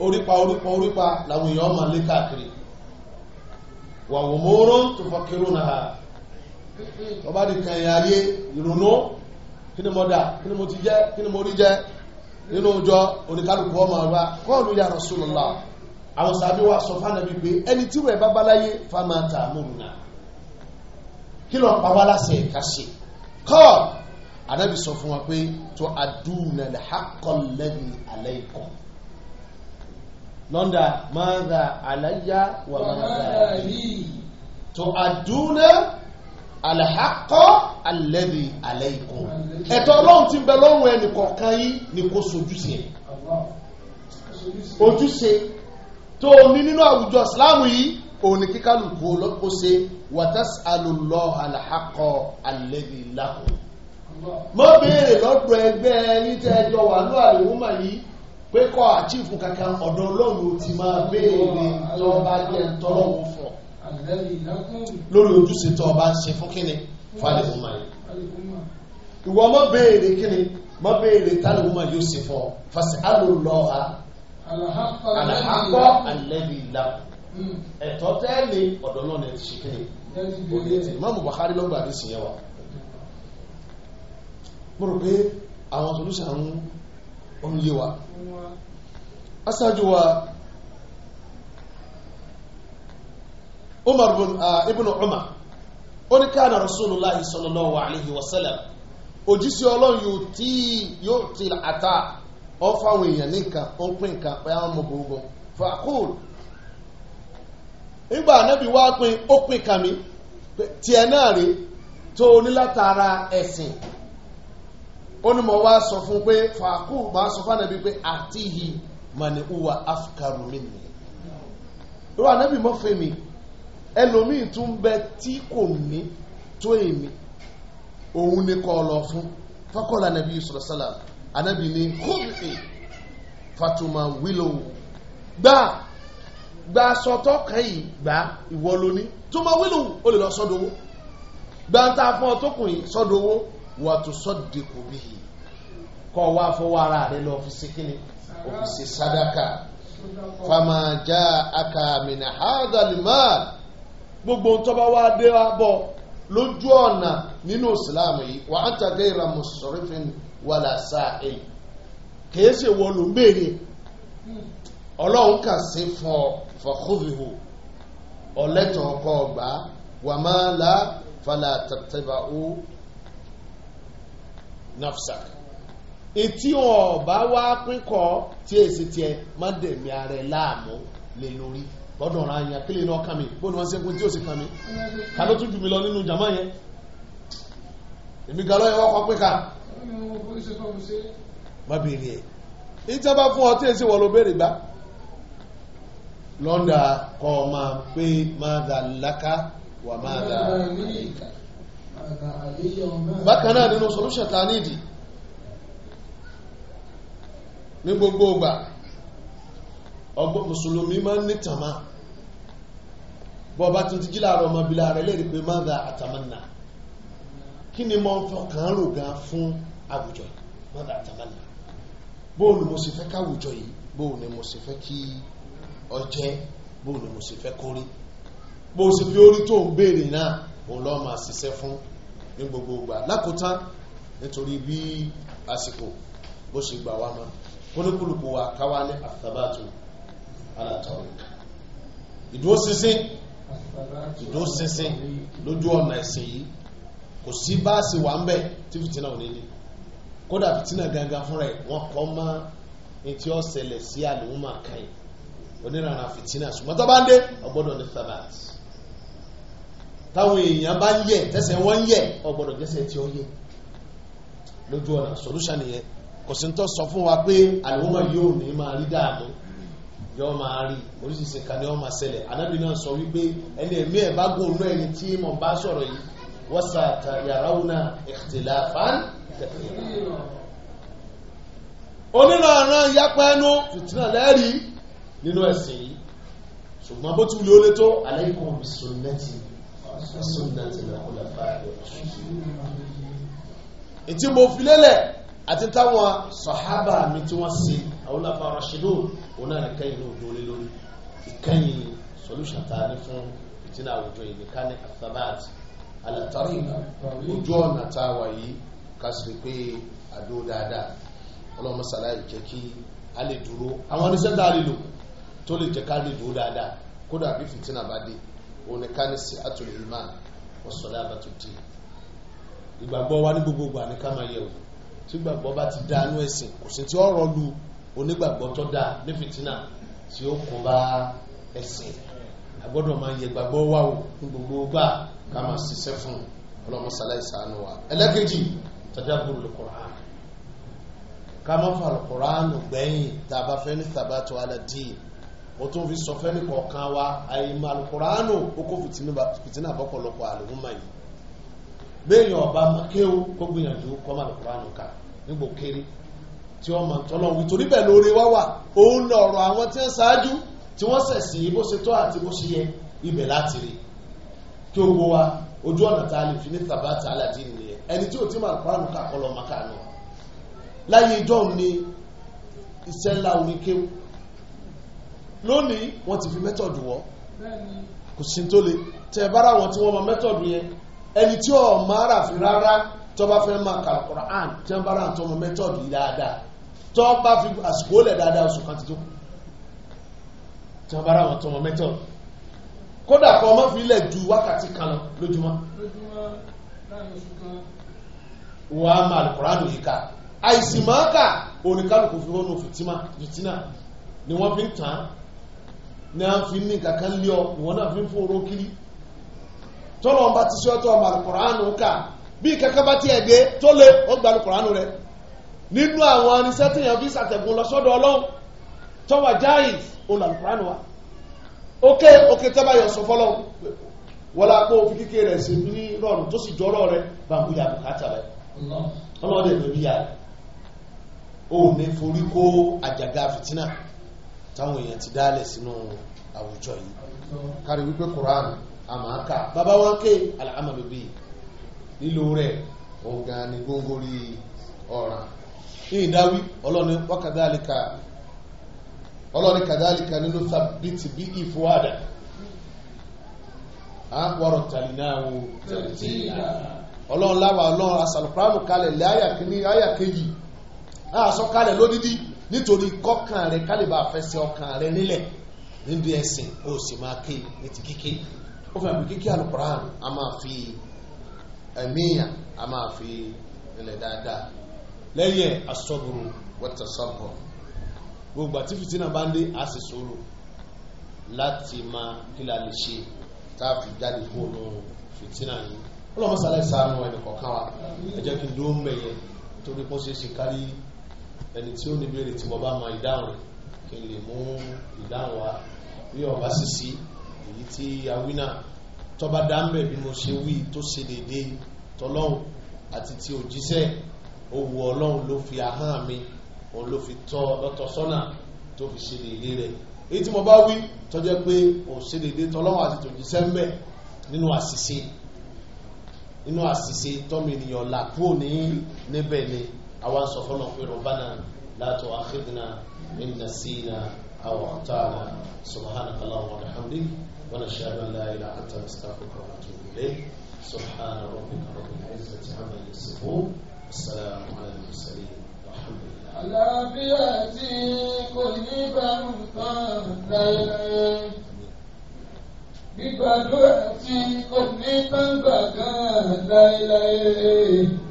orípa orípa orípa làwọn èèyàn máa lé káàkiri wà wò móró tó fọkirú na ha tó bá di kẹyànyé ìrònú kí ni mo dà kí ni mo ti jẹ kí ni mo rí jẹ nínú ọjọ́ oníkálukú ọmọ ọba kọọlù ya rasulullah àwọn sàbí wa sọ fún anabi pé ẹni tí wọn bá bá láyé fáma tà múlùú náà kí ló ń pa wá láṣẹ ẹ̀ka ṣe kọ́ anábì sọ fún wa pé tó adúnà lẹ́hàkọ́ lẹ́yìn alẹ́ ikọ̀ lọ́ndà máa ń ra àlàyé wà máa ra yìí tó adúnà alahakọ alẹbi alẹyikọ ẹ̀tọ́ Ọlọ́run tí ń bẹ lọ́rùn ẹnì kọ̀ọ̀kan yìí ni kò sojúṣe ojúṣe tó o ní nínú àwùjọ Islam yìí òní kíkálùkù ó ṣe wàtás alùlọ àlàkọ àlẹ́bí làkù. mo béèrè lọ́dọ̀ ẹgbẹ́ yín tẹ́ ẹjọ́ wà ló àlùmọ́ yìí pé kọ́ àchífù kankan ọ̀dọ̀ ọlọ́run ò ti máa béèrè lọ́ba jẹ́ tọ́lọ́wọ́ fọ̀ lórí ojúṣe tó ọba ń ṣe fún kíni fàlẹ́wọ́mọ́ yìí. ìwọ mọ́ béèrè kíni mọ́ béèrè tálẹ́wọ́mọ́ yóò ṣe fọ́ fàṣẹ alùlọ́ha àlàkọ àlẹ́bí làkù. Hmm. ẹ̀tọ́ tẹ́lẹ̀ ọ̀dọ̀ náà lẹ́ti ṣe kéde òye tí mọ́mù Buhari ló gbà ní sí mo rò pé àwọn solúṣà ń wa aṣáájú wa Umar ah, ibn Umar ó ní káàna Rasulullahi sallallahu alaihi wasallam òjísí ọlọ́run yóò tí yóò tí àtà ọ fáwọn èèyàn ó pín nígbà anábì wá pin ó pin kàmí tiẹ̀ náà rí tó onílátara ẹ̀sìn ó ní mo wá sọ fún pé fàákù máa sọ fún anábì pé àtìhì mani uwa afkaru mi nìyẹn irú anábì mọ́ fèmí ẹlòmíì tún bẹ tí kò ní tó èmi òun ni kọ́ lọ fún fọ́kọ́lá nàbí sọ̀rọ̀sọ́lá anábì ní kúrìtì fatuma willow gbáà gba sọtọ́ kan yìí gba ìwọ lóní tó máa wílò ó lè lọ sọ́dọ̀wó gbàǹtà fún ọ tó kù yìí sọ́dọ̀wó wà tó sọ́dẹ̀kù bí yìí kọ́ wá fọwọ́ ara rẹ lọ fi ṣe kíni ó fi ṣe fama já aka mina hadalima gbogbo tó bá wá dé wá bọ̀ lójú ọ̀nà nínú ìsìláàmù yìí wà á tàgé ìra mùsùlùmí wàlà sáà èyí kèé ṣe wọ́n ló ń béèrè ọlọ́run kà sí fún ọ fọkúfihù ọ̀lẹ́tọ̀ ọkọ̀ ọgbà wàmálà fàlà tàtàbà ó nafsak etí ọba wá pínkọ tí èsì tiẹ má dẹ̀mí ara ẹ̀ láàmú lè lórí lọ́dọ̀ ọ̀rọ̀ àyàn kílè náà kàmí bóni wọ́n sẹ́gun tí ó sì kàmí ká ló tún jù mí lọ nínú jàmá yẹn èmi galọ́ yẹn wọ́n kọ́ pínká má béèrè ẹ̀ ìjọba fún ọ èsì wọ́n ló gbá lọ́ndà kọ́ máa pé máa dà láká wà máa dà àríkà bákan náà nínú solution ta nídìí ní gbogbo ọgbà ọgbọ́n mùsùlùmí máa ń nítàmá bọ́ọ̀bá tuntun jílà rọ ọmọ bílá rẹ̀ lẹ́rìí pé máa dà àtàmánà kí ni mo fọkàn rò gan fún àwùjọ yìí àtàmánà bóòlù mo sì fẹ́ káwùjọ yìí bóòlù mo sì fẹ́ kí ọjẹ́ bóòlù mo sì fẹ́ kórí bó o sì fi orí tó ń béèrè náà òun lọ́ọ́ máa ṣiṣẹ́ fún ní gbogbo ìgbà lákòótán nítorí bí àsìkò bó ṣe gbà wá mọ́ kólókòlùkù wa káwá ní àtàbàtò alàtọ̀rọ̀ ìdúróṣinṣin ìdúróṣinṣin lójú ọ̀nà ẹ̀sìn yìí kò sí bá a wà ń bẹ̀ tí fìtínà ò nílé kódà fìtínà gangan fúnra ẹ̀ wọ́n kọ́ mọ́ etí ọ̀sẹ̀lẹ̀ sí àlùmọ̀ kan onírànà fìtínà ṣùgbọ́n tó bá ń dé ọgbọ́dọ̀ ní thabat táwọn èèyàn bá ń yẹ tẹ́sẹ̀ wọ́n ń yẹ ọgbọ́dọ̀ gẹ́sẹ̀ tí ó yẹ lójú ọ̀nà solution nìyẹn kò sí tó sọ fún wa pé àlùmọ̀ yóò ní máa rí dáàbò yóò máa rí oríṣiríṣi nǹkan ni wọ́n máa ṣẹlẹ̀ anábì náà sọ wípé ẹni ẹ̀mí ẹ̀ bá gùn ọ̀nà ẹni tí mo bá sọ̀rọ̀ yìí wọ́n sa yarawna ikhtilafan onírànà yapa ẹnu fìtínà lẹ́rìí nínú ẹ̀sìn yìí ṣùgbọ́n bó tún lé ó lé tó alaykum bisunnati sunnati al-khulafa'i ètí mo fi lélẹ̀ àti táwọn sàhábà mi tí wọ́n ṣe àwọn láfa rashidun òun náà nìkẹyìn náà dóolé lórí ìkẹyìn solution tá a ní fún ìtìlá àwùjọ yìí nìkan ní athabat ala tariqa ojú ọ̀nà tá a wà yìí ká sì pé àdó dáadáa ọlọ́mọ sàlàyé jẹ́ kí a lè dúró àwọn oníṣẹ́ tá lè lò tó lè jẹ́ ká lè dúró dáadáa kódà bí fìtínà bá dé òun ni ká ní sí àtúlẹ̀ iman wọ́n sọ̀rọ̀ àbátú dé ìgbàgbọ́ wa ní gbogbogbò àní ká máa yẹ̀wò tí gbàgbọ́ bá ti dáánú ẹ̀sìn kò sí tí ó rọ lu onígbàgbọ́ tó dáa ní fìtínà tí ó kó bá ẹ̀sìn àgbọ́dọ̀ máa yẹ gbàgbọ́ wa o ní gbogbo gbà ká máa ṣiṣẹ́ fún ọlọ́mọsálá ìsànú wa ẹlẹ́kejì tadabburu al-Qur'an ká má fa al-Qur'an gbẹ̀yìn tá a bá fẹ́ ní thabatu ala din ó tún fi sọ fẹ́ni kọ̀ọ̀kan wa àìmọ̀ alukóránù ó kó fìtínà bọ́pọ̀lọpọ̀ àlùmọ̀ yìí bẹ́ẹ̀yàn ọba kéwú kó gbìyànjú kọ́mọ̀ alukóránù ká nígbò kéré tí wọ́n máa tọ́lọ́ wí torí bẹ́ẹ̀ lóore wá wà òun lọ ọ̀rọ̀ àwọn tí wọ́n ṣáájú tí wọ́n sẹ̀ sí bó ṣe tọ́ àti bó ṣe yẹ ibẹ̀ láti rí kí gbogbo wa ojú ọ̀nà tá a lè fi ní tàbátà aládìí nìyẹn ẹni tí ò tí máa kọ́ra nǹkan ni iṣẹ́ ńlá lónìí wọ́n ti fi mẹ́tọ̀dù wọ́ kò sí tó le tẹ bára wọn tí wọ́n mọ mẹ́tọ̀dù yẹn ẹni tí ọ̀ máa rà fi rárá tó bá fẹ́ máa kà Quran tí wọ́n bára tó mọ mẹ́tọ̀dù yìí dáadáa tó bá fi àsìkò lẹ̀ dáadáa oṣù kan ti tó tí bára wọn tó mọ mẹ́tọ̀dù kódà kan ọmọ fi lẹ̀ ju wákàtí kan lọ lójúmọ́ wọ́n á máa Quran yìí ká àìsìmọ́ọ́kà oníkálukú fi rónú fìtínà ni wọ́n fi ń tàn án ní a fi ní kankan lé ọ ìwọ náà fi ń fòró kiri tọ́lọ̀ ọba ti ṣọ́tọ̀ ọmọ alukọ̀ránù ká bí kankan bá ti ẹ̀gbẹ́ tó lé ó gba alukọ̀ránù rẹ nínú àwọn anisẹ́ tí yẹn fi ọlọ́run tọ́wà jáì olù alukọ̀ránù wa ókè ókè tẹ́bà yọ sọ fọ́lọ́ wọlá pé òfin kíkẹ́ rẹ̀ sí ní rọrùn tó sì jọrọ rẹ bàbúyà bùkátà rẹ ọlọ́dẹ̀ bẹ̀bí yà ó ní forí kó àjàgà fìtínà táwọn èèyàn ti dálẹ̀ sínú àwùjọ yìí kárí wípé Quran àmàkà bàbá wọn ké alhamdu bíi lílo rẹ̀ ọ̀gá ni góńgóri ọ̀ràn ní ìdáwí ọlọ́ni wákàdálíkà ọlọ́ni kàdálíkà nínú sábìtì bí ìfúwádà a wọ́rọ̀ tàlí náà wò ọlọ́run láwà ọlọ́run asàlùkùránù kalẹ̀ lẹ́ àyà kìíní àyà kejì a sọ kalẹ̀ lódídí nítorí kọ́kàn rẹ kálíbà fẹsẹ̀ ọkàn rẹ nílẹ̀ níbi ẹ̀sìn ó sì máa ké ní ti kíké ó fẹ́ bí kíké alukoran a máa fi ẹ̀míyàn a máa fi ilẹ̀ dáadáa lẹ́yìn asọ́bùrù wọ́tẹ̀sọ́bọ̀ gbogbo àti fìtínà bá ń dé a sì sòrò láti máa kí lè ṣe tá a fi jáde fóònù fìtínà yìí ọlọ́mọ sálẹ̀ sáà nù ẹnì kọ̀ọ̀kan wa ẹ jẹ́ kí n dúró mẹ́yẹ torí pọ́ṣẹ́ṣe kárí ẹni tí ó ní béèrè tí mo bá mọ ìdáhùn rẹ̀ kí n lè mú ìdáhùn wá bí ọba sísí èyí tí awínà tọba dáńbẹ̀ bí mo ṣe wí tó ṣe dédé tọlọ́hùn àti ti òjíṣẹ́ owó ọlọ́hùn ló fi ahọ́n mi òun ló fi tọ́ lọ́tọ̀ tó fi ṣe dédé rẹ̀ èyí tí mo bá wí tọ́jọ́ pé òun ṣe dédé tọlọ́hùn àti tòjíṣẹ́ ń nínú àṣìṣe nínú àṣìṣe tọ́mọ ènìyàn ní níbẹ̀ ni. Ni àwọn sọ fọlọ pé rọbánà látọ àkídìnà ìnà sínà àwọn àtàlà subhanahu wa ta'ala wa rahmatulahi wa nashhadu an la ilaha illa anta astaghfiruka wa atubu ilayk subhana rabbika rabbil izzati amma yasifun assalamu ala al-mursalin walhamdulillah. àlàáfíà tí kò ní bá ń tán láéláé gbígbàdúrà tí kò ní bá ń gbà kan láéláé.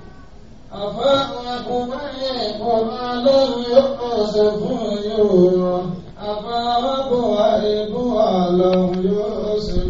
أفاءكما إيكما لم يقصفوا يورا أفاءكما إيكما لم يقصفوا